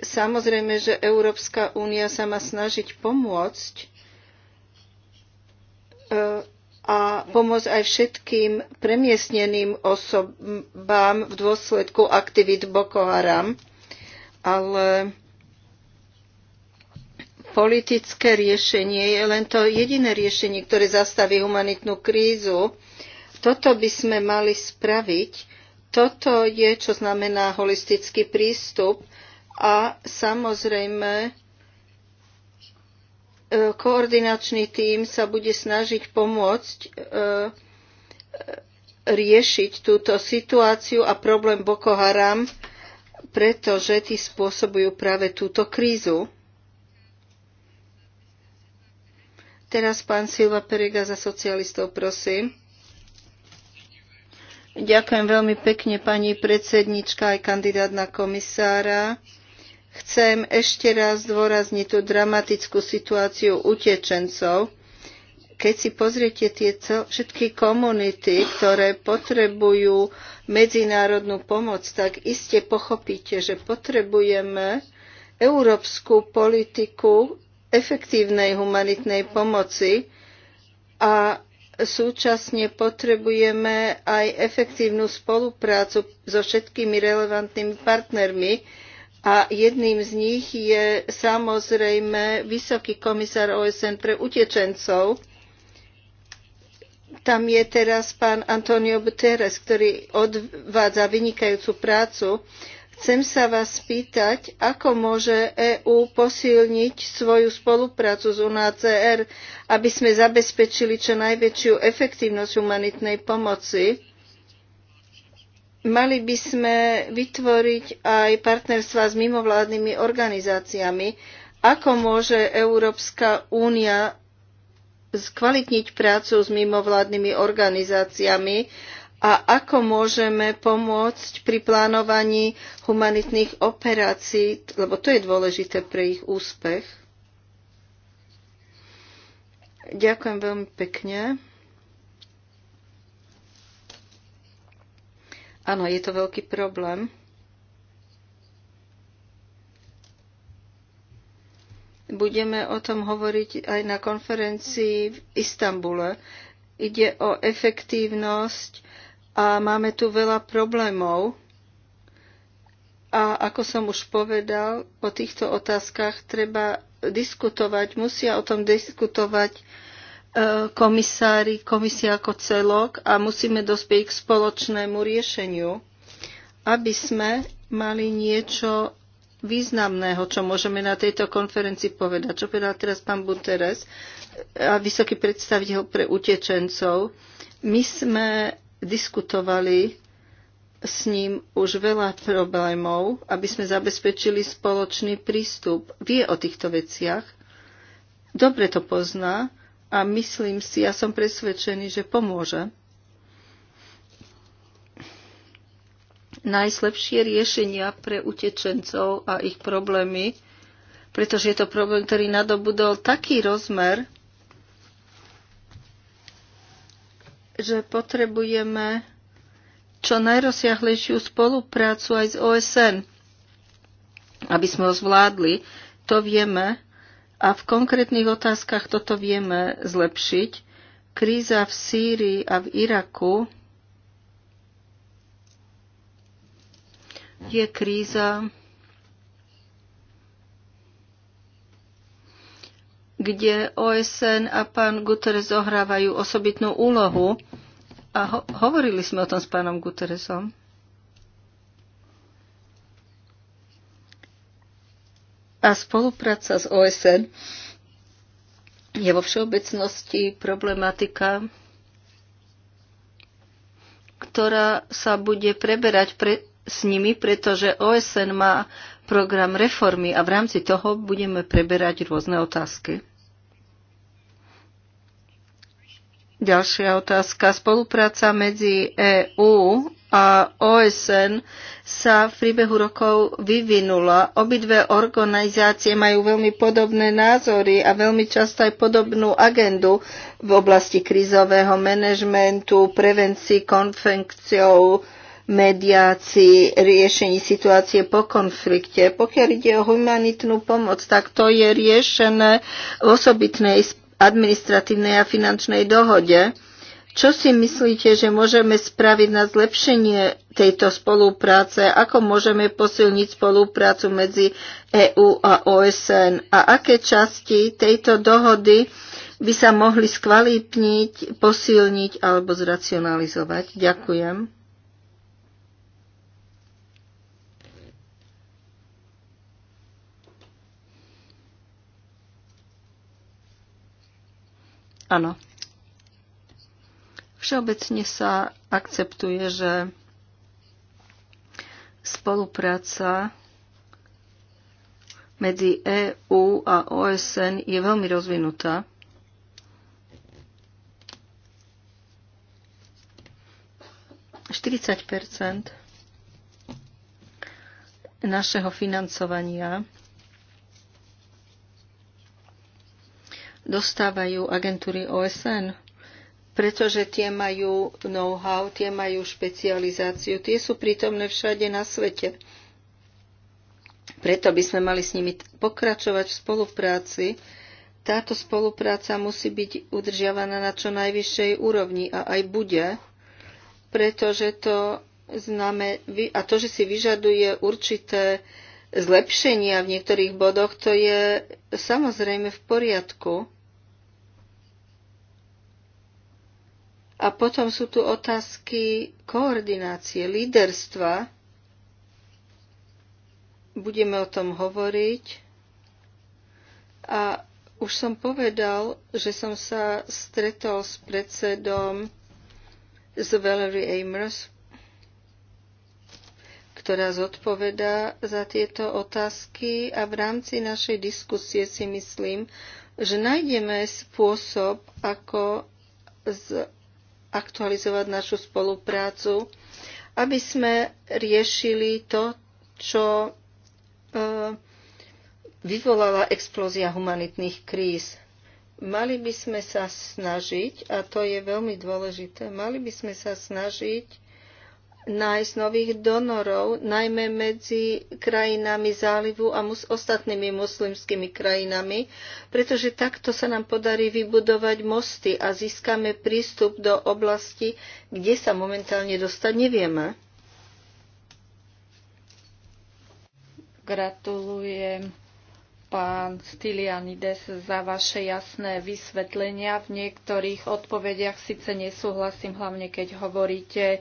[SPEAKER 1] Samozrejme, že Európska únia sa má snažiť pomôcť e, a pomôcť aj všetkým premiestneným osobám v dôsledku aktivít Boko Haram. Ale politické riešenie je len to jediné riešenie, ktoré zastaví humanitnú krízu. Toto by sme mali spraviť. Toto je, čo znamená holistický prístup a samozrejme e, koordinačný tím sa bude snažiť pomôcť e, e, riešiť túto situáciu a problém Boko Haram, pretože tí spôsobujú práve túto krízu. Teraz pán Silva Perega za socialistov, prosím. Ďakujem veľmi pekne, pani predsednička aj kandidát na komisára. Chcem ešte raz zdôrazniť tú dramatickú situáciu utečencov. Keď si pozriete tie všetky komunity, ktoré potrebujú medzinárodnú pomoc, tak iste pochopíte, že potrebujeme európsku politiku efektívnej humanitnej pomoci a súčasne potrebujeme aj efektívnu spoluprácu so všetkými relevantnými partnermi a jedným z nich je samozrejme vysoký komisár OSN pre utečencov. Tam je teraz pán Antonio Guterres, ktorý odvádza vynikajúcu prácu Chcem sa vás spýtať, ako môže EÚ posilniť svoju spoluprácu s UNHCR, aby sme zabezpečili čo najväčšiu efektívnosť humanitnej pomoci. Mali by sme vytvoriť aj partnerstva s mimovládnymi organizáciami. Ako môže Európska únia skvalitniť prácu s mimovládnymi organizáciami, a ako môžeme pomôcť pri plánovaní humanitných operácií, lebo to je dôležité pre ich úspech. Ďakujem veľmi pekne. Áno, je to veľký problém. Budeme o tom hovoriť aj na konferencii v Istambule. Ide o efektívnosť a máme tu veľa problémov. A ako som už povedal, o týchto otázkach treba diskutovať, musia o tom diskutovať e, komisári, komisia ako celok a musíme dospieť k spoločnému riešeniu, aby sme mali niečo významného, čo môžeme na tejto konferencii povedať, čo povedal teraz pán Buteres a vysoký predstaviteľ pre utečencov. My sme diskutovali s ním už veľa problémov, aby sme zabezpečili spoločný prístup. Vie o týchto veciach, dobre to pozná a myslím si, ja som presvedčený, že pomôže. Najslepšie riešenia pre utečencov a ich problémy, pretože je to problém, ktorý nadobudol taký rozmer, že potrebujeme čo najrozsiahlejšiu spoluprácu aj s OSN, aby sme ho zvládli. To vieme a v konkrétnych otázkach toto vieme zlepšiť. Kríza v Sýrii a v Iraku je kríza, kde OSN a pán Guterres zohrávajú osobitnú úlohu. A ho- hovorili sme o tom s pánom Guterresom. A spolupráca s OSN je vo všeobecnosti problematika, ktorá sa bude preberať pre, s nimi, pretože OSN má program reformy a v rámci toho budeme preberať rôzne otázky. Ďalšia otázka. Spolupráca medzi EÚ a OSN sa v priebehu rokov vyvinula. Obidve organizácie majú veľmi podobné názory a veľmi často aj podobnú agendu v oblasti krízového manažmentu, prevencii konfekciou, mediácii, riešení situácie po konflikte. Pokiaľ ide o humanitnú pomoc, tak to je riešené v osobitnej administratívnej a finančnej dohode. Čo si myslíte, že môžeme spraviť na zlepšenie tejto spolupráce? Ako môžeme posilniť spoluprácu medzi EÚ a OSN? A aké časti tejto dohody by sa mohli skvalípniť, posilniť alebo zracionalizovať? Ďakujem. Áno. Všeobecne sa akceptuje, že spolupráca medzi EU a OSN je veľmi rozvinutá. Štyridsať percent našeho financovania dostávajú agentúry OSN, pretože tie majú know-how, tie majú špecializáciu, tie sú prítomné všade na svete. Preto by sme mali s nimi pokračovať v spolupráci. Táto spolupráca musí byť udržiavaná na čo najvyššej úrovni a aj bude, pretože to znamená, a to, že si vyžaduje určité uh, zlepšenia v niektorých bodoch, to je samozrejme v poriadku. A potom sú tu otázky koordinácie, líderstva. Budeme o tom hovoriť. A už som povedal, že som sa stretol s predsedom z Valerie Amers ktorá zodpovedá za tieto otázky a v rámci našej diskusie si myslím, že nájdeme spôsob, ako aktualizovať našu spoluprácu, aby sme riešili to, čo e, vyvolala explózia humanitných kríz. Mali by sme sa snažiť, a to je veľmi dôležité, mali by sme sa snažiť nájsť nových donorov, najmä medzi krajinami zálivu a mus- ostatnými muslimskými krajinami, pretože takto sa nám podarí vybudovať mosty a získame prístup do oblasti, kde sa momentálne dostať nevieme.
[SPEAKER 2] Gratulujem pán Stylianides za vaše jasné vysvetlenia. V niektorých odpovediach síce nesúhlasím, hlavne keď hovoríte,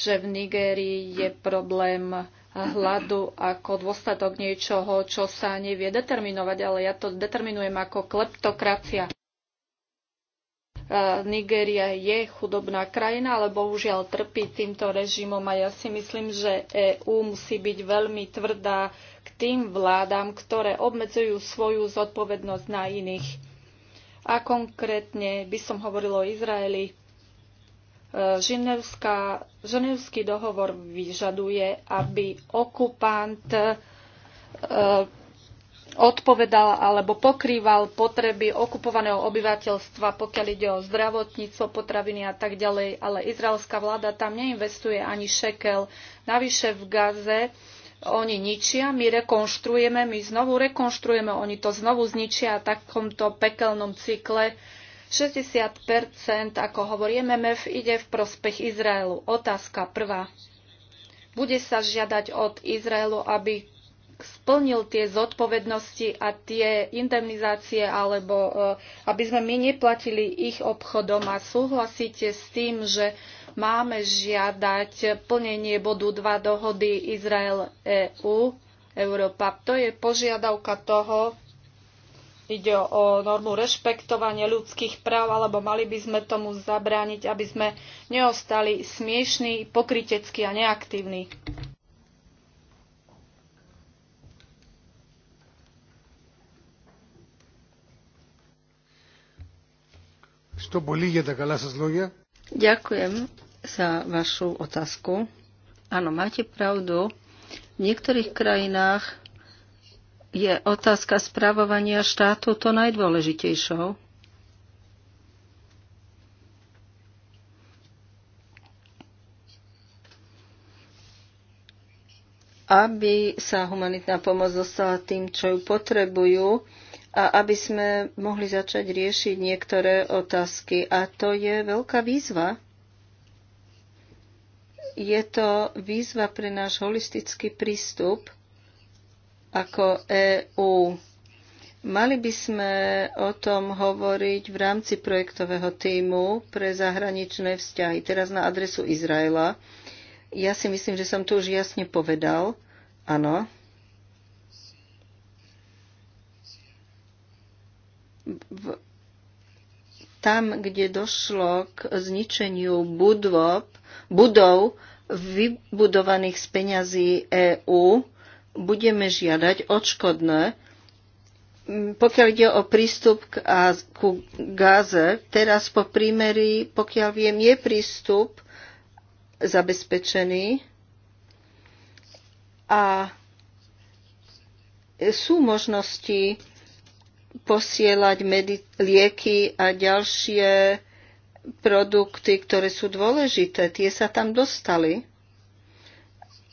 [SPEAKER 2] že v Nigérii je problém hladu ako dôsledok niečoho, čo sa nevie determinovať, ale ja to determinujem ako kleptokracia. E, Nigéria je chudobná krajina, ale bohužiaľ trpí týmto režimom a ja si myslím, že EÚ musí byť veľmi tvrdá k tým vládám, ktoré obmedzujú svoju zodpovednosť na iných. A konkrétne by som hovoril o Izraeli. Ženevská, Ženevský dohovor vyžaduje, aby okupant e, odpovedal alebo pokrýval potreby okupovaného obyvateľstva, pokiaľ ide o zdravotníctvo, potraviny a tak ďalej, ale izraelská vláda tam neinvestuje ani šekel. Navyše v Gaze oni ničia, my rekonštruujeme, my znovu rekonštruujeme, oni to znovu zničia a takomto pekelnom cykle 60 ako hovorí MMF, ide v prospech Izraelu. Otázka prvá. Bude sa žiadať od Izraelu, aby splnil tie zodpovednosti a tie indemnizácie, alebo e, aby sme my neplatili ich obchodom a súhlasíte s tým, že máme žiadať plnenie bodu 2 dohody Izrael-EU, Európa. To je požiadavka toho, ide o normu rešpektovania ľudských práv, alebo mali by sme tomu zabrániť, aby sme neostali smiešní, pokriteckí a neaktívni.
[SPEAKER 1] Ďakujem za vašu otázku. Áno, máte pravdu. V niektorých krajinách je otázka správovania štátu to najdôležitejšou. aby sa humanitná pomoc dostala tým, čo ju potrebujú a aby sme mohli začať riešiť niektoré otázky. A to je veľká výzva. Je to výzva pre náš holistický prístup ako EÚ. Mali by sme o tom hovoriť v rámci projektového týmu pre zahraničné vzťahy. Teraz na adresu Izraela. Ja si myslím, že som to už jasne povedal. Áno. V, tam, kde došlo k zničeniu budov, budov vybudovaných z peňazí EÚ, budeme žiadať odškodné. Pokiaľ ide o prístup k, ku gáze, teraz po prímeri, pokiaľ viem, je prístup zabezpečený a sú možnosti posielať medi- lieky a ďalšie produkty, ktoré sú dôležité. Tie sa tam dostali.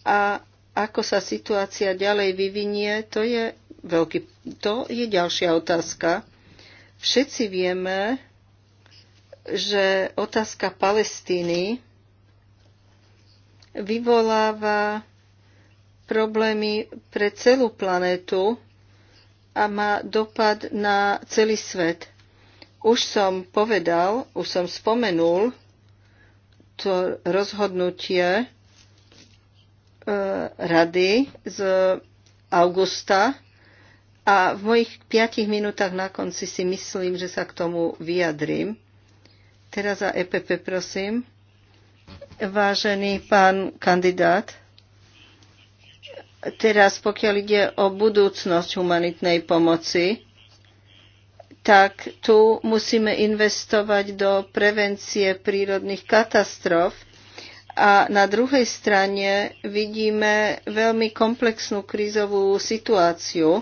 [SPEAKER 1] A ako sa situácia ďalej vyvinie, to je, veľký, to je ďalšia otázka. Všetci vieme, že otázka Palestíny vyvoláva problémy pre celú planetu a má dopad na celý svet. Už som povedal, už som spomenul to rozhodnutie E, rady z augusta a v mojich piatich minútach na konci si myslím, že sa k tomu vyjadrím. Teraz za EPP, prosím. Vážený pán kandidát, teraz pokiaľ ide o budúcnosť humanitnej pomoci, tak tu musíme investovať do prevencie prírodných katastrof, a na druhej strane vidíme veľmi komplexnú krízovú situáciu.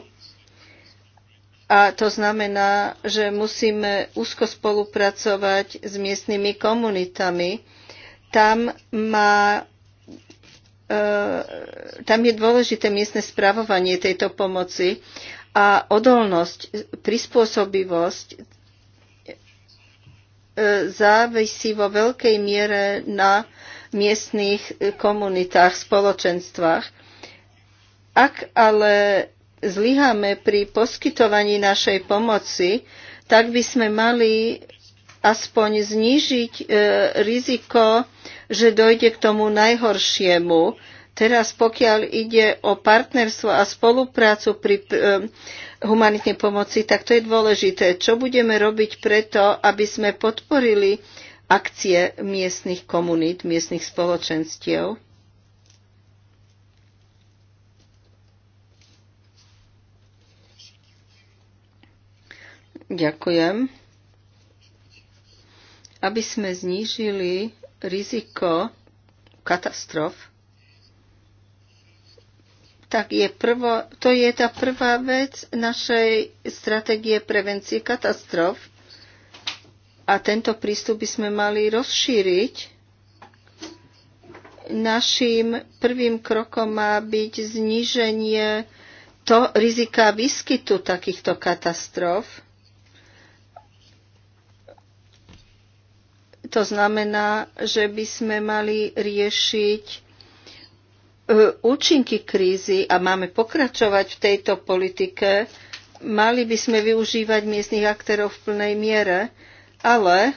[SPEAKER 1] A to znamená, že musíme úzko spolupracovať s miestnymi komunitami. Tam, má, e, tam je dôležité miestne spravovanie tejto pomoci a odolnosť, prispôsobivosť e, závisí vo veľkej miere na miestných e, komunitách, spoločenstvách. Ak ale zlyháme pri poskytovaní našej pomoci, tak by sme mali aspoň znížiť e, riziko, že dojde k tomu najhoršiemu. Teraz, pokiaľ ide o partnerstvo a spoluprácu pri e, humanitnej pomoci, tak to je dôležité. Čo budeme robiť preto, aby sme podporili akcie miestnych komunít, miestnych spoločenstiev. Ďakujem. Aby sme znížili riziko katastrof, tak je prvo, to je tá prvá vec našej stratégie prevencie katastrof – a tento prístup by sme mali rozšíriť. Naším prvým krokom má byť zníženie to rizika výskytu takýchto katastrof. To znamená, že by sme mali riešiť e, účinky krízy a máme pokračovať v tejto politike, mali by sme využívať miestnych aktérov v plnej miere ale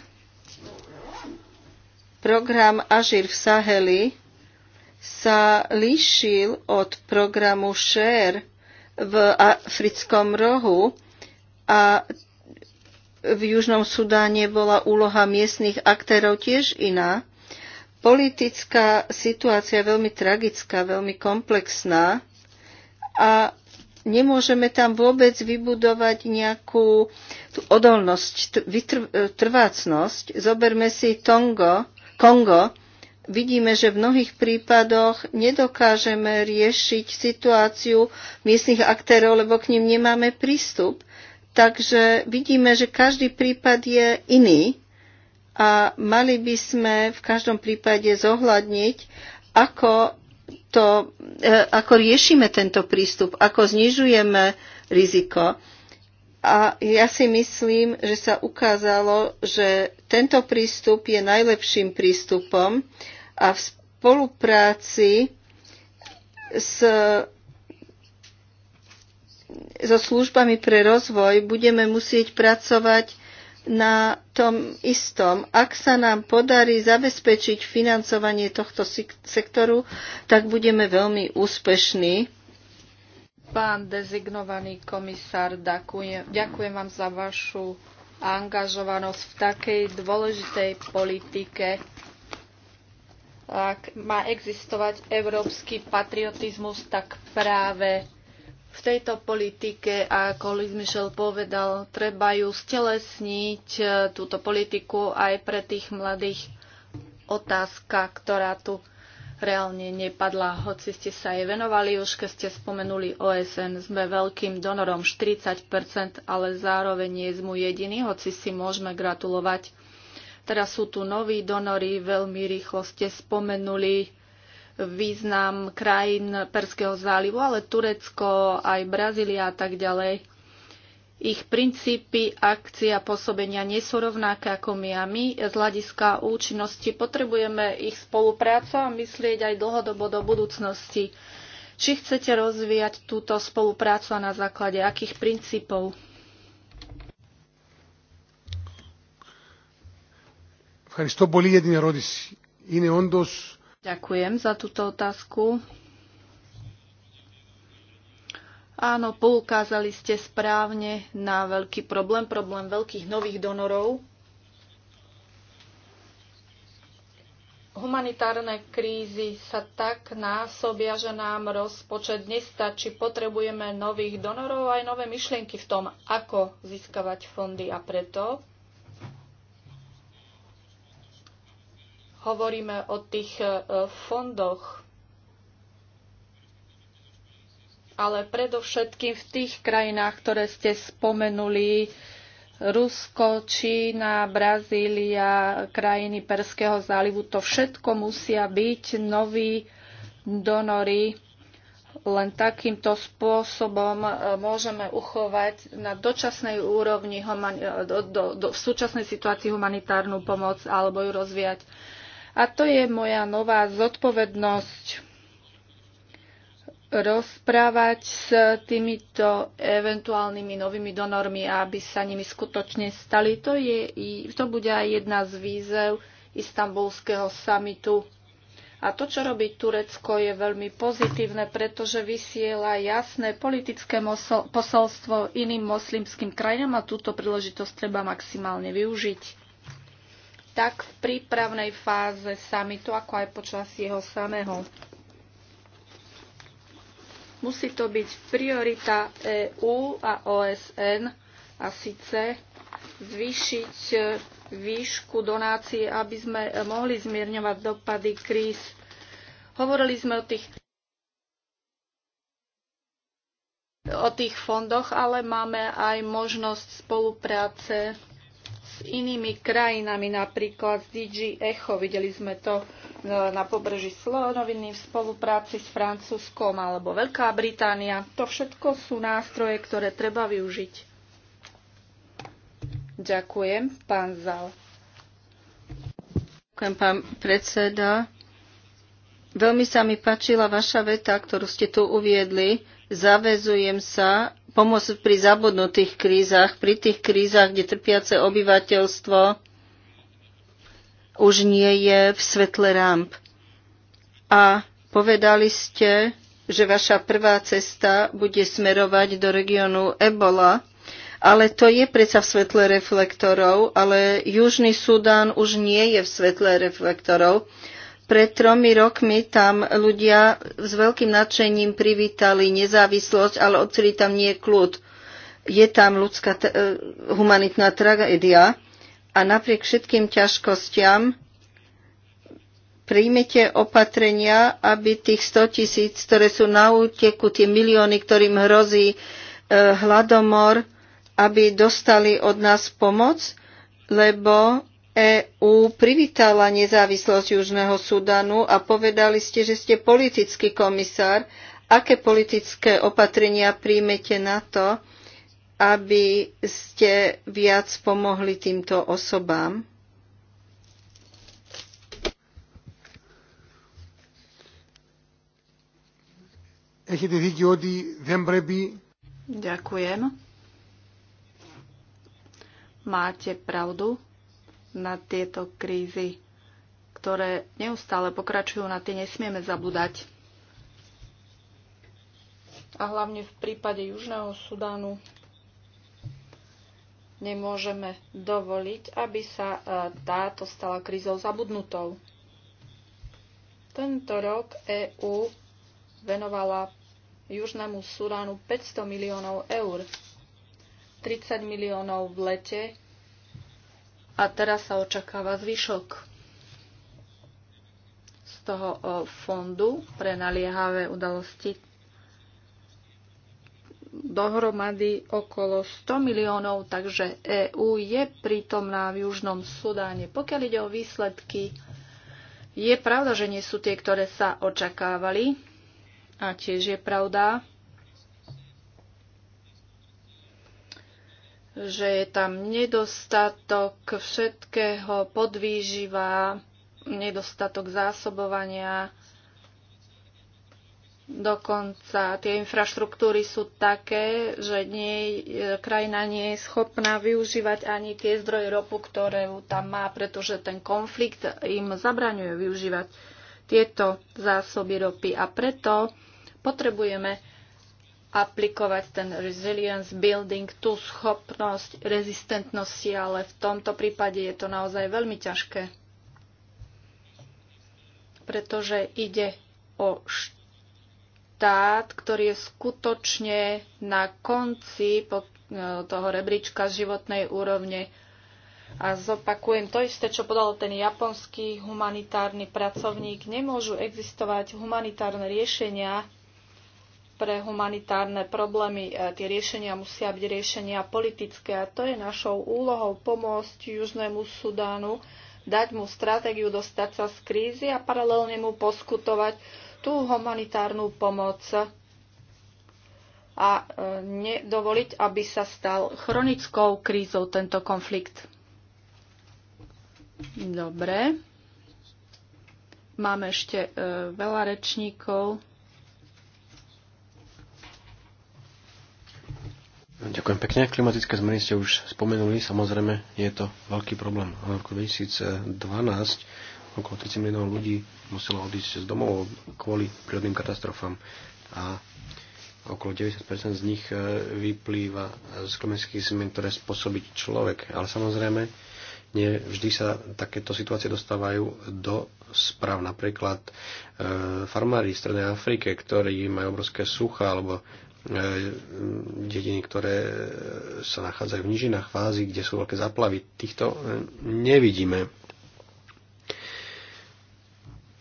[SPEAKER 1] program Ažir v Saheli sa líšil od programu Share v africkom rohu a v Južnom Sudáne bola úloha miestnych aktérov tiež iná. Politická situácia je veľmi tragická, veľmi komplexná a Nemôžeme tam vôbec vybudovať nejakú tú odolnosť, e, trvácnosť. Zoberme si Tongo, Kongo. Vidíme, že v mnohých prípadoch nedokážeme riešiť situáciu miestnych aktérov, lebo k ním nemáme prístup. Takže vidíme, že každý prípad je iný a mali by sme v každom prípade zohľadniť, ako to, e, ako riešime tento prístup, ako znižujeme riziko. A ja si myslím, že sa ukázalo, že tento prístup je najlepším prístupom a v spolupráci s, so službami pre rozvoj budeme musieť pracovať na tom istom. Ak sa nám podarí zabezpečiť financovanie tohto sektoru, tak budeme veľmi úspešní.
[SPEAKER 2] Pán dezignovaný komisár, ďakujem, ďakujem vám za vašu angažovanosť v takej dôležitej politike. Ak má existovať európsky patriotizmus, tak práve v tejto politike, ako Louis Michel povedal, treba ju stelesniť, e, túto politiku aj pre tých mladých otázka, ktorá tu reálne nepadla, hoci ste sa jej venovali, už keď ste spomenuli OSN, sme veľkým donorom 40%, ale zároveň nie sme jediní, hoci si môžeme gratulovať. Teraz sú tu noví donory, veľmi rýchlo ste spomenuli význam krajín Perského zálivu, ale Turecko, aj Brazília a tak ďalej. Ich princípy, akcia, pôsobenia nie sú rovnaké ako my a my z hľadiska účinnosti potrebujeme ich spoluprácu a myslieť aj dlhodobo do budúcnosti. Či chcete rozvíjať túto spoluprácu a na základe akých princípov?
[SPEAKER 3] Ευχαριστώ πολύ για
[SPEAKER 2] Ďakujem za túto otázku. Áno, poukázali ste správne na veľký problém, problém veľkých nových donorov. Humanitárne krízy sa tak násobia, že nám rozpočet nestačí. Potrebujeme nových donorov aj nové myšlienky v tom, ako získavať fondy a preto hovoríme o tých e, fondoch, ale predovšetkým v tých krajinách, ktoré ste spomenuli, Rusko, Čína, Brazília, krajiny Perského zálivu, to všetko musia byť noví donory. Len takýmto spôsobom e, môžeme uchovať na dočasnej úrovni e, do, do, do, v súčasnej situácii humanitárnu pomoc alebo ju rozvíjať. A to je moja nová zodpovednosť rozprávať s týmito eventuálnymi novými donormi, aby sa nimi skutočne stali. To, je, to bude aj jedna z výzev istambulského samitu. A to, čo robí Turecko, je veľmi pozitívne, pretože vysiela jasné politické posolstvo iným moslimským krajinám a túto príležitosť treba maximálne využiť tak v prípravnej fáze samitu, ako aj počas jeho samého. Musí to byť priorita EÚ a OSN a síce zvýšiť výšku donácie, aby sme mohli zmierňovať dopady kríz. Hovorili sme o tých o tých fondoch, ale máme aj možnosť spolupráce s inými krajinami, napríklad s DG Echo. Videli sme to e, na pobreží Slonoviny v spolupráci s Francúzskom alebo Veľká Británia. To všetko sú nástroje, ktoré treba využiť.
[SPEAKER 1] Ďakujem, pán Zal. Ďakujem, pán predseda. Veľmi sa mi páčila vaša veta, ktorú ste tu uviedli Zavezujem sa pomôcť pri zabudnutých krízach, pri tých krízach, kde trpiace obyvateľstvo už nie je v svetle ramp. A povedali ste, že vaša prvá cesta bude smerovať do regiónu Ebola, ale to je predsa v svetle reflektorov, ale Južný Sudán už nie je v svetle reflektorov pred tromi rokmi tam ľudia s veľkým nadšením privítali nezávislosť, ale odtedy tam nie je kľud. Je tam ľudská e, humanitná tragédia a napriek všetkým ťažkostiam príjmete opatrenia, aby tých 100 tisíc, ktoré sú na úteku, tie milióny, ktorým hrozí e, hladomor, aby dostali od nás pomoc, lebo EÚ privítala nezávislosť Južného Sudanu a povedali ste, že ste politický komisár. Aké politické opatrenia príjmete na to, aby ste viac pomohli týmto osobám?
[SPEAKER 3] Ďakujem.
[SPEAKER 2] Máte pravdu na tieto krízy, ktoré neustále pokračujú, na tie nesmieme zabúdať. A hlavne v prípade Južného Sudánu nemôžeme dovoliť, aby sa e, táto stala krízou zabudnutou. Tento rok EÚ venovala Južnému Sudánu 500 miliónov eur, 30 miliónov v lete a teraz sa očakáva zvyšok z toho fondu pre naliehavé udalosti dohromady okolo 100 miliónov, takže EÚ je prítomná v Južnom Sudáne. Pokiaľ ide o výsledky, je pravda, že nie sú tie, ktoré sa očakávali. A tiež je pravda, že je tam nedostatok všetkého, podvýživa, nedostatok zásobovania. Dokonca tie infraštruktúry sú také, že nie, krajina nie je schopná využívať ani tie zdroje ropu, ktoré tam má, pretože ten konflikt im zabraňuje využívať tieto zásoby ropy. A preto potrebujeme aplikovať ten resilience building, tú schopnosť rezistentnosti, ale v tomto prípade je to naozaj veľmi ťažké, pretože ide o štát, ktorý je skutočne na konci e, toho rebríčka životnej úrovne. A zopakujem to isté, čo podal ten japonský humanitárny pracovník. Nemôžu existovať humanitárne riešenia, pre humanitárne problémy. E, tie riešenia musia byť riešenia politické a to je našou úlohou pomôcť Južnému Sudánu, dať mu stratégiu dostať sa z krízy a paralelne mu poskutovať tú humanitárnu pomoc a e, nedovoliť, aby sa stal chronickou krízou tento konflikt. Dobre. Máme ešte e, veľa rečníkov.
[SPEAKER 4] Ďakujem pekne. Klimatické zmeny ste už spomenuli. Samozrejme, je to veľký problém. V roku 2012 okolo 30 miliónov ľudí muselo odísť z domov kvôli prírodným katastrofám a okolo 90% z nich e, vyplýva z klimatických zmien, ktoré spôsobí človek. Ale samozrejme, nie vždy sa takéto situácie dostávajú do správ. Napríklad e, farmári v Strednej Afrike, ktorí majú obrovské sucha alebo E, dediny, ktoré sa nachádzajú v nížinách fázy, kde sú veľké zaplavy. Týchto e, nevidíme.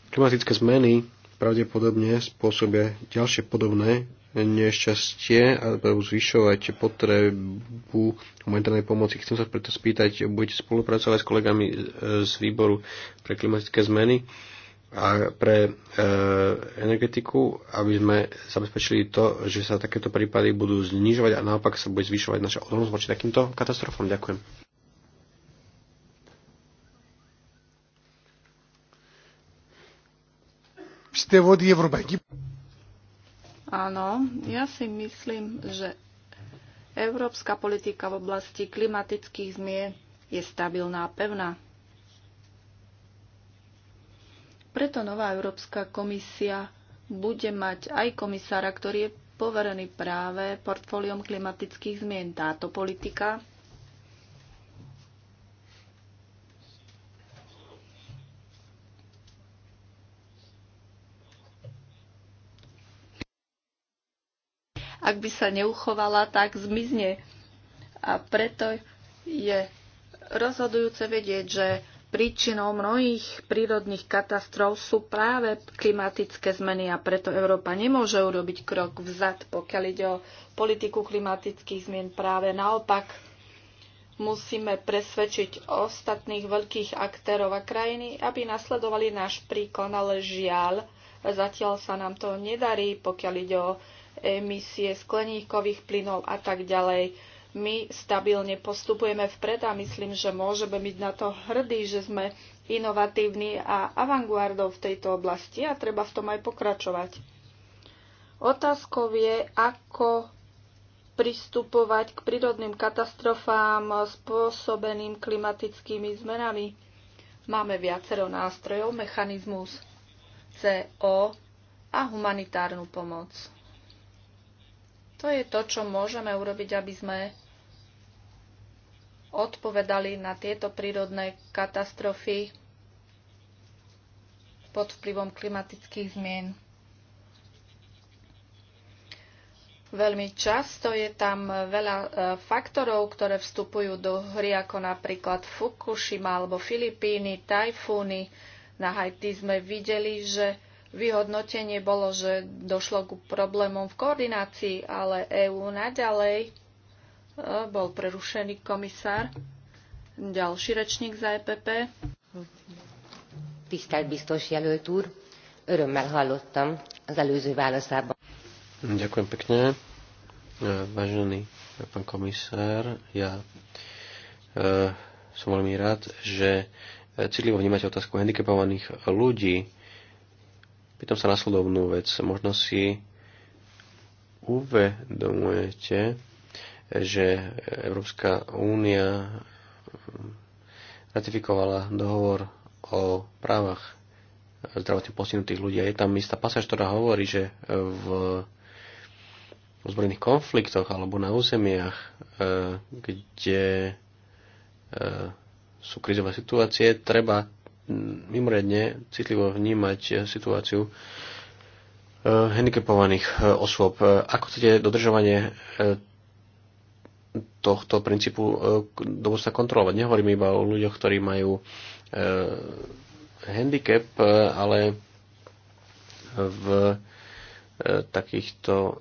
[SPEAKER 4] Klimatické zmeny pravdepodobne spôsobia ďalšie podobné nešťastie a budú zvyšovať potrebu humanitárnej pomoci. Chcem sa preto spýtať, budete spolupracovať s kolegami z výboru pre klimatické zmeny? a pre e, energetiku, aby sme zabezpečili to, že sa takéto prípady budú znižovať a naopak sa bude zvyšovať naša odolnosť voči takýmto katastrofám. Ďakujem.
[SPEAKER 2] Áno, ja si myslím, že európska politika v oblasti klimatických zmien je stabilná a pevná. Preto nová Európska komisia bude mať aj komisára, ktorý je poverený práve portfóliom klimatických zmien. Táto politika ak by sa neuchovala, tak zmizne. A preto je rozhodujúce vedieť, že Príčinou mnohých prírodných katastrof sú práve klimatické zmeny a preto Európa nemôže urobiť krok vzad, pokiaľ ide o politiku klimatických zmien. Práve naopak musíme presvedčiť ostatných veľkých aktérov a krajiny, aby nasledovali náš príkon, ale žiaľ, zatiaľ sa nám to nedarí, pokiaľ ide o emisie skleníkových plynov a tak ďalej. My stabilne postupujeme vpred a myslím, že môžeme byť na to hrdí, že sme inovatívni a avantgardou v tejto oblasti a treba v tom aj pokračovať. Otázkou je, ako pristupovať k prírodným katastrofám spôsobeným klimatickými zmenami. Máme viacero nástrojov, mechanizmus CO a humanitárnu pomoc. To je to, čo môžeme urobiť, aby sme odpovedali na tieto prírodné katastrofy pod vplyvom klimatických zmien. Veľmi často je tam veľa e, faktorov, ktoré vstupujú do hry, ako napríklad Fukushima alebo Filipíny, tajfúny. Na Haiti sme videli, že vyhodnotenie bolo, že došlo ku problémom v koordinácii, ale EÚ naďalej e, bol prerušený komisár. Ďalší rečník za EPP.
[SPEAKER 3] Tisztelt biztos jelölt úr, örömmel hallottam az előző válaszában.
[SPEAKER 4] Ďakujem pekne. E, vážený pán komisár, ja e, som veľmi rád, že citlivo vnímate otázku handicapovaných ľudí Pýtam sa nasledovnú vec. Možno si uvedomujete, že Európska únia ratifikovala dohovor o právach zdravotne postihnutých ľudí. A je tam istá pasáž, ktorá hovorí, že v ozbrojených konfliktoch alebo na územiach, eh, kde eh, sú krizové situácie, treba mimoriadne citlivo vnímať eh, situáciu eh, handicapovaných eh, osôb. Ako chcete dodržovanie tohto princípu do sa kontrolovať? Nehovorím iba o ľuďoch, ktorí majú handicap, ale v takýchto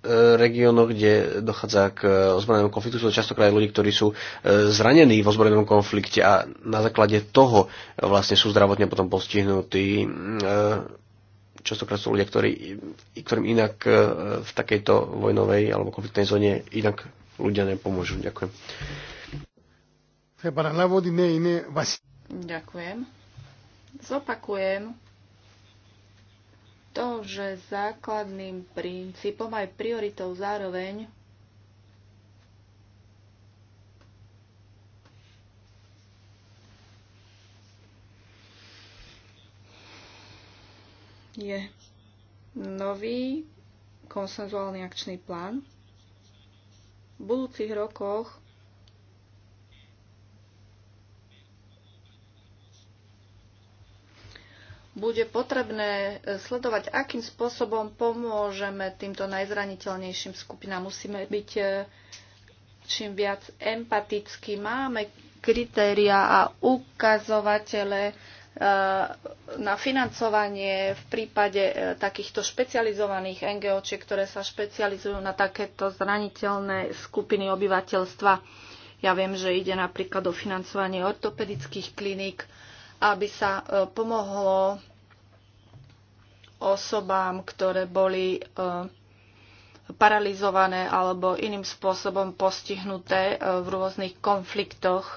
[SPEAKER 4] E, regiónoch, kde dochádza k e, ozbrojenému konfliktu, sú to častokrát ľudí, ktorí sú e, zranení v ozbrojenom konflikte a na základe toho vlastne sú zdravotne potom postihnutí. Častokrát sú ľudia, ktorí, ktorým inak v takejto vojnovej alebo konfliktnej zóne inak ľudia nepomôžu. Ďakujem.
[SPEAKER 3] Ďakujem.
[SPEAKER 2] Zopakujem to, že základným princípom aj prioritou zároveň je nový konsenzuálny akčný plán. V budúcich rokoch bude potrebné e, sledovať, akým spôsobom pomôžeme týmto najzraniteľnejším skupinám. Musíme byť e, čím viac empatickí. Máme kritéria a ukazovatele e, na financovanie v prípade takýchto špecializovaných NGOčiek, ktoré sa špecializujú na takéto zraniteľné skupiny obyvateľstva. Ja viem, že ide napríklad o financovanie ortopedických kliník, aby sa e, pomohlo osobám, ktoré boli e, paralizované alebo iným spôsobom postihnuté e, v rôznych konfliktoch.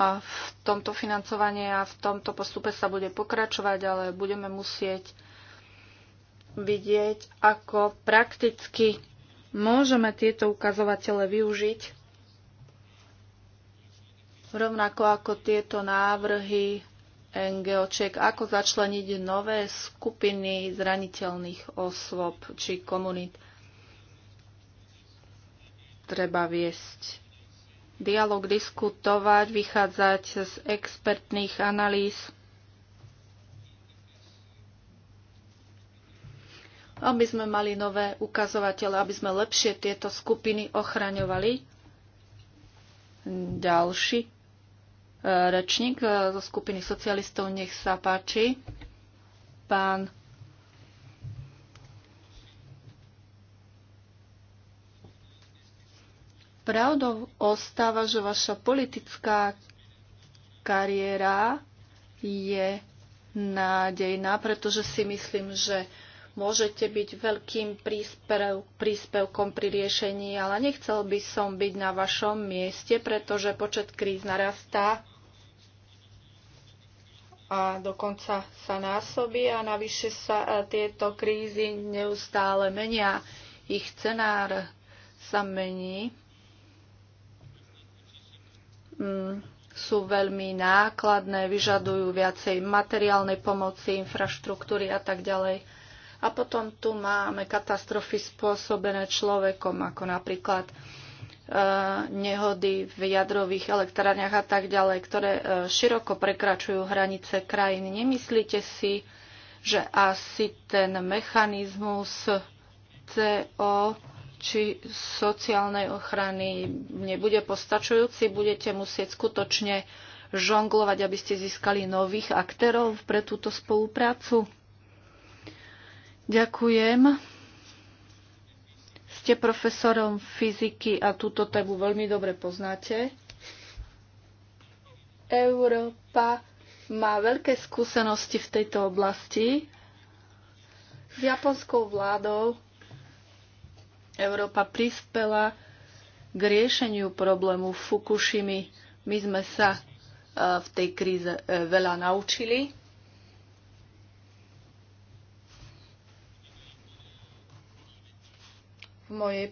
[SPEAKER 2] A v tomto financovanie a v tomto postupe sa bude pokračovať, ale budeme musieť vidieť, ako prakticky môžeme tieto ukazovatele využiť rovnako ako tieto návrhy NGOček, ako začleniť nové skupiny zraniteľných osôb či komunít. Treba viesť dialog, diskutovať, vychádzať z expertných analýz. aby sme mali nové ukazovatele, aby sme lepšie tieto skupiny ochraňovali. Ďalší rečník e, zo skupiny socialistov. Nech sa páči. Pán Pravdou ostáva, že vaša politická kariéra je nádejná, pretože si myslím, že môžete byť veľkým príspev, príspevkom pri riešení, ale nechcel by som byť na vašom mieste, pretože počet kríz narastá a dokonca sa násobí a navyše sa e, tieto krízy neustále menia. Ich scenár sa mení. Mm, sú veľmi nákladné, vyžadujú viacej materiálnej pomoci, infraštruktúry a tak ďalej. A potom tu máme katastrofy spôsobené človekom, ako napríklad nehody v jadrových elektrárniach a tak ďalej, ktoré e, široko prekračujú hranice krajiny. Nemyslíte si, že asi ten mechanizmus CO či sociálnej ochrany nebude postačujúci, budete musieť skutočne žonglovať, aby ste získali nových aktérov pre túto spoluprácu? Ďakujem. Ste profesorom fyziky a túto tému veľmi dobre poznáte. Európa má veľké skúsenosti v tejto oblasti. S japonskou vládou Európa prispela k riešeniu problému Fukushimi, My sme sa eh, v tej kríze eh, veľa naučili. V mojej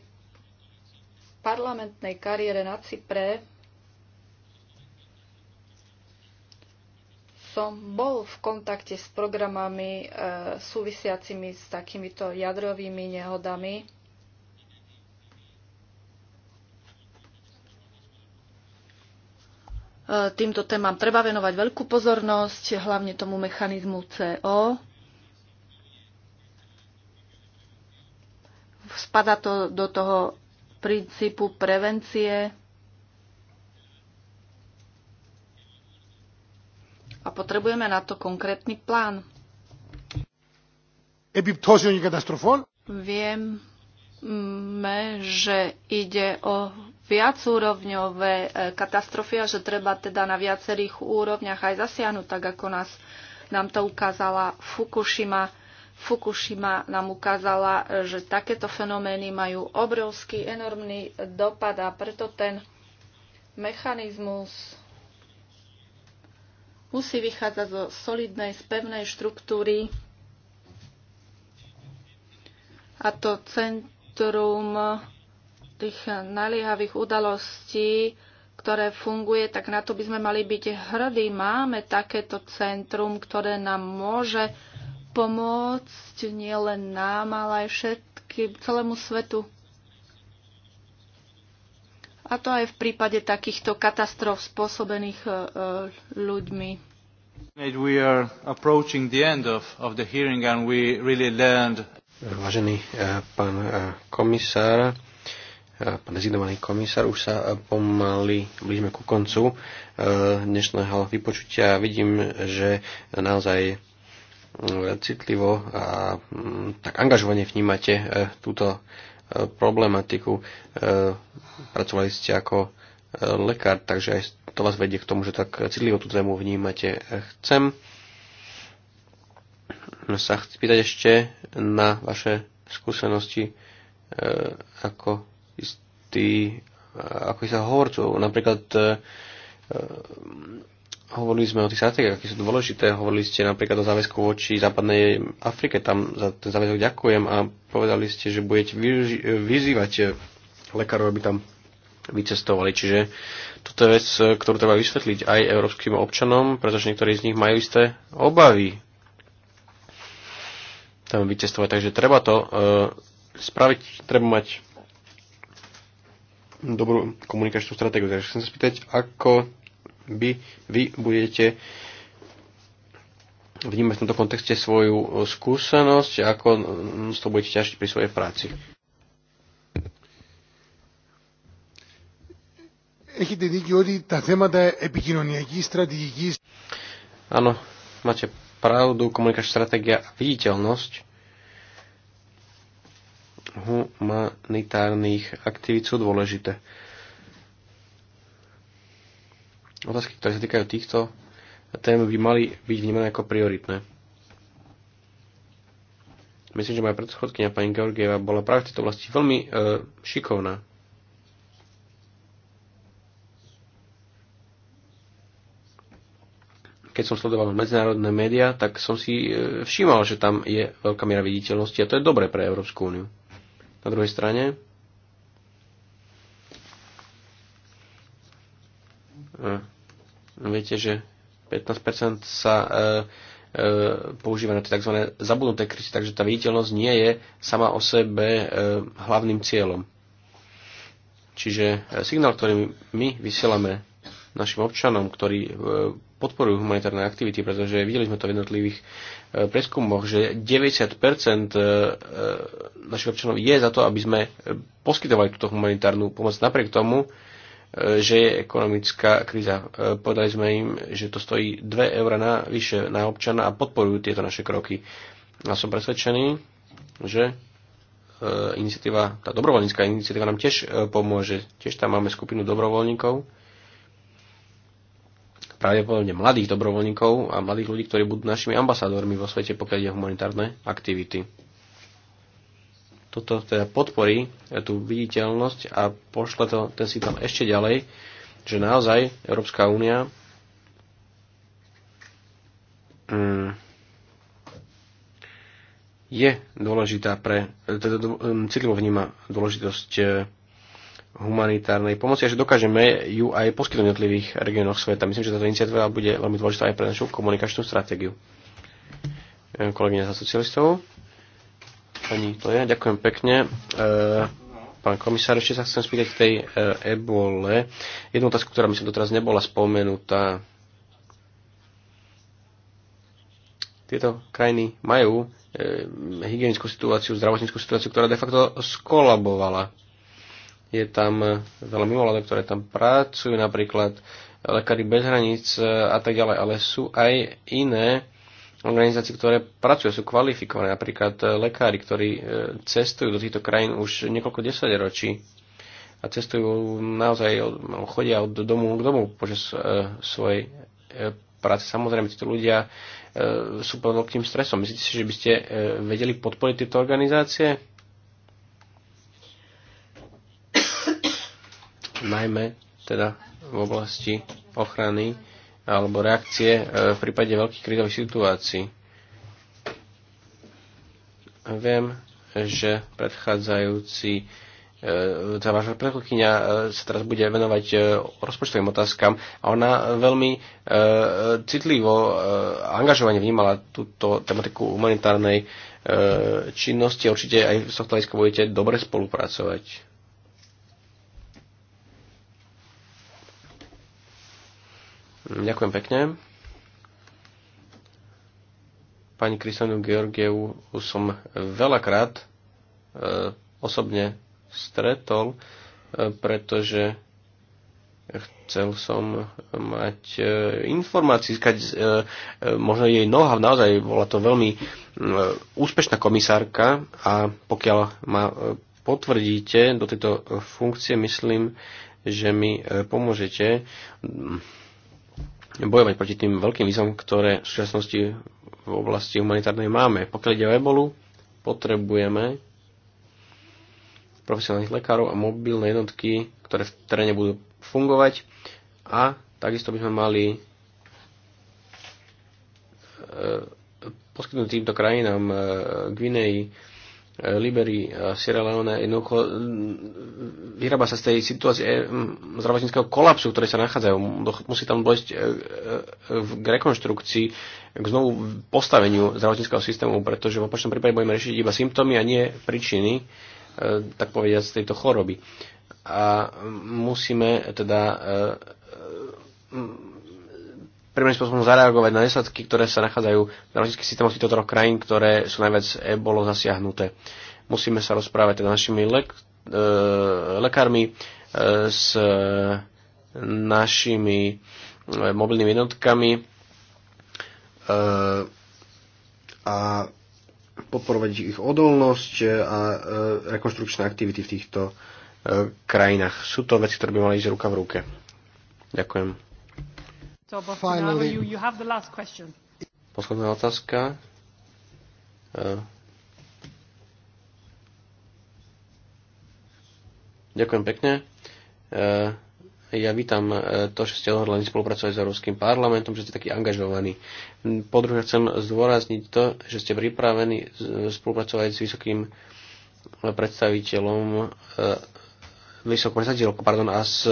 [SPEAKER 2] parlamentnej kariére na Cypre som bol v kontakte s programami e, súvisiacimi s takýmito jadrovými nehodami. E, týmto témam treba venovať veľkú pozornosť, hlavne tomu mechanizmu CO. spada to do toho princípu prevencie a potrebujeme na to konkrétny plán. Vieme, že ide o viacúrovňové e, katastrofy a že treba teda na viacerých úrovniach aj zasiahnuť, tak ako nás, nám to ukázala Fukushima Fukushima nám ukázala, že takéto fenomény majú obrovský, enormný dopad a preto ten mechanizmus musí vychádzať zo solidnej, spevnej štruktúry a to centrum tých naliehavých udalostí, ktoré funguje, tak na to by sme mali byť hrdí. Máme takéto centrum, ktoré nám môže pomôcť nielen nám, ale aj všetkým, celému svetu. A to aj v prípade takýchto katastrof spôsobených e, e, ľuďmi.
[SPEAKER 4] Vážený e, pán komisár, pán dezignovaný komisár, už sa pomaly blížme ku koncu dnešného vypočutia. Vidím, že naozaj Mm, citlivo a mm, tak angažovane vnímate e, túto e, problematiku. E, pracovali ste ako lekár, takže aj to vás vedie k tomu, že tak citlivo tú tému vnímate. Chcem sa spýtať ešte na vaše skúsenosti ako istý ako sa hovorcov. Napríklad Hovorili sme o tých stratégiách, aké sú dôležité. Hovorili ste napríklad o záväzku voči západnej Afrike. Tam za ten záväzok ďakujem a povedali ste, že budete vyzývať lekárov, aby tam vycestovali. Čiže toto je vec, ktorú treba vysvetliť aj európskym občanom, pretože niektorí z nich majú isté obavy tam vycestovať. Takže treba to uh, spraviť, treba mať dobrú komunikačnú stratégiu. Takže chcem sa spýtať, ako by vy budete vnímať v tomto kontexte svoju e, skúsenosť a ako toho budete ťažiť pri svojej práci. Áno, máte pravdu, komunikačná stratégia a viditeľnosť humanitárnych aktivít sú dôležité otázky, ktoré sa týkajú týchto tém, by mali byť vnímané ako prioritné. Myslím, že moja predchodkynia pani Georgieva bola práve v tejto oblasti veľmi e, šikovná. Keď som sledoval medzinárodné médiá, tak som si e, všímal, že tam je veľká miera viditeľnosti a to je dobre pre Európsku úniu. Na druhej strane, E, viete, že 15% sa e, e, používa na tie tzv. zabudnuté kryty, takže tá viditeľnosť nie je sama o sebe hlavným cieľom. Čiže signál, ktorý my vysielame našim občanom, ktorí podporujú humanitárne aktivity, pretože videli sme to v jednotlivých preskumoch, že 90% našich občanov je za to, aby sme poskytovali túto humanitárnu pomoc. Napriek tomu E, že je ekonomická kríza. E, Podali sme im, že to stojí 2 eur na, vyše na občana a podporujú tieto naše kroky. A som presvedčený, že e, iniciatíva, tá dobrovoľnícká iniciatíva nám tiež pomôže. Tiež tam máme skupinu dobrovoľníkov, pravdepodobne mladých dobrovoľníkov a mladých ľudí, ktorí budú našimi ambasádormi vo svete, pokiaľ ide humanitárne aktivity toto teda podporí eh, tú viditeľnosť a pošle to, ten signál ešte ďalej, že naozaj Európska únia mm, je dôležitá pre, eh, teda mm, citlivo vníma dôležitosť eh, humanitárnej pomoci a že dokážeme ju aj poskytnúť v jednotlivých regiónoch sveta. Myslím, že táto iniciatíva bude veľmi dôležitá aj pre našu komunikačnú stratégiu. Kolegyňa za socialistov. Pani je. ďakujem pekne. E, pán komisár, ešte sa chcem spýtať k tej e, ebole. Jednu otázku, ktorá myslím doteraz nebola spomenutá. Tieto krajiny majú e, hygienickú situáciu, zdravotnickú situáciu, ktorá de facto skolabovala. Je tam veľa mimovládok, ktoré tam pracujú, napríklad lekári bez hraníc a tak ďalej, ale sú aj iné organizácií, ktoré pracujú, sú kvalifikované, napríklad e, lekári, ktorí e, cestujú do týchto krajín už niekoľko desaťročí a cestujú naozaj, chodia od domu k domu počas e, svojej práce. Samozrejme, títo ľudia sú pod veľkým stresom. Myslíte si, že by ste vedeli podporiť tieto organizácie? Najmä teda v oblasti ochrany alebo reakcie e, v prípade veľkých krízových situácií. Viem, že predchádzajúci e, tá vaša predchodkynia e, sa teraz bude venovať rozpočtovým otázkam a ona veľmi citlivo, angažovane vnímala túto tematiku humanitárnej činnosti. Určite aj v tohto budete dobre spolupracovať. Ďakujem pekne. Pani Kristianu Georgievu som veľakrát e, osobne stretol, e, pretože chcel som mať e, e, e, možno jej noha, naozaj bola to veľmi e, úspešná komisárka a pokiaľ ma e, potvrdíte do tejto funkcie, myslím, že mi e, pomôžete bojovať proti tým veľkým výzvam, ktoré v súčasnosti v oblasti humanitárnej máme. Pokiaľ ide o ebolu, potrebujeme profesionálnych lekárov a mobilné jednotky, ktoré v teréne budú fungovať a takisto by sme mali e, poskytnúť týmto krajinám e, Gvineji Liberi, a Sierra Leone, jednoducho vyrába sa z tej situácie e, zdravotníckého kolapsu, ktoré sa nachádzajú. Musí tam dojsť e, e, k rekonštrukcii, k znovu postaveniu zdravotníckého systému, pretože v opačnom prípade budeme riešiť iba symptómy a nie príčiny, tak povediať, z tejto choroby. A musíme teda primerným spôsobom zareagovať na nesadky, ktoré sa nachádzajú v zdravotníckých systémoch týchto troch krajín, ktoré sú najviac ebolo zasiahnuté. Musíme sa rozprávať teda našimi lek, e, lekármi, e, s našimi e, mobilnými jednotkami e, a podporovať ich odolnosť e, a e, rekonstrukčné aktivity v týchto e, krajinách. Sú to veci, ktoré by mali ísť ruka v ruke. Ďakujem.
[SPEAKER 1] So, Finally, you, you
[SPEAKER 2] have the last question.
[SPEAKER 4] Posledná otázka. E, ďakujem pekne. E, ja vítam e, to, že ste odhodlani spolupracovať s Európskym parlamentom, že ste takí angažovaní. Po druhé chcem zdôrazniť to, že ste pripravení spolupracovať s vysokým predstaviteľom, vysokým predstaviteľom, pardon, a s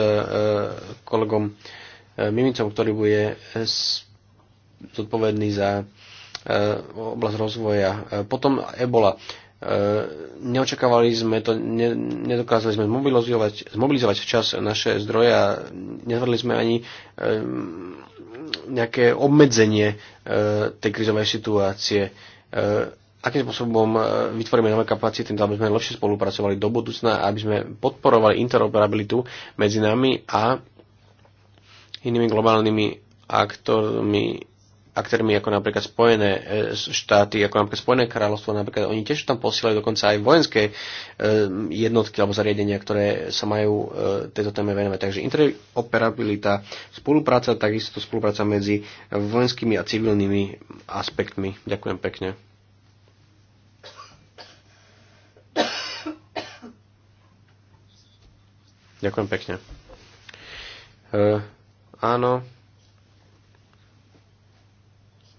[SPEAKER 4] kolegom mimicom, ktorý bude zodpovedný za e, oblasť rozvoja. E, potom ebola. E, neočakávali sme to, nedokázali sme zmobilizovať, zmobilizovať včas naše zdroje a nezvedli sme ani nejaké obmedzenie tej krizovej situácie akým spôsobom vytvoríme nové kapacity, aby sme lepšie spolupracovali do budúcna, aby sme podporovali interoperabilitu medzi nami a inými globálnymi aktormi, aktérmi ako napríklad Spojené e, štáty, ako napríklad Spojené kráľovstvo, napríklad oni tiež tam posielajú dokonca aj vojenské e, jednotky alebo zariadenia, ktoré sa majú e, tejto téme venovať. Takže interoperabilita, spolupráca, takisto spolupráca medzi vojenskými a civilnými aspektmi. Ďakujem pekne. Ďakujem pekne. Áno.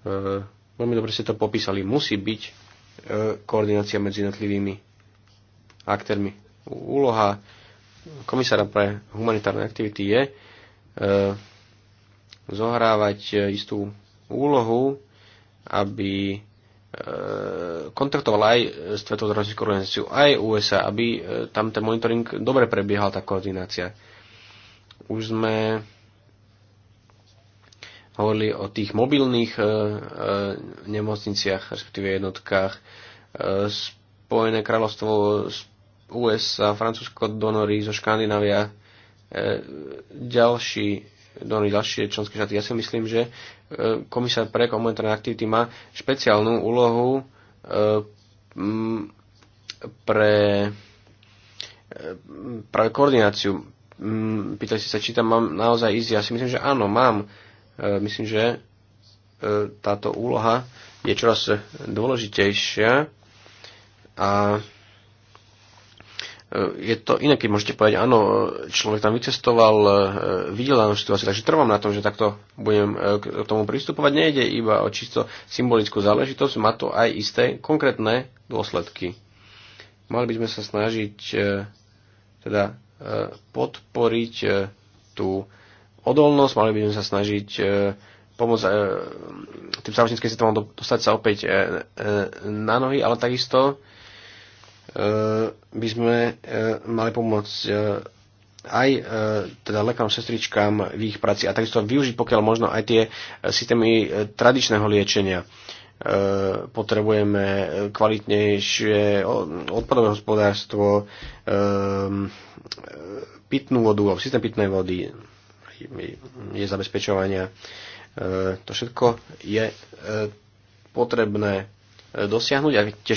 [SPEAKER 4] E, veľmi dobre ste to popísali. Musí byť e, koordinácia medzi jednotlivými aktérmi. Úloha komisára pre humanitárne aktivity je e, zohrávať e, istú úlohu, aby e, kontaktoval aj Svetovú zdravotníckú organizáciu, aj USA, aby e, tam ten monitoring dobre prebiehal, tá koordinácia. Už sme hovorili o tých mobilných e, e, nemocniciach, respektíve jednotkách. E, Spojené kráľovstvo, USA, Francúzsko, donory zo Škandinávia, ďalší donory, ďalšie členské štáty. Ja si myslím, že komisár pre komunitárne aktivity má špeciálnu úlohu pre práve koordináciu. Pýtali si sa, či tam mám naozaj ísť. Ja si myslím, že áno, mám E, myslím, že e, táto úloha je čoraz dôležitejšia a e, je to iné, keď môžete povedať, áno, človek tam vycestoval, videl danú situáciu, takže trvám na tom, že takto budem k tomu pristupovať. Nejde iba o čisto symbolickú záležitosť, má to aj isté konkrétne dôsledky. Mali by sme sa snažiť teda podporiť tú odolnosť, mali by sme sa snažiť e, pomôcť e, tým zdravotníckým systémom dostať sa opäť e, na nohy, ale takisto by sme mali pomôcť aj teda lekárom, sestričkám v ich práci a takisto využiť pokiaľ možno aj tie systémy tradičného liečenia. Potrebujeme kvalitnejšie odpadové hospodárstvo, pitnú vodu, systém pitnej vody, je zabezpečovania. E, to všetko je e, potrebné e, dosiahnuť a tiež